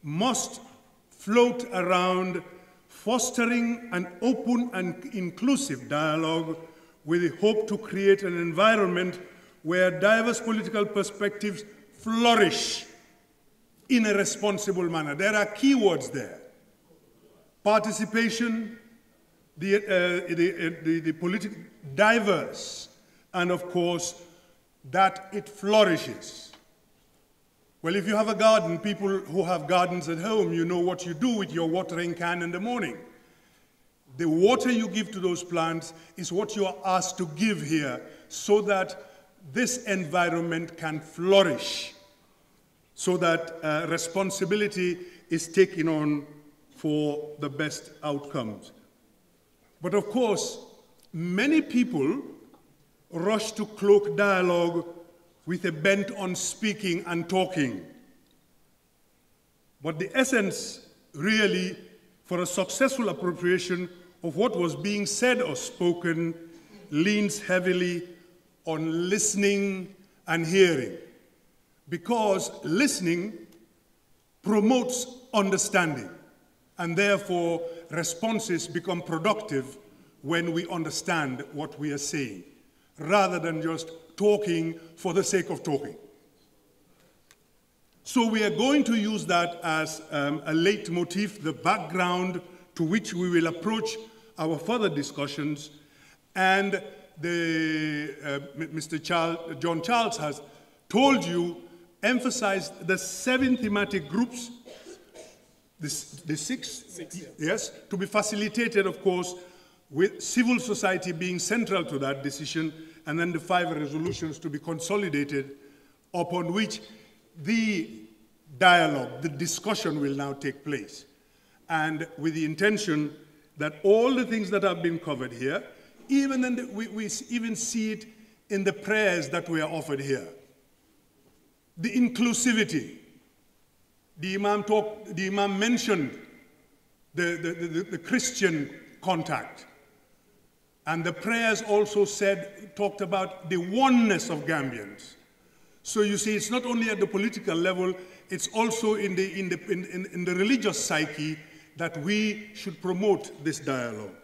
[SPEAKER 20] must float around fostering an open and inclusive dialogue with the hope to create an environment where diverse political perspectives flourish in a responsible manner. There are keywords there. Participation, the, uh, the, uh, the, the political, diverse, and of course, that it flourishes. Well, if you have a garden, people who have gardens at home, you know what you do with your watering can in the morning. The water you give to those plants is what you are asked to give here so that this environment can flourish so that uh, responsibility is taken on for the best outcomes. But of course, many people rush to cloak dialogue with a bent on speaking and talking. But the essence, really, for a successful appropriation of what was being said or spoken leans heavily on listening and hearing because listening promotes understanding, and therefore responses become productive when we understand what we are saying, rather than just talking for the sake of talking. So we are going to use that as um, a leitmotif, the background to which we will approach our further discussions. And the, uh, Mr. Charles, John Charles has told you emphasized the seven thematic groups, the, the six, six yes, to be facilitated, of course, with civil society being central to that decision, and then the five resolutions to be consolidated upon which the dialogue, the discussion will now take place. And with the intention that all the things that have been covered here, even the, we, we even see it in the prayers that were offered here the inclusivity. The Imam, talk, the Imam mentioned the, the, the, the Christian contact. And the prayers also said, talked about the oneness of Gambians. So you see, it's not only at the political level, it's also in the, in the, in, in, in the religious psyche that we should promote this dialogue.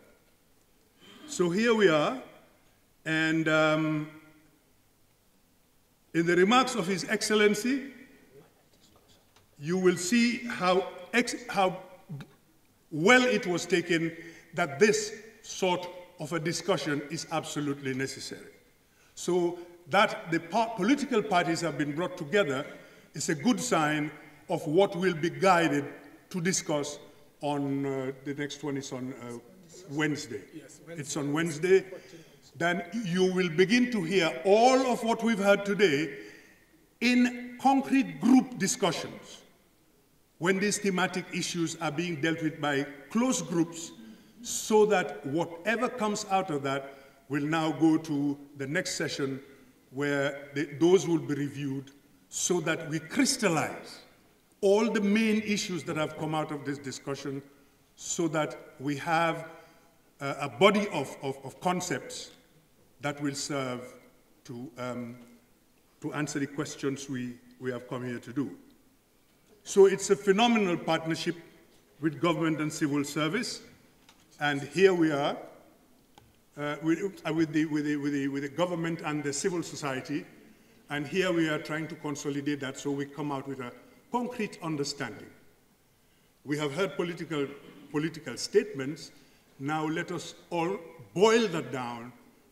[SPEAKER 20] So here we are, and um, in the remarks of His Excellency, you will see how, how well it was taken that this sort of a discussion is absolutely necessary. So that the political parties have been brought together is a good sign of what will be guided to discuss on uh, the next one is on uh, Wednesday. Yes, Wednesday. It's on Wednesday then you will begin to hear all of what we've heard today in concrete group discussions when these thematic issues are being dealt with by close groups so that whatever comes out of that will now go to the next session where the, those will be reviewed so that we crystallize all the main issues that have come out of this discussion so that we have a, uh, a body of, of, of concepts that will serve to, um, to answer the questions we, we have come here to do. So it's a phenomenal partnership with government and civil service, and here we are uh, with, uh, with, the, with, the, with, the, with the government and the civil society, and here we are trying to consolidate that so we come out with a concrete understanding. We have heard political, political statements. Now let us all boil that down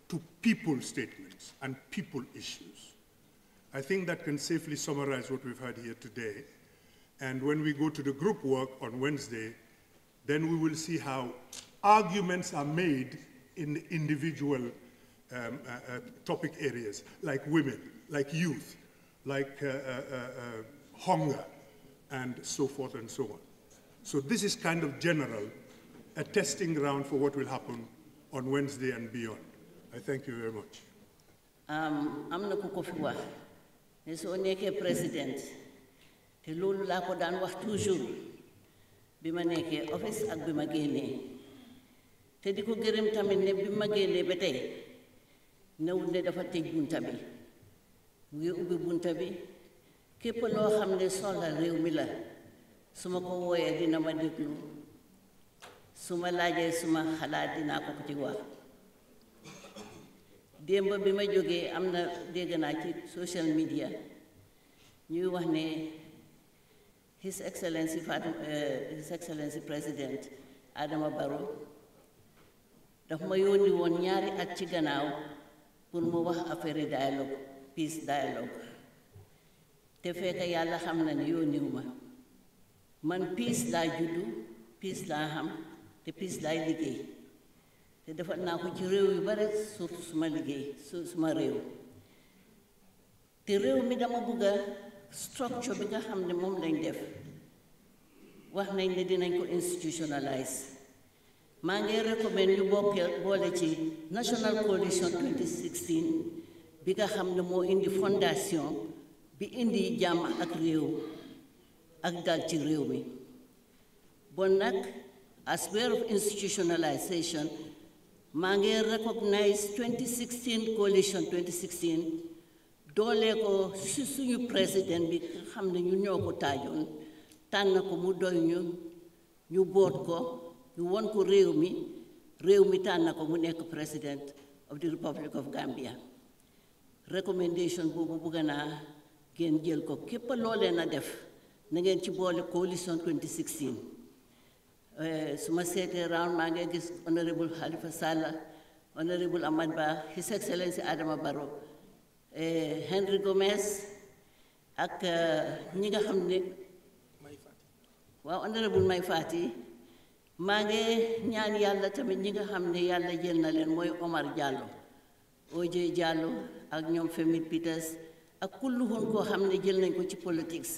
[SPEAKER 20] to people statements and people issues. I think that can safely summarize what we've had here today. And when we go to the group work on Wednesday, then we will see how arguments are made in individual um, uh, uh, topic areas, like women, like youth, like uh, uh, uh hunger, and so forth and so on. So this is kind of general, a testing ground for what will happen on Wednesday and beyond. I
[SPEAKER 21] thank you very much. am na ku ko fi wax ne soo nekkee président The loolu laa ko daan wax toujours bi ma nekkee office ak bi ma génnee te di ko gërëm tamit ne bi ma génnee ba tey newul ne dafa tëj bunta bi mu ngi ubbi bunta bi képp loo xam ne soxla réew mi la su ma ko wooyee dina ma déglu su ma laajee suma xalaat dinaa ko ko ci démb bi ma jógee am na dégg naa ci social media ñuy wax ne his excellency Fatou euh, his excellency président aadama baro daf ma yónni woon ñaari at ci gannaaw pour mu wax affaire dialogue peace dialogue te fekk yàlla xam na ne yónniwu ma man peace laa juddu peace laa xam te peace laay liggéey te defal naa ko ci réew yu bare surtout suma liggéey su suma réew te réew mi dama bëgg a structure bi nga xam ne moom lañ def wax nañ ne dinañ ko institutionalize maa ngi recommend ñu bokkee boole ci National Coalition bi nga xam ne moo indi fondation bi indi jàmm ak réew ak dal ci réew mi bon nag as way of institutionalization maa ngi recognize 2016 coalition 2016 doole ko si suñu président bi xam ne ñu ñoo ko taajoon tànn ko mu doy ñu ñu boot ko ñu won ko réew mi réew mi tànn ko mu nekk président of the Republic of Gambia recommendation boobu bëgg naa ngeen jël ko képp loo leen a def na ngeen ci boole coalition Eh, su ma seetee round maa ngi gis honorable Halifa Sallah honorable Amad Ba his excellency Adama Barrow eh, Henry Gomez ak eh, ñi nga xam ne waaw honorable Mai Fatty maa ngi ñaan yàlla tamit ñi nga xam ne yàlla jël na leen mooy Omar Diallo OJ Diallo ak ñoom Femi Peters ak kulluhun koo xam ne jël nañ ko ci politics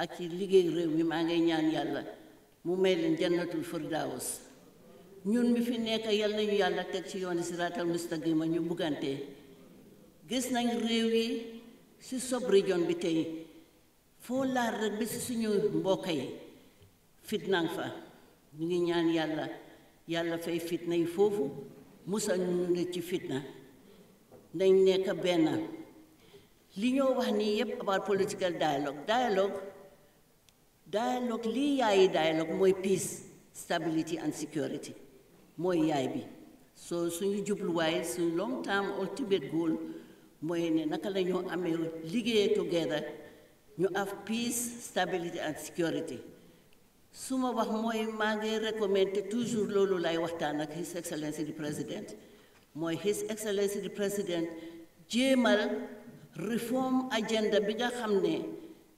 [SPEAKER 21] ak ci liggéey réew mi maa ngi ñaan yàlla mu may leen jannatul firdaws ñun mi fi nekk yal nañu yàlla teg ci yoon yooni siraatal mustaqima ñu buggante gis nañ réew yi ci sob région bi tey foo laal rek bi suñu mbokk yi fitnaan fa ñu ngi ñaan yàlla yàlla fay fitna yi foofu musal ñu ne ci fitna nañ nekk benn li ñoo wax nii yépp about political dialogue dialogue dialogue li dialogue mooy peace stability and security mooy yai bi so suñu jubluwaay suñu long term ultimate goal mooy ne naka la ñoo liggéey together ñu af peace stability and security Suma ma wax mooy maa ngi recommandé toujours loolu lay waxtaan ak his excellency the président mooy his excellency the président jemal reform agenda bi nga ne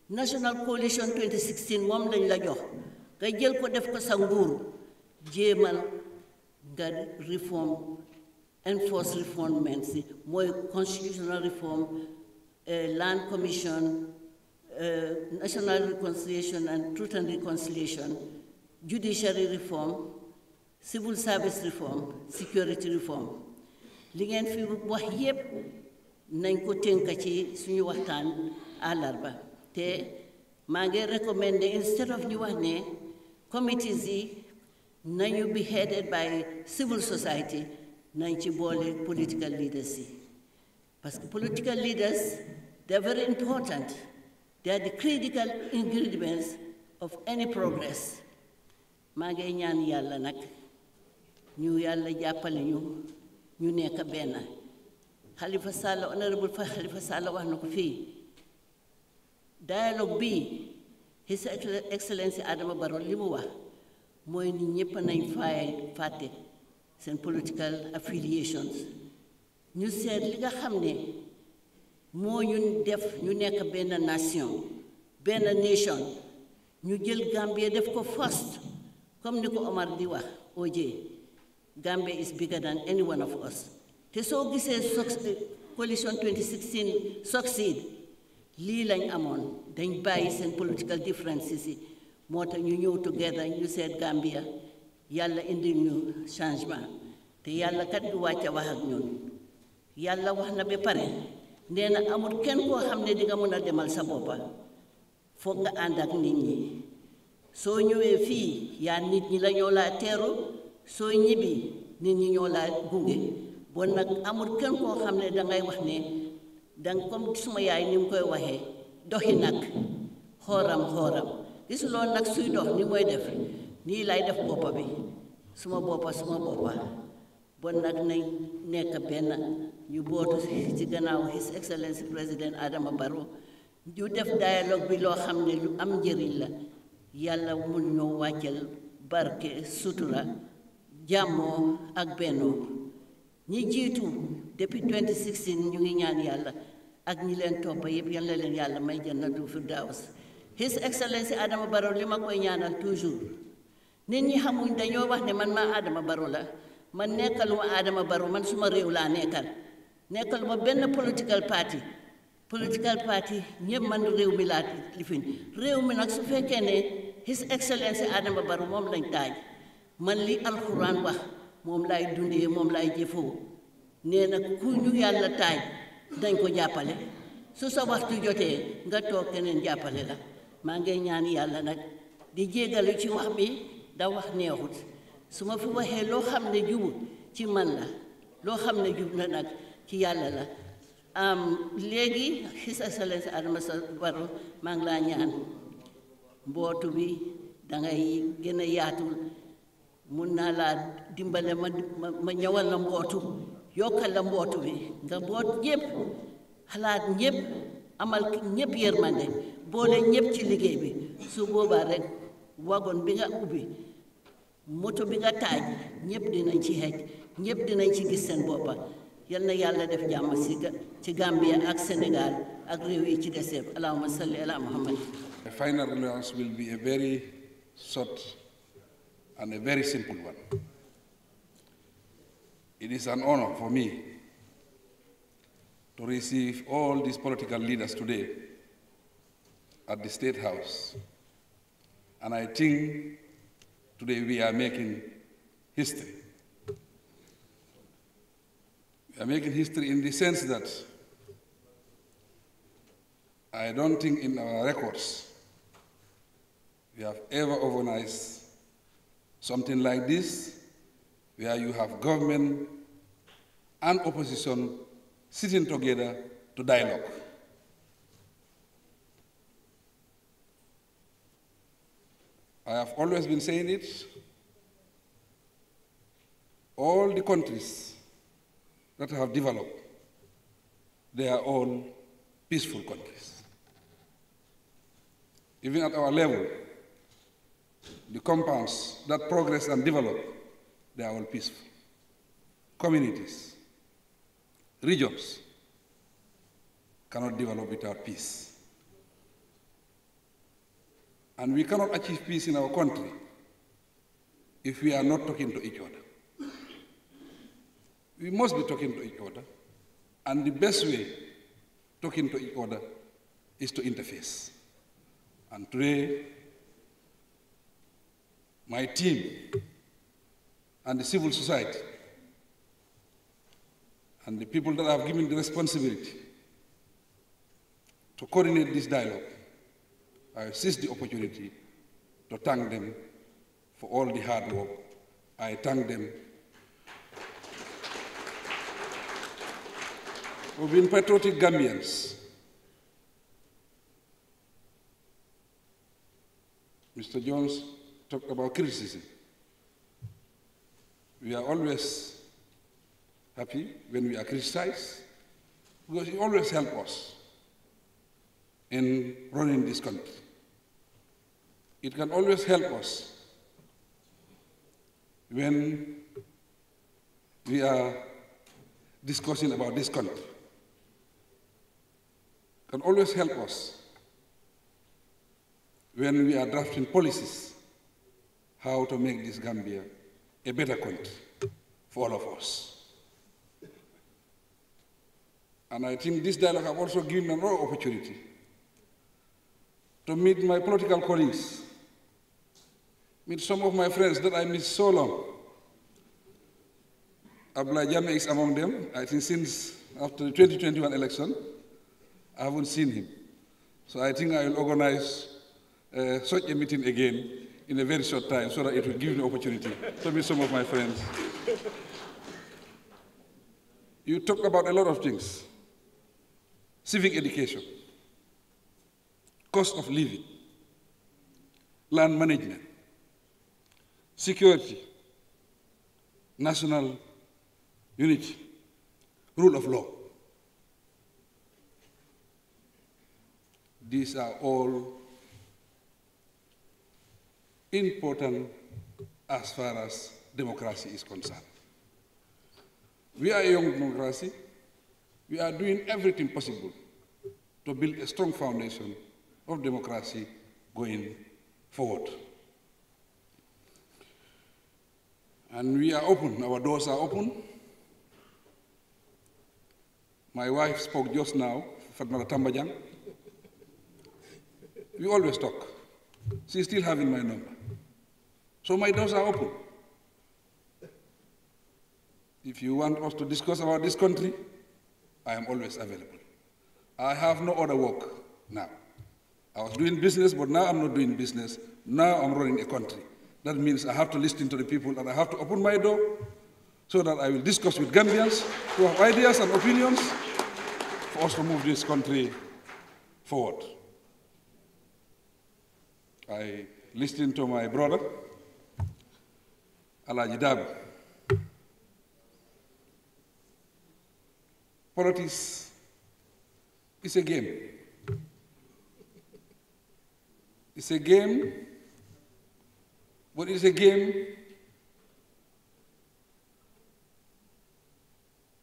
[SPEAKER 21] national coalition 2016 moom lañ la jox nga jël ko def ko sa nguur jéemal nga reform enforce reformment si mooy constitutional reform euh, land commission euh, national reconciliation and truth and reconciliation judiciary reform civil service reform security reform li ngeen fi wax yépp nañ ko tënk ci suñu waxtaan àllarba te maa ngi recommendé instead of ñu committee z na you be headed by civil society na ci boole political leaders yi political leaders they are very important they are the critical ingredients of any progress Mange ngi ñaan yàlla nag ñu yàlla jàppale ñu ñu nekk benn Halifa Sallah honorable Halifa Sala, wax na dialogue bi His Excellency Adama Barrow li mu wax mooy ni ñëpp nañ faay fàtte seen political affiliations ñu seet li nga xam ne moo ñu def ñu nekk benn nation benn nation ñu jël Gambia def ko first comme ni ko Omar di wax OJ Gambia is bigger than any one of us te soo gisee coalition 2016 succeed lii lañ amoon dañ bàyyi seen political differences yi moo tax ñu ñëw together ñu seet Gambia yàlla indi ñu changement te yàlla kat du wàcca wax ak ñun yàlla wax na ba pare nee na amul kenn koo xam ne dinga mën a demal sa boppa foog nga ànd ak nit ñi soo ñëwee fii yaa nit ñi la ñoo laa teeru soo ñibbi nit ñi ñoo laa gunge bon nag amul kenn koo xam ne dangay wax ne danga comme suma yaay ni mu koy waxee doxi nag xooram xooram gisuloon nag suy dox ni mooy def nii lay def boppa bi suma boppa suma boppa bon nag nañ nekk benn ñu bootu ci gannaaw His Excellency Président Adama Barrow ñu def dialogue bi loo xam ne lu am njëriñ la yàlla mun ñoo wàccel barke sutura jàmmoo ak bennoo ñi jiitu depuis 2016 ñu ngi ñaan yàlla ak ñi leen toppa yëpp yal leen yàlla may jannatu firdaws his excellence Adama Barrow li ma koy ñaanal toujours nit ñi xamuñ dañoo wax ne man maa Adama Barrow la man nekkaluma Adama Barrow man suma réew laa nekkal ma benn political party political party ñëpp man réew mi laa lifiñ réew mi nag su fekkee ne his excellence Adama Barrow moom lañ taaj man li alxuraan wax moom laay dundee moom laay jëfoo nee na ku ñu yàlla taaj dañ ko jàppale su sa waxtu jotee nga toog keneen jàppale la maa ngi ñaan yàlla nag di jégalu ci wax bi da wax neexut su ma fi waxee loo xam ne jubut ci man la loo xam ne jub na nag ci yàlla la am léegi His Excellency Adama Barrow maa ngi laa ñaan mbootu bi dangay gën a yaatul mun la laa dimbale ma ñawal la mbootu yokkal la mbootu bi nga mboot ñëpp xalaat ñëpp amal ñëpp yërmande boole ñëpp ci liggéey bi su boobaa rek wagon bi nga ubbi moto bi nga taaj ñëpp dinañ ci xeej ñëpp dinañ ci gis seen boppa yal na yàlla def jàmm si ci Gambia ak Sénégal ak réew yi ci deseeb yëpp salli ala muhammad.
[SPEAKER 2] The final relaunch will be a very short and a very simple one. It is an honor for me to receive all these political leaders today at the State House. And I think today we are making history. We are making history in the sense that I don't think in our records we have ever organized Something like this, where you have government and opposition sitting together to dialogue. I have always been saying it. All the countries that have developed, they are all peaceful countries. Even at our level, the compounds that progress and develop, they are all peaceful. Communities, regions cannot develop without peace. And we cannot achieve peace in our country if we are not talking to each other. We must be talking to each other, and the best way talking to each other is to interface. And today, my team, and the civil society, and the people that have given the responsibility to coordinate this dialogue, I seize the opportunity to thank them for all the hard work. I thank them We've been patriotic Gambians. Mr. Jones, talk about criticism. We are always happy when we are criticized because it always helps us in running this country. It can always help us when we are discussing about this country. It can always help us when we are drafting policies how to make this Gambia a better country for all of us. And I think this dialogue has also given me raw opportunity to meet my political colleagues, meet some of my friends that I miss so long. Jame is among them. I think since after the 2021 election, I haven't seen him. So I think I will organize uh, such a meeting again in a very short time so that it will give me opportunity to meet some of my friends. You talk about a lot of things. Civic education, cost of living, land management, security, national unity, rule of law. These are all important as far as democracy is concerned. We are a young democracy. We are doing everything possible to build a strong foundation of democracy going forward. And we are open, our doors are open. My wife spoke just now, Fatma Tambajang. We always talk. She's still having my number. So my doors are open. If you want us to discuss about this country, I am always available. I have no other work now. I was doing business, but now I'm not doing business. Now I'm running a country. That means I have to listen to the people and I have to open my door so that I will discuss with Gambians who have ideas and opinions for us to move this country forward. I listened to my brother. Alhaji Dabo. Politics is a game. It's a game, but it's a game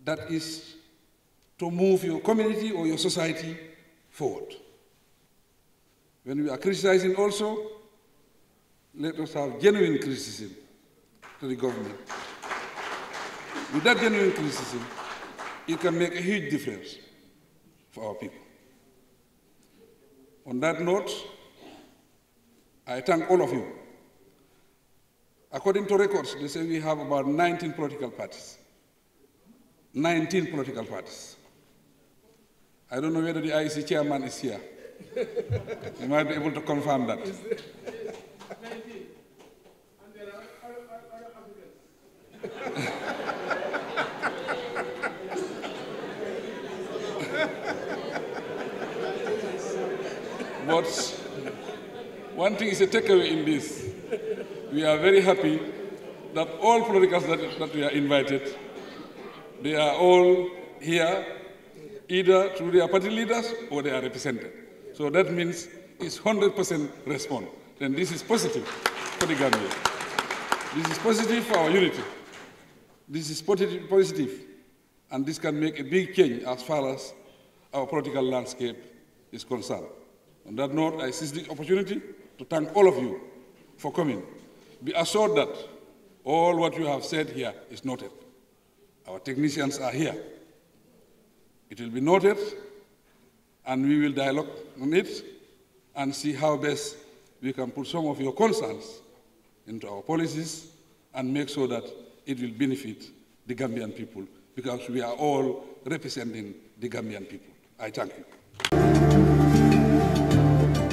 [SPEAKER 2] that is to move your community or your society forward. When we are criticizing also, let us have genuine criticism to the government. With that genuine criticism, it can make a huge difference for our people. On that note, I thank all of you. According to records, they say we have about 19 political parties. 19 political parties. I don't know whether the IEC chairman is here.
[SPEAKER 1] you might be able to confirm that.
[SPEAKER 2] But one thing is a takeaway in this. We are very happy that all politicals that, that we are invited, they are all here either through their party leaders or they are represented. So that means it's 100% response. Then this is positive for the Gambia. This is positive for our unity. This is positive, positive, and this can make a big change as far as our political landscape is concerned. On that note, I seize the opportunity to thank all of you for coming. Be assured that all what you have said here is noted. Our technicians are here. It will be noted, and we will dialogue on it and see how best we can put some of your concerns into our policies and make sure that it will benefit the Gambian people because we are all
[SPEAKER 22] representing the Gambian people. I thank you.